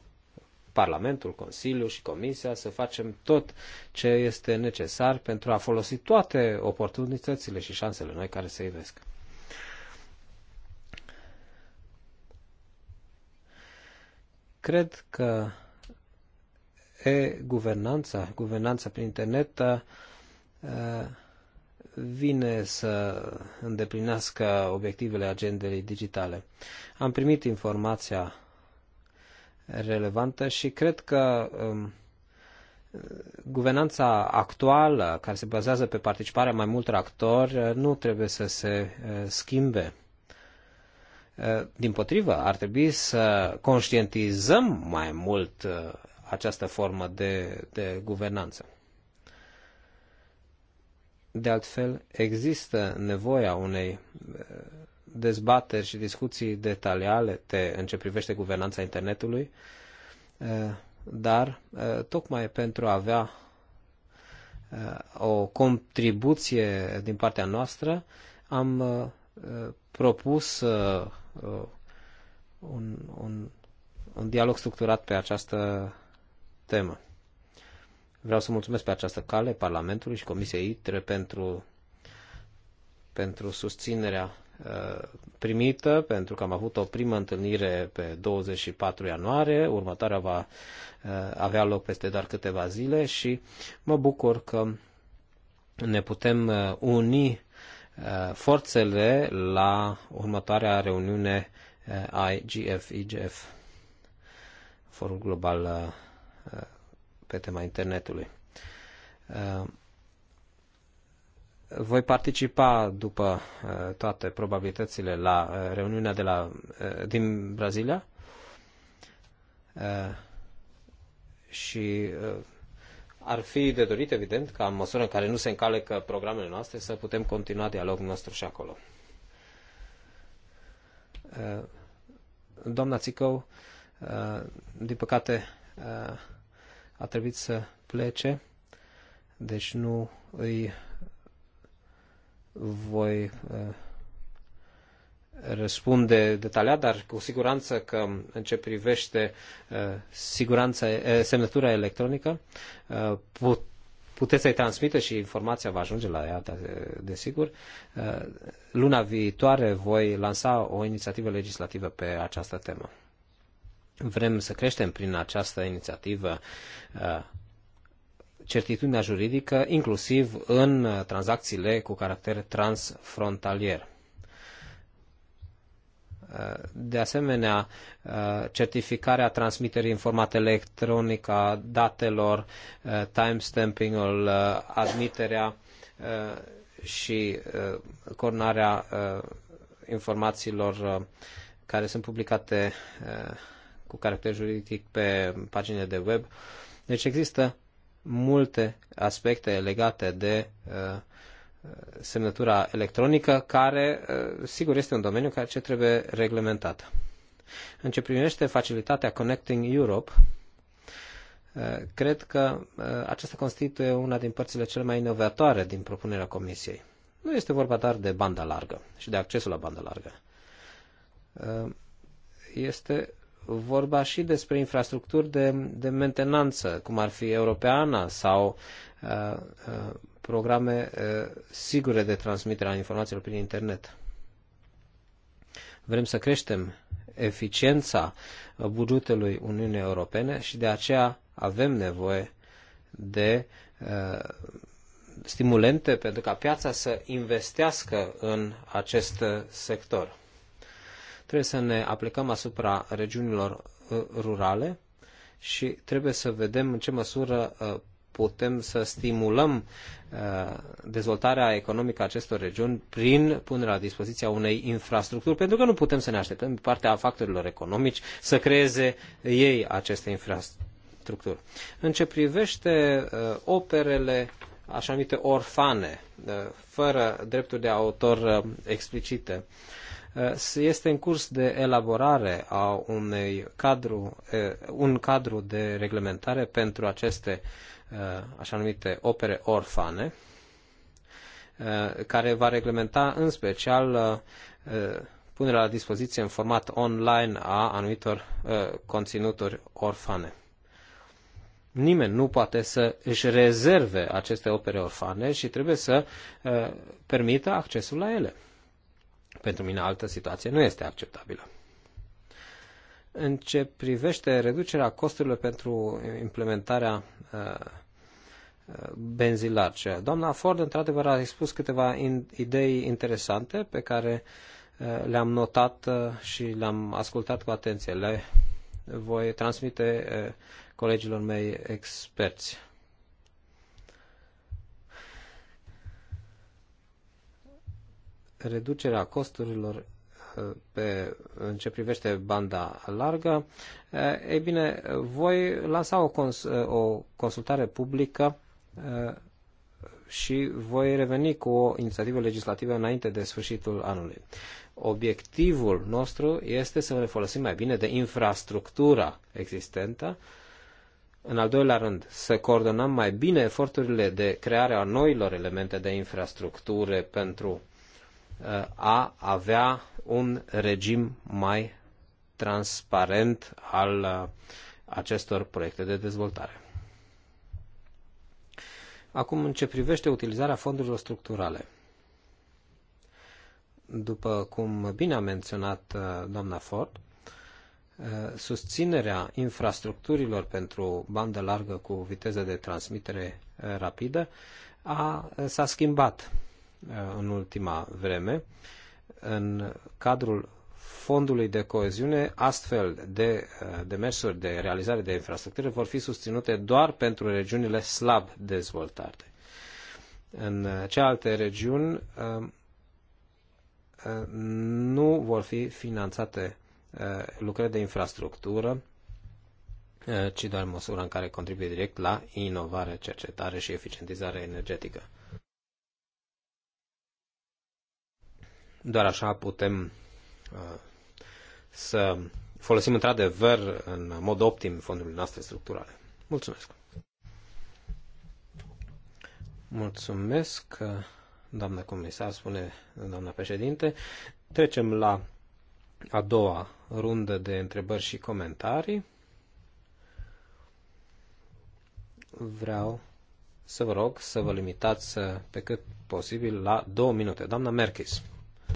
Parlamentul, Consiliul și Comisia să facem tot ce este necesar pentru a folosi toate oportunitățile și șansele noi care se ivesc. Cred că e-guvernanța, guvernanța prin internet, uh, vine să îndeplinească obiectivele agendei digitale. Am primit informația relevantă și cred că um, guvernanța actuală, care se bazează pe participarea mai multor actori, nu trebuie să se uh, schimbe. Uh, din potrivă, ar trebui să conștientizăm mai mult uh, această formă de, de guvernanță. De altfel, există nevoia unei eh, dezbateri și discuții detaliate în ce privește guvernanța internetului, eh, dar eh, tocmai pentru a avea o contribuție din partea noastră, am propus un, un, un dialog structurat pe această temă. Vreau să mulțumesc pe această cale Parlamentului și Comisiei ITRE pentru, pentru susținerea uh, primită, pentru că am avut o primă întâlnire pe 24 ianuarie, următoarea va uh, avea loc peste doar câteva zile și mă bucur că ne putem uh, uni forțele la următoarea reuniune IGF-IGF, Forul Global pe tema internetului. Uh, voi participa după uh, toate probabilitățile la uh, reuniunea de la, din Brazilia și ar fi de dorit, evident, ca în măsură în care nu se încalecă programele noastre, să putem continua dialogul nostru și acolo. Doamna Țicău, din păcate, a trebuit să plece, deci nu îi voi uh, răspunde detaliat, dar cu siguranță că în ce privește uh, siguranța, uh, semnătura electronică, put, puteți să-i transmite și informația va ajunge la ea, desigur. Luna viitoare voi lansa o inițiativă legislativă pe această temă. Vrem să creștem prin această inițiativă uh, certitudinea juridică, inclusiv în uh, tranzacțiile cu caracter transfrontalier. Uh, de asemenea, certificarea transmiterii în format electronic a datelor, timestamping-ul, admiterea și coordonarea informațiilor care sunt publicate cu caracter juridic pe paginile de web. Deci există multe aspecte legate de uh, semnătura electronică, care, uh, sigur, este un domeniu care ce trebuie reglementat. În ce privește facilitatea Connecting Europe, uh, cred că aceasta constituie una din părțile cele mai inovatoare din propunerea Comisiei. Nu este vorba doar de banda largă și de accesul la banda largă. Este vorba și despre infrastructuri de, de mentenanță, cum ar fi europeana sau uh, uh, programe uh, sigure de transmitere a informațiilor prin internet. Vrem să creștem eficiența bugetului Uniunii Europene și de aceea avem nevoie de uh, stimulente pentru ca piața să investească în acest sector. Trebuie să ne aplicăm asupra regiunilor uh, rurale și trebuie să vedem în ce măsură uh, putem să stimulăm uh, dezvoltarea economică a acestor regiuni prin punerea la dispoziția unei infrastructuri, pentru că nu putem să ne așteptăm de partea factorilor economici să creeze ei aceste infrastructuri. În ce privește operele așa numite orfane, fără drepturi de autor explicite, Uh, este în curs de elaborare a unei cadru, uh, un cadru de reglementare pentru aceste uh, așa numite opere orfane, care va reglementa în special punerea la dispoziție în format online a anumitor conținuturi orfane. Nimeni nu poate să își rezerve aceste opere orfane și trebuie să permită accesul la ele. Pentru mine altă situație nu este acceptabilă. În ce privește reducerea costurilor pentru implementarea uh, uh, benzii large. Doamna Ford, într-adevăr, a expus câteva in, idei interesante pe care uh, le-am notat și le-am ascultat cu atenție. Le voi transmite colegilor mei experți. reducerea costurilor eh, pe, în ce privește banda largă, eh, ei bine, voi lansa o, cons- eh, o consultare publică și voi reveni cu o inițiativă legislativă înainte de sfârșitul anului. Obiectivul nostru este să ne folosim mai bine de infrastructura existentă, în al doilea rând, să coordonăm mai bine eforturile de creare a noilor elemente de infrastructură pentru a avea un regim mai transparent al uh, acestor proiecte de dezvoltare. Acum, în ce privește utilizarea fondurilor structurale. După cum bine a menționat uh, doamna Ford, uh, susținerea infrastructurilor pentru bandă largă cu viteză de transmitere rapidă a, s-a schimbat Uh, în ultima vreme în cadrul fondului de coeziune, astfel de uh, demersuri de realizare de infrastructură vor fi susținute doar pentru regiunile slab dezvoltate. În cealaltă regiuni uh, nu vor fi finanțate lucrări de infrastructură, ci doar în măsura în care contribuie direct la inovare, cercetare și eficientizare energetică. Doar așa putem uh, să folosim într-adevăr în mod optim fondurile noastre structurale. Mulțumesc! Mulțumesc, uh, doamna comisar, spune doamna președinte. Trecem la a doua rundă de întrebări și comentarii. Vreau să vă rog să vă limitați uh, pe cât posibil la două minute. Doamna Merkis.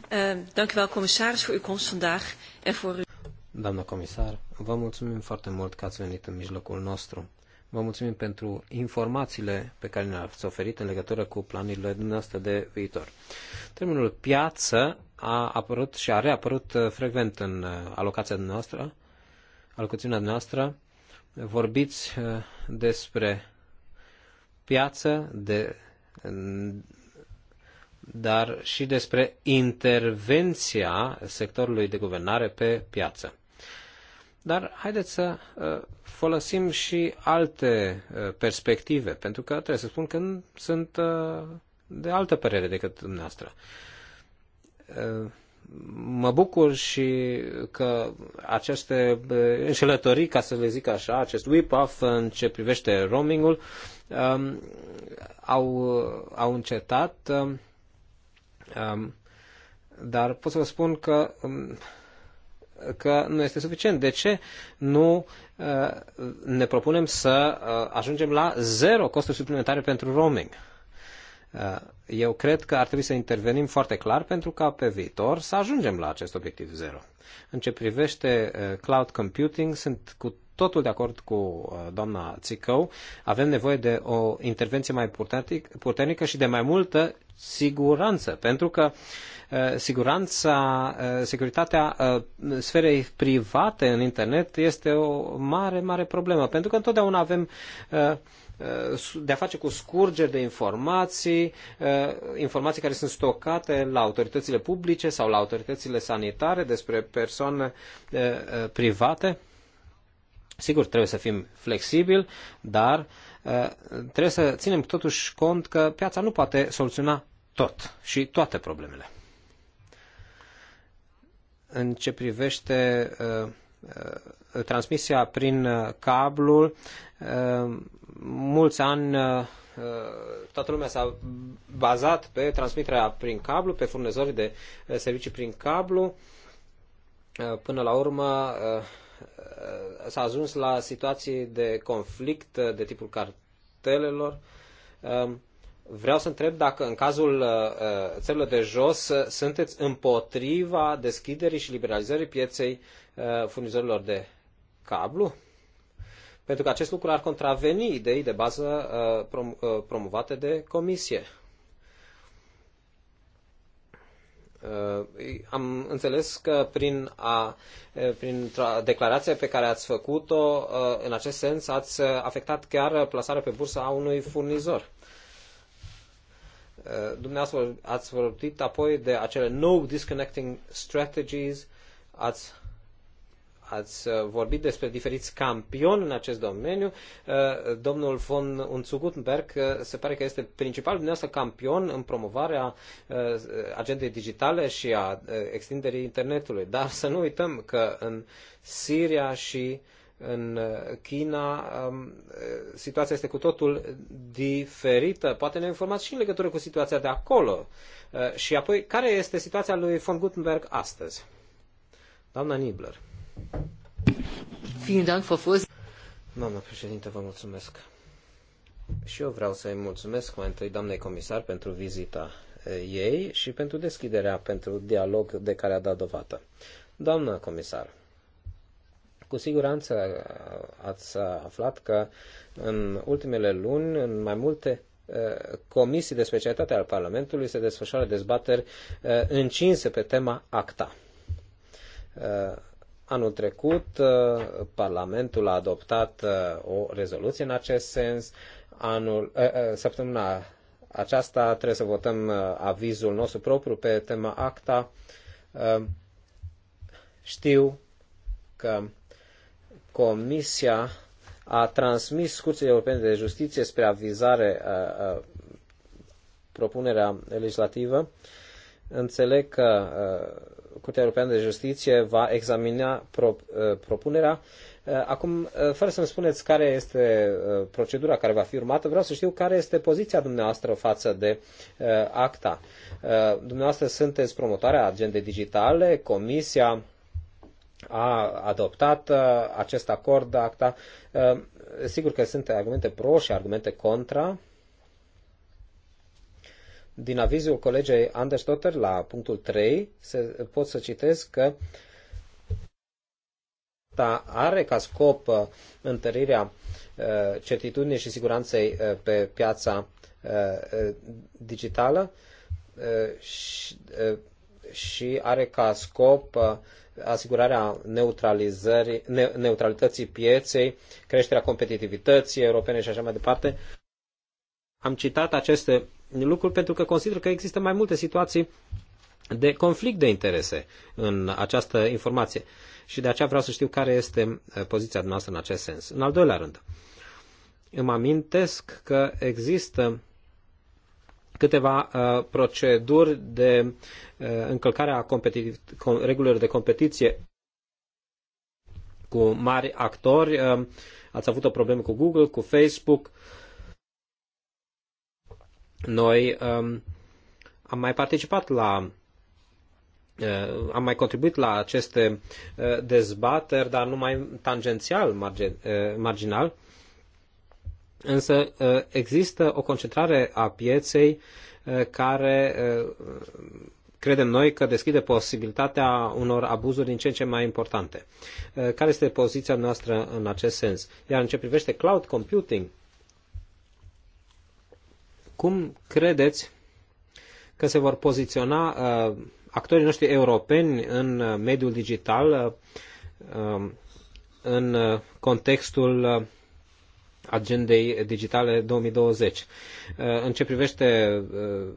Eh, dank u wel, commissaris, voor uw komst vandaag en voor uw... Doamna comisar, vă mulțumim foarte mult că ați venit în mijlocul nostru. Vă mulțumim pentru informațiile pe care ne-ați oferit în legătură cu planurile dumneavoastră de viitor. Termenul piață a apărut și a reapărut eh, frecvent în eh, alocația noastră, alocuțiunea noastră. Vorbiți despre piață, de dar și despre intervenția sectorului de guvernare pe piață. Dar haideți să uh, folosim și alte uh, perspective, pentru că trebuie să spun că sunt uh, de altă părere decât dumneavoastră. Mă bucur și că aceste înșelătorii, ca să le zic așa, acest whip-off în ce privește roamingul, um, au, au încetat um, dar pot să vă spun că um, că nu este suficient. De ce nu uh, ne propunem să uh, ajungem la zero costuri suplimentare pentru roaming? Uh, eu cred că ar trebui să intervenim foarte clar pentru ca pe viitor să ajungem la acest obiectiv zero. În ce privește cloud computing, sunt cu totul de acord cu uh, doamna Țicău. Avem nevoie de o intervenție mai puternică și de mai multă siguranță, pentru că uh, siguranța, uh, securitatea sferei private în internet este o mare, mare problemă, pentru că întotdeauna avem de a face cu scurgeri de informații, informații care sunt stocate la autoritățile publice sau la autoritățile sanitare despre persoane private. Sigur, trebuie să fim flexibili, dar uh, trebuie să ținem totuși cont că piața nu poate soluționa tot și toate problemele. În ce privește uh, uh, transmisia prin cablul, mulți ani toată lumea s-a bazat pe transmiterea prin cablu, pe furnizorii de servicii prin cablu. Până la urmă, Uh, s-a ajuns la situații de conflict uh, de tipul cartelelor. Um, vreau să întreb dacă în cazul uh, țărilor de jos sunteți împotriva deschiderii și liberalizării pieței furnizorilor de cablu? Pentru că acest lucru ar contraveni ideii de bază promovate de comisie. Uh, am înțeles că prin, a, eh, prin declarația pe care ați făcut-o, uh, în acest sens, ați afectat chiar plasarea pe bursă a unui furnizor. Uh, dumneavoastră ați vorbit apoi de acele no disconnecting strategies, ați ați uh, vorbit despre diferiți campioni în acest domeniu. Uh, domnul von Unzugutenberg uh, se pare că este principal dumneavoastră campion în promovarea agendei digitale și a extinderii internetului. Dar să nu uităm că în Siria și în China um, situația este cu totul diferită. Poate ne informați și în legătură cu situația de acolo. Și apoi, care este situația lui von Gutenberg astăzi? Doamna Nibler. Doamna președinte, vă mulțumesc. Și eu vreau să-i mulțumesc mai întâi doamnei comisar pentru vizita ei și pentru deschiderea, pentru dialog de care a dat dovadă. Doamna comisar, cu siguranță ați aflat că în ultimele luni, în mai multe comisii de specialitate al Parlamentului se desfășoară dezbateri încinse pe tema ACTA Anul trecut, uh, Parlamentul a adoptat uh, o rezoluție în acest sens. Anul, uh, săptămâna aceasta trebuie să votăm avizul nostru propriu pe tema ACTA. Știu că Comisia a transmis Curții Europene de Justiție spre avizare propunerea legislativă. Înțeleg că Curtea Europeană de Justiție va examina pro, uh, propunerea. Uh, acum, uh, fără să-mi spuneți care este procedura care va fi urmată, vreau să știu care este poziția dumneavoastră față de acta. Dumneavoastră sunteți promotoarea agendei digitale, Comisia a adoptat acest acord acta. Sigur că sunt argumente pro și argumente contra din avizul colegei Anders Dotter la punctul 3 se, pot să citesc că are ca scop uh, întărirea uh, certitudinii și siguranței uh, pe piața digitală și, și are ca scop asigurarea neutralizării, ne, neutralității pieței, creșterea competitivității europene și așa mai departe. Am citat aceste lucruri pentru că consider că există mai multe situații de conflict de interese în această informație. Și de aceea vreau să știu care este uh, poziția noastră în acest sens. În al doilea rând, îmi amintesc că există câteva uh, proceduri de uh, încălcare a regulilor de competiție cu mari actori. Uh, ați avut o problemă cu Google, cu Facebook, uh, noi um, am mai participat la uh, am mai contribuit la aceste uh, dezbateri, dar numai tangențial, uh, marginal. Însă există o concentrare a pieței care credem noi că deschide posibilitatea unor abuzuri din ce în ce mai importante. Care este poziția noastră în acest sens? Iar în ce privește cloud computing, cum credeți că se vor poziționa uh, actorii noștri europeni în uh, mediul digital, uh, um, în uh, contextul uh, agendei digitale 2020? Uh, în ce privește uh,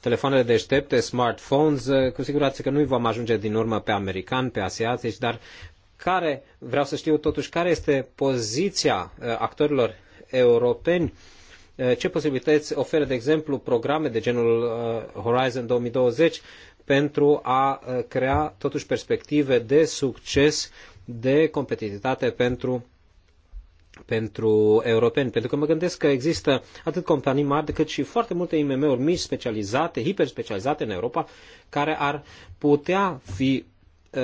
telefoanele deștepte, smartphones, cu siguranță că nu-i vom ajunge din urmă pe americani, pe asiatici, dar care, vreau să știu totuși, care este poziția actorilor europeni Eh, ce posibilități oferă, de exemplu, programe de genul eh, Horizon 2020 pentru a eh, crea totuși perspective de succes, de competitivitate pentru pentru europeni, pentru că mă gândesc că există atât companii mari cât și foarte multe IMM-uri mici specializate, hiperspecializate în Europa, care ar putea fi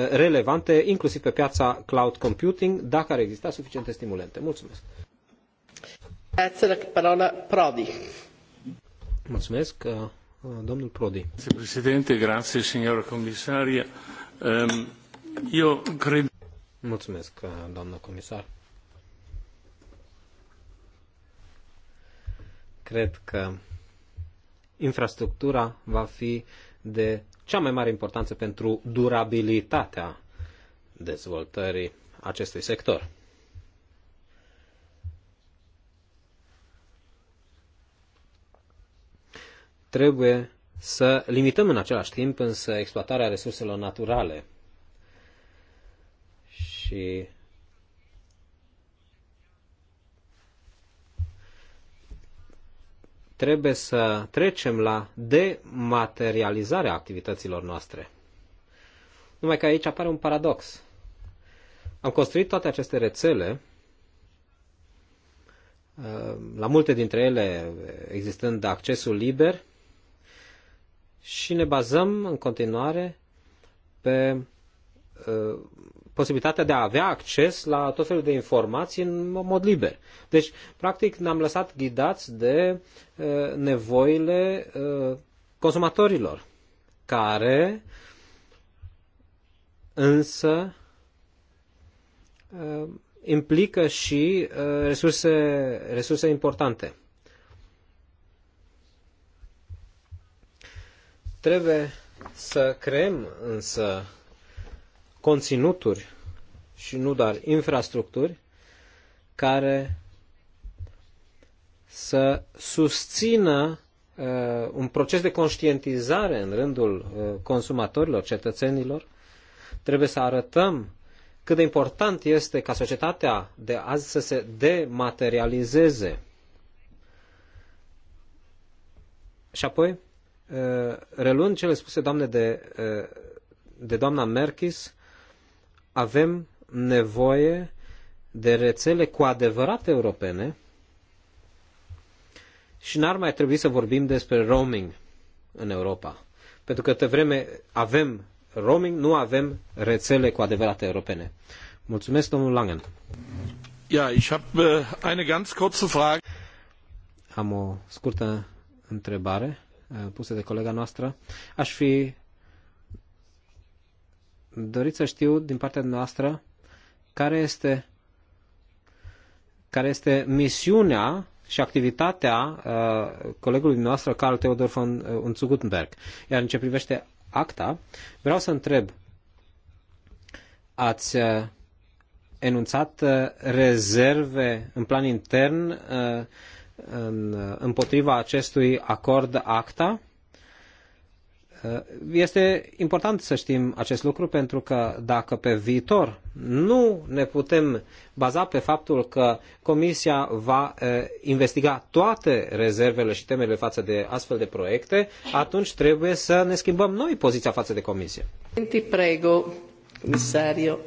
relevante inclusiv pe piața cloud computing dacă ar exista suficiente stimulente. Mulțumesc! Prodi. Mulțumesc, uh, domnul Prodi. Președinte, grazie, signora comisaria. Eu ehm, cred... Mulțumesc, uh, doamnă comisar. Cred că infrastructura va fi de cea mai mare importanță pentru durabilitatea dezvoltării acestui sector. Trebuie să limităm în același timp însă exploatarea resurselor naturale. Și trebuie să trecem la dematerializarea activităților noastre. Numai că aici apare un paradox. Am construit toate aceste rețele, uh, la multe dintre ele existând accesul liber, și ne bazăm în continuare pe uh, posibilitatea de a avea acces la tot felul de informații în mod liber. Deci, practic, ne-am lăsat ghidați de uh, nevoile uh, consumatorilor, care însă implică și resurse, resurse importante. Trebuie să creăm însă conținuturi și nu doar infrastructuri care să susțină uh, un proces de conștientizare în rândul uh, consumatorilor, cetățenilor. Trebuie să arătăm cât de important este ca societatea de azi să se dematerializeze. Și apoi Eh, reluând cele spuse doamne de, eh, de doamna Merkis, avem nevoie de rețele cu adevărat europene și n-ar mai trebui să vorbim despre roaming în Europa. Pentru că de vreme avem roaming, nu avem rețele cu adevărat europene. Mulțumesc, domnul Langen. Ja, ich hab, eh, eine ganz kurze Frage. Am o scurtă întrebare. Eh, puse de colega noastră. Aș fi dorit să știu din partea noastră care este, care este misiunea și activitatea uh, colegului noastră, Carl Theodor von uh, eh, Gutenberg. Iar în ce privește acta, vreau să întreb, ați uh, enunțat uh, rezerve în plan intern uh, în, împotriva acestui acord ACTA. Este important să știm acest lucru pentru că dacă pe viitor nu ne putem baza pe faptul că Comisia va investiga toate rezervele și temele față de astfel de proiecte, atunci trebuie să ne schimbăm noi poziția față de Comisie. prego, comisario,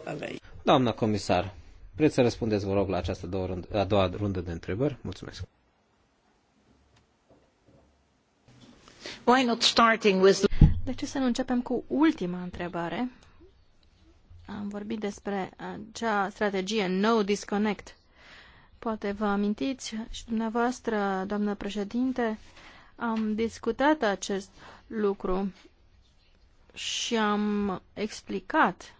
Doamna comisar, vreți să răspundeți, vă rog, la această două rând, a doua rundă de întrebări? Mulțumesc. De ce să nu începem cu ultima întrebare? Am vorbit despre acea strategie No Disconnect. Poate vă amintiți și dumneavoastră, doamnă președinte, am discutat acest lucru și am explicat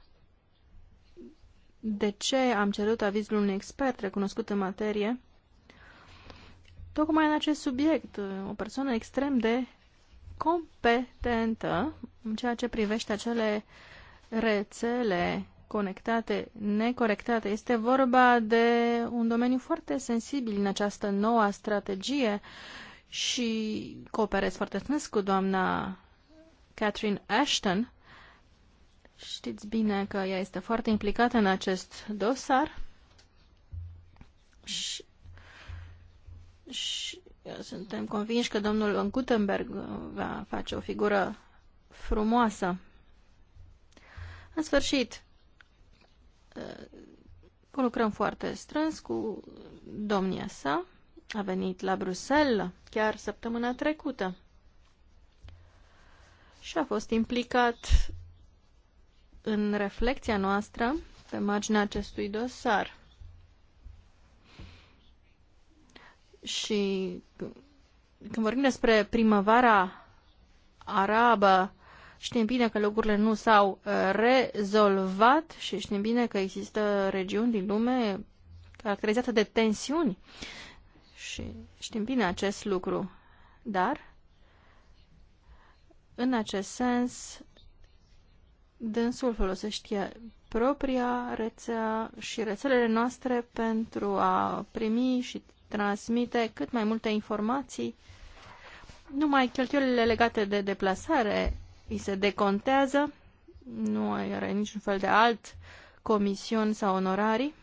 de ce am cerut avizul unui expert recunoscut în materie, tocmai în acest subiect, o persoană extrem de competentă în ceea ce privește acele rețele conectate, necorectate. Este vorba de un domeniu foarte sensibil în această nouă strategie și cooperez foarte strâns cu doamna Catherine Ashton. Știți bine că ea este foarte implicată în acest dosar și, și suntem convinși că domnul Van Gutenberg uh, va face o figură frumoasă. În sfârșit, uh, lucrăm foarte strâns cu domnia sa. A venit la Bruxelles chiar săptămâna trecută și a fost implicat în reflexia noastră pe marginea acestui dosar. Și când vorbim despre primăvara arabă, știm bine că lucrurile nu s-au uh, rezolvat și știm bine că există regiuni din lume caracterizate de tensiuni. Și știm bine acest lucru. Dar, în acest sens, dânsul folosește propria rețea și rețelele noastre pentru a primi și transmite cât mai multe informații. Numai cheltuielile legate de deplasare îi se decontează, nu are niciun fel de alt comision sau onorarii.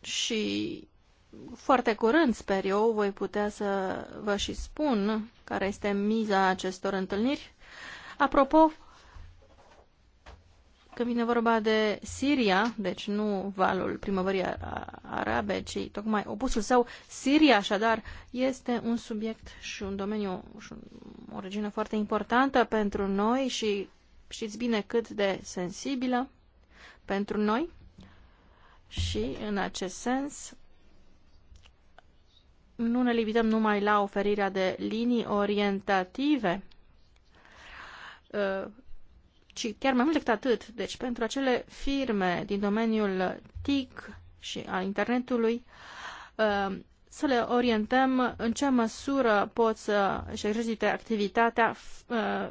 Și foarte curând, sper eu, voi putea să vă și spun care este miza acestor întâlniri. Apropo, când vine vorba de Siria, deci nu valul primăverii arabe, ci tocmai opusul său, Siria așadar este un subiect și un domeniu și o regiune foarte importantă pentru noi și știți bine cât de sensibilă pentru noi și în acest sens nu ne limităm numai la oferirea de linii orientative ci chiar mai mult decât atât. Deci, pentru acele firme din domeniul TIC și al internetului, uh, să le orientăm în ce măsură pot să își exercite activitatea uh,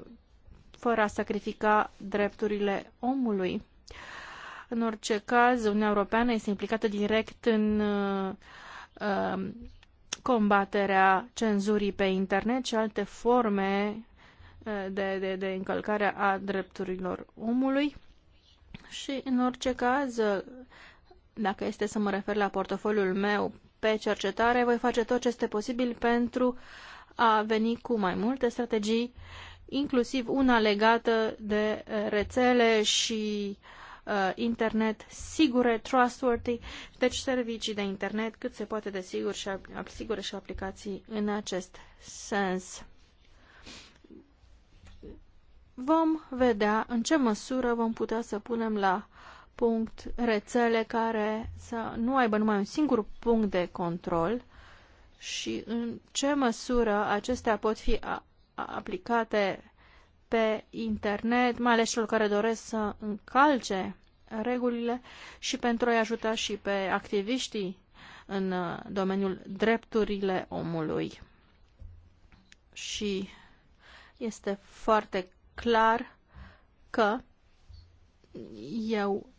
fără a sacrifica drepturile omului. În orice caz, Uniunea Europeană este implicată direct în uh, combaterea cenzurii pe internet și alte forme de, de, de încălcare a drepturilor omului și, în orice caz, dacă este să mă refer la portofoliul meu pe cercetare, voi face tot ce este posibil pentru a veni cu mai multe strategii, inclusiv una legată de rețele și uh, internet sigure, trustworthy, deci servicii de internet cât se poate de sigur și sigure și aplicații în acest sens vom vedea în ce măsură vom putea să punem la punct rețele care să nu aibă numai un singur punct de control și în ce măsură acestea pot fi aplicate pe internet, mai ales celor care doresc să încalce regulile și pentru a-i ajuta și pe activiștii în uh, domeniul drepturile omului. Și este foarte clar că eu,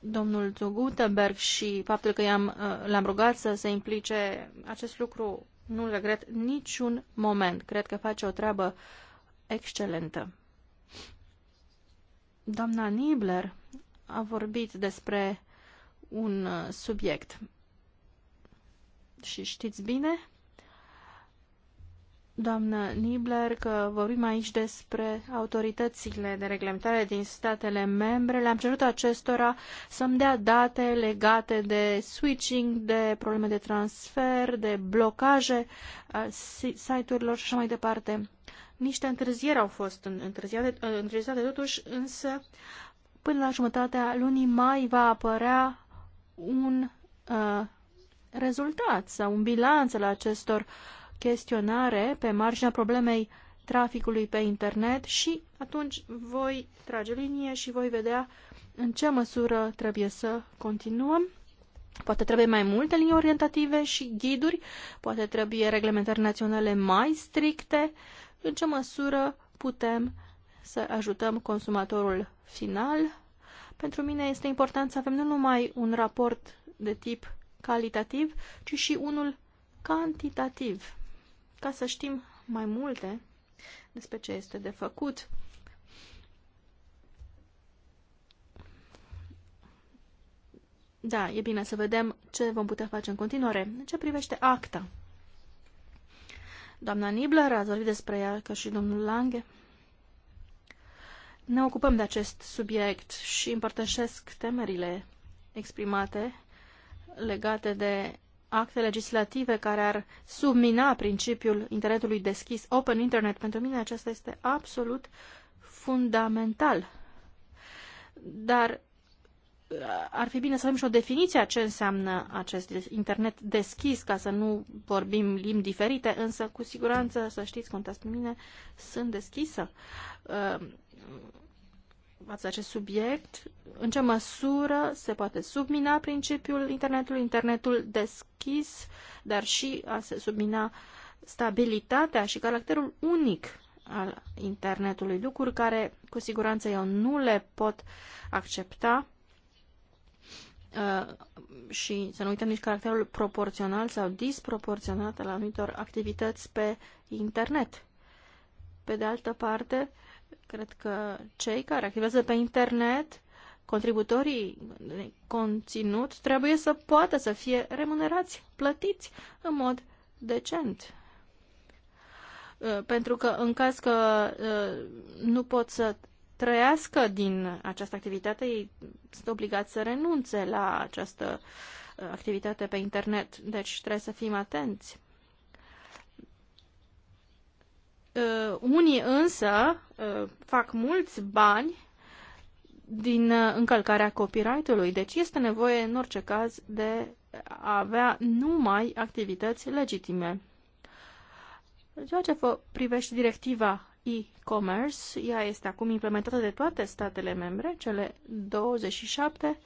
domnul Gutenberg și faptul că i-am, uh, l-am rugat să se implice acest lucru, nu regret niciun moment. Cred că face o treabă excelentă. Doamna Nibler a vorbit despre un uh, subiect. Și știți bine doamnă Nibler, că vorbim aici despre autoritățile de reglementare din statele membre. Le-am cerut acestora să-mi dea date legate de switching, de probleme de transfer, de blocaje site-urilor și așa mai departe. Niște întârzieri au fost întârziate, întârziate totuși, însă până la jumătatea lunii mai va apărea un uh, rezultat sau un bilanț al acestor uh, chestionare pe marginea problemei traficului pe internet și atunci voi trage linie și voi vedea în ce măsură trebuie să continuăm. Poate trebuie mai multe linii orientative și ghiduri, poate trebuie reglementări naționale mai stricte, în ce măsură putem să ajutăm consumatorul final. Pentru mine este important să avem nu numai un raport de tip calitativ, ci și unul cantitativ ca să știm mai multe despre ce este de făcut. Da, e bine să vedem ce vom putea face în continuare. În ce privește acta? Doamna Nibler a vorbit despre ea, ca și domnul Lange. Ne ocupăm de acest subiect și împărtășesc temerile exprimate legate de acte legislative care ar submina principiul internetului deschis, open internet. Pentru mine acesta este absolut fundamental. Dar uh, ar fi bine să avem și o definiție a ce înseamnă acest internet deschis, ca să nu vorbim limbi diferite, însă cu siguranță, să știți, contați pe mine, sunt deschisă uh, față de acest subiect, în ce măsură se poate submina principiul internetului, internetul deschis, dar și a se submina stabilitatea și caracterul unic al internetului, lucruri care cu siguranță eu nu le pot accepta uh, și să nu uităm nici caracterul proporțional sau disproporționat al anumitor activități pe internet. Pe de altă parte, uh, Cred că cei care activează pe internet, contributorii de conținut, trebuie să poată să fie remunerați, plătiți în mod decent. Uh, pentru că în caz că uh, nu pot să trăiască din această activitate, ei sunt obligați să renunțe la această uh, activitate pe internet. Deci trebuie să fim atenți. Uh, unii însă uh, fac mulți bani din uh, încălcarea copyright-ului, deci este nevoie în orice caz de a avea numai activități legitime. Ceea ce privește directiva e-commerce, ea este acum implementată de toate statele membre, cele 27,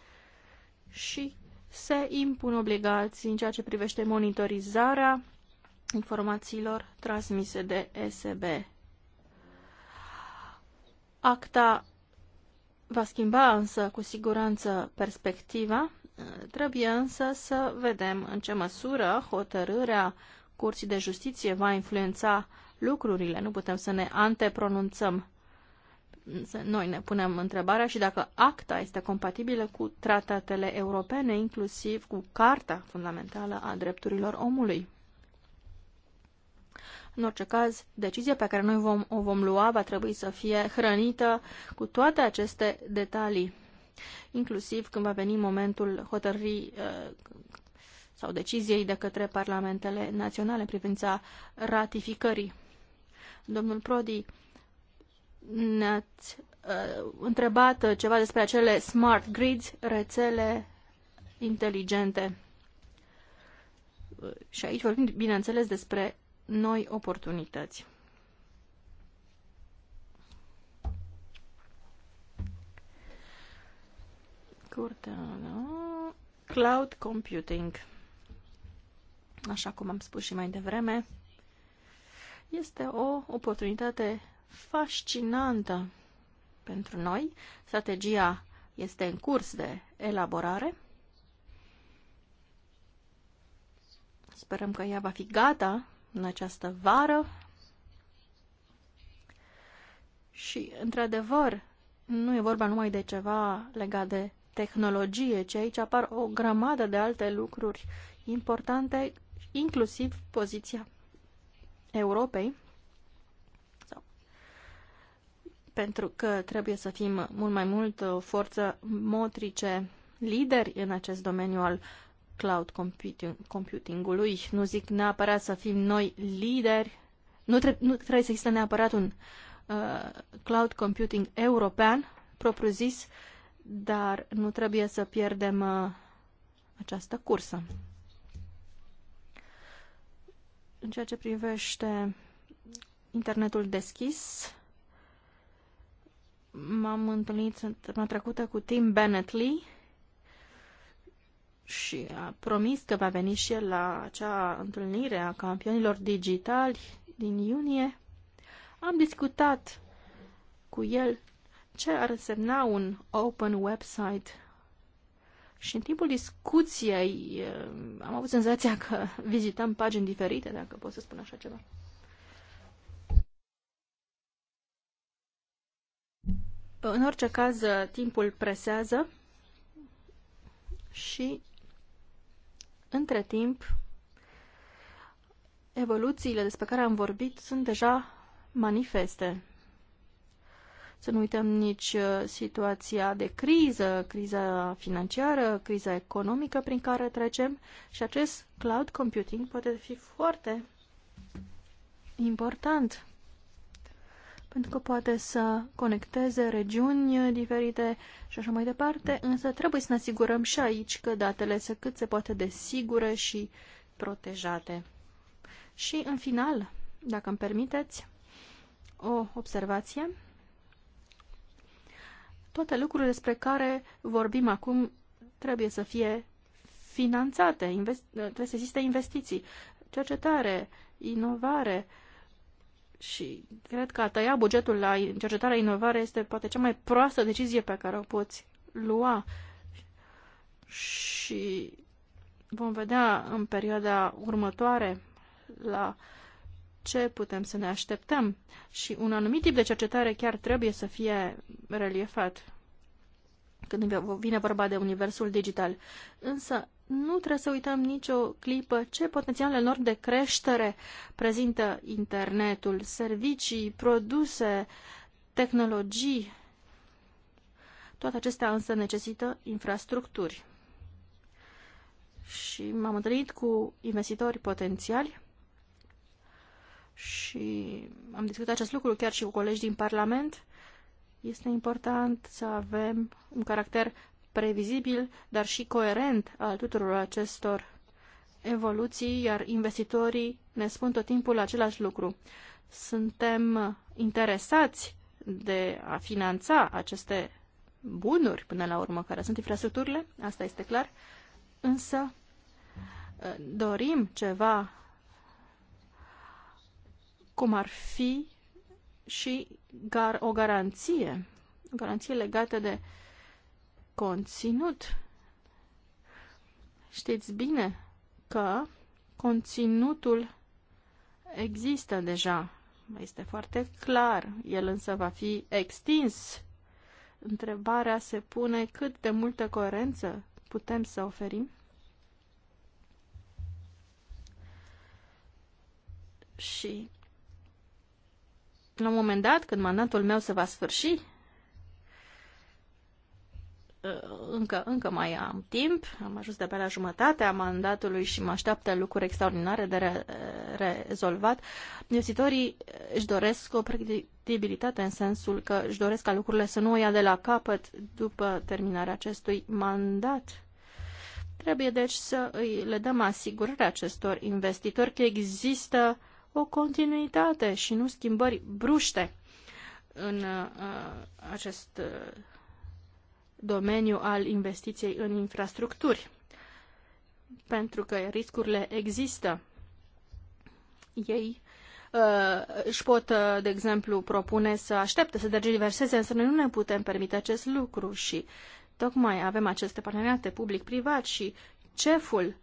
și se impun obligații în ceea ce privește monitorizarea informațiilor transmise de SB. Acta va schimba însă cu siguranță perspectiva, trebuie însă să vedem în ce măsură hotărârea Curții de Justiție va influența lucrurile. Nu putem să ne antepronunțăm. Noi ne punem întrebarea și dacă acta este compatibilă cu tratatele europene, inclusiv cu Carta Fundamentală a Drepturilor Omului. În orice caz, decizia pe care noi vom, o vom lua va trebui să fie hrănită cu toate aceste detalii, inclusiv când va veni momentul hotărârii uh, sau deciziei de către parlamentele naționale în privința ratificării. Domnul Prodi, ne-ați uh, întrebat ceva despre acele smart grids, rețele inteligente. Uh, și aici vorbim, bineînțeles, despre noi oportunități. Da. cloud computing, așa cum am spus și mai devreme, este o oportunitate fascinantă pentru noi. Strategia este în curs de elaborare. Sperăm că ea va fi gata în această vară și, într-adevăr, nu e vorba numai de ceva legat de tehnologie, ci aici apar o grămadă de alte lucruri importante, inclusiv poziția Europei, pentru că trebuie să fim mult mai mult o forță motrice, lideri în acest domeniu al cloud computing, computingului. Nu zic neapărat să fim noi lideri. Nu, tre- nu trebuie să existe neapărat un uh, cloud computing european, propriu-zis, dar nu trebuie să pierdem uh, această cursă. În ceea ce privește internetul deschis, m-am întâlnit săptămâna trecută cu Tim Bennettley și a promis că va veni și el la acea întâlnire a campionilor digitali din iunie, am discutat cu el ce ar însemna un open website. Și în timpul discuției eh, am avut senzația că vizităm pagini diferite, dacă pot să spun așa ceva. În orice caz, eh, timpul presează și între timp, evoluțiile despre care am vorbit sunt deja manifeste. Să nu uităm nici uh, situația de criză, criza financiară, criza economică prin care trecem și acest cloud computing poate fi foarte important pentru că poate să conecteze regiuni diferite și așa mai departe, însă trebuie să ne asigurăm și aici că datele se cât se poate de sigure și protejate. Și în final, dacă îmi permiteți, o observație. Toate lucrurile despre care vorbim acum trebuie să fie finanțate, trebuie să existe investiții, cercetare, inovare, uh, și cred că a tăia bugetul la cercetarea inovare este poate cea mai proastă decizie pe care o poți lua. Și vom vedea în perioada următoare la ce putem să ne așteptăm. Și un anumit tip de cercetare chiar trebuie să fie reliefat când vine vorba de universul digital. Însă nu trebuie să uităm nicio clipă ce potențial enorm de creștere prezintă internetul, servicii, produse, tehnologii. Toate acestea însă necesită infrastructuri. Și m-am întâlnit cu investitori potențiali și am discutat acest lucru chiar și cu colegi din Parlament. Este important să avem un caracter previzibil, dar și coerent al tuturor acestor evoluții, iar investitorii ne spun tot timpul același lucru. Suntem interesați de a finanța aceste bunuri, până la urmă, care sunt infrastructurile, asta este clar, însă eh, dorim ceva cum ar fi și gar- o garanție, o garanție legată de conținut. Știți bine că conținutul există deja, este foarte clar, el însă va fi extins. Întrebarea se pune cât de multă coerență putem să oferim. Și la un moment dat, când mandatul meu se va sfârși, încă, încă mai am timp, am ajuns de pe la jumătatea mandatului și mă așteaptă lucruri extraordinare de re- rezolvat. Investitorii își doresc o predictibilitate în sensul că își doresc ca lucrurile să nu o ia de la capăt după terminarea acestui mandat. Trebuie deci să îi le dăm asigurare acestor investitori că există o continuitate și nu schimbări bruște în uh, acest uh, domeniu al investiției în infrastructuri, pentru că riscurile există. Ei uh, își pot, uh, de exemplu, propune să aștepte să diverseze, însă noi nu ne putem permite acest lucru și tocmai avem aceste parteneriate public-privat și ceful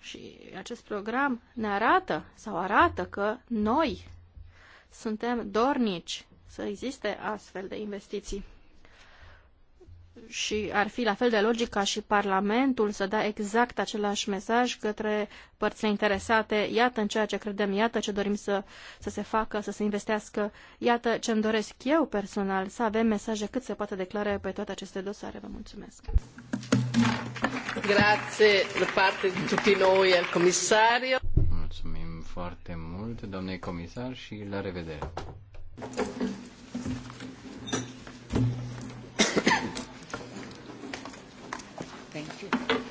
și acest program ne arată sau arată că noi suntem dornici să existe astfel de investiții și ar fi la fel de logic ca și Parlamentul să dea exact același mesaj către părțile interesate, iată în ceea ce credem, iată ce dorim să, să se facă, să se investească, iată ce îmi doresc eu personal, să avem mesaje cât se poate declare pe toate aceste dosare. Vă mulțumesc! Grazie da parte di tutti noi al Mulțumim foarte mult, domnule comisar, și la revedere!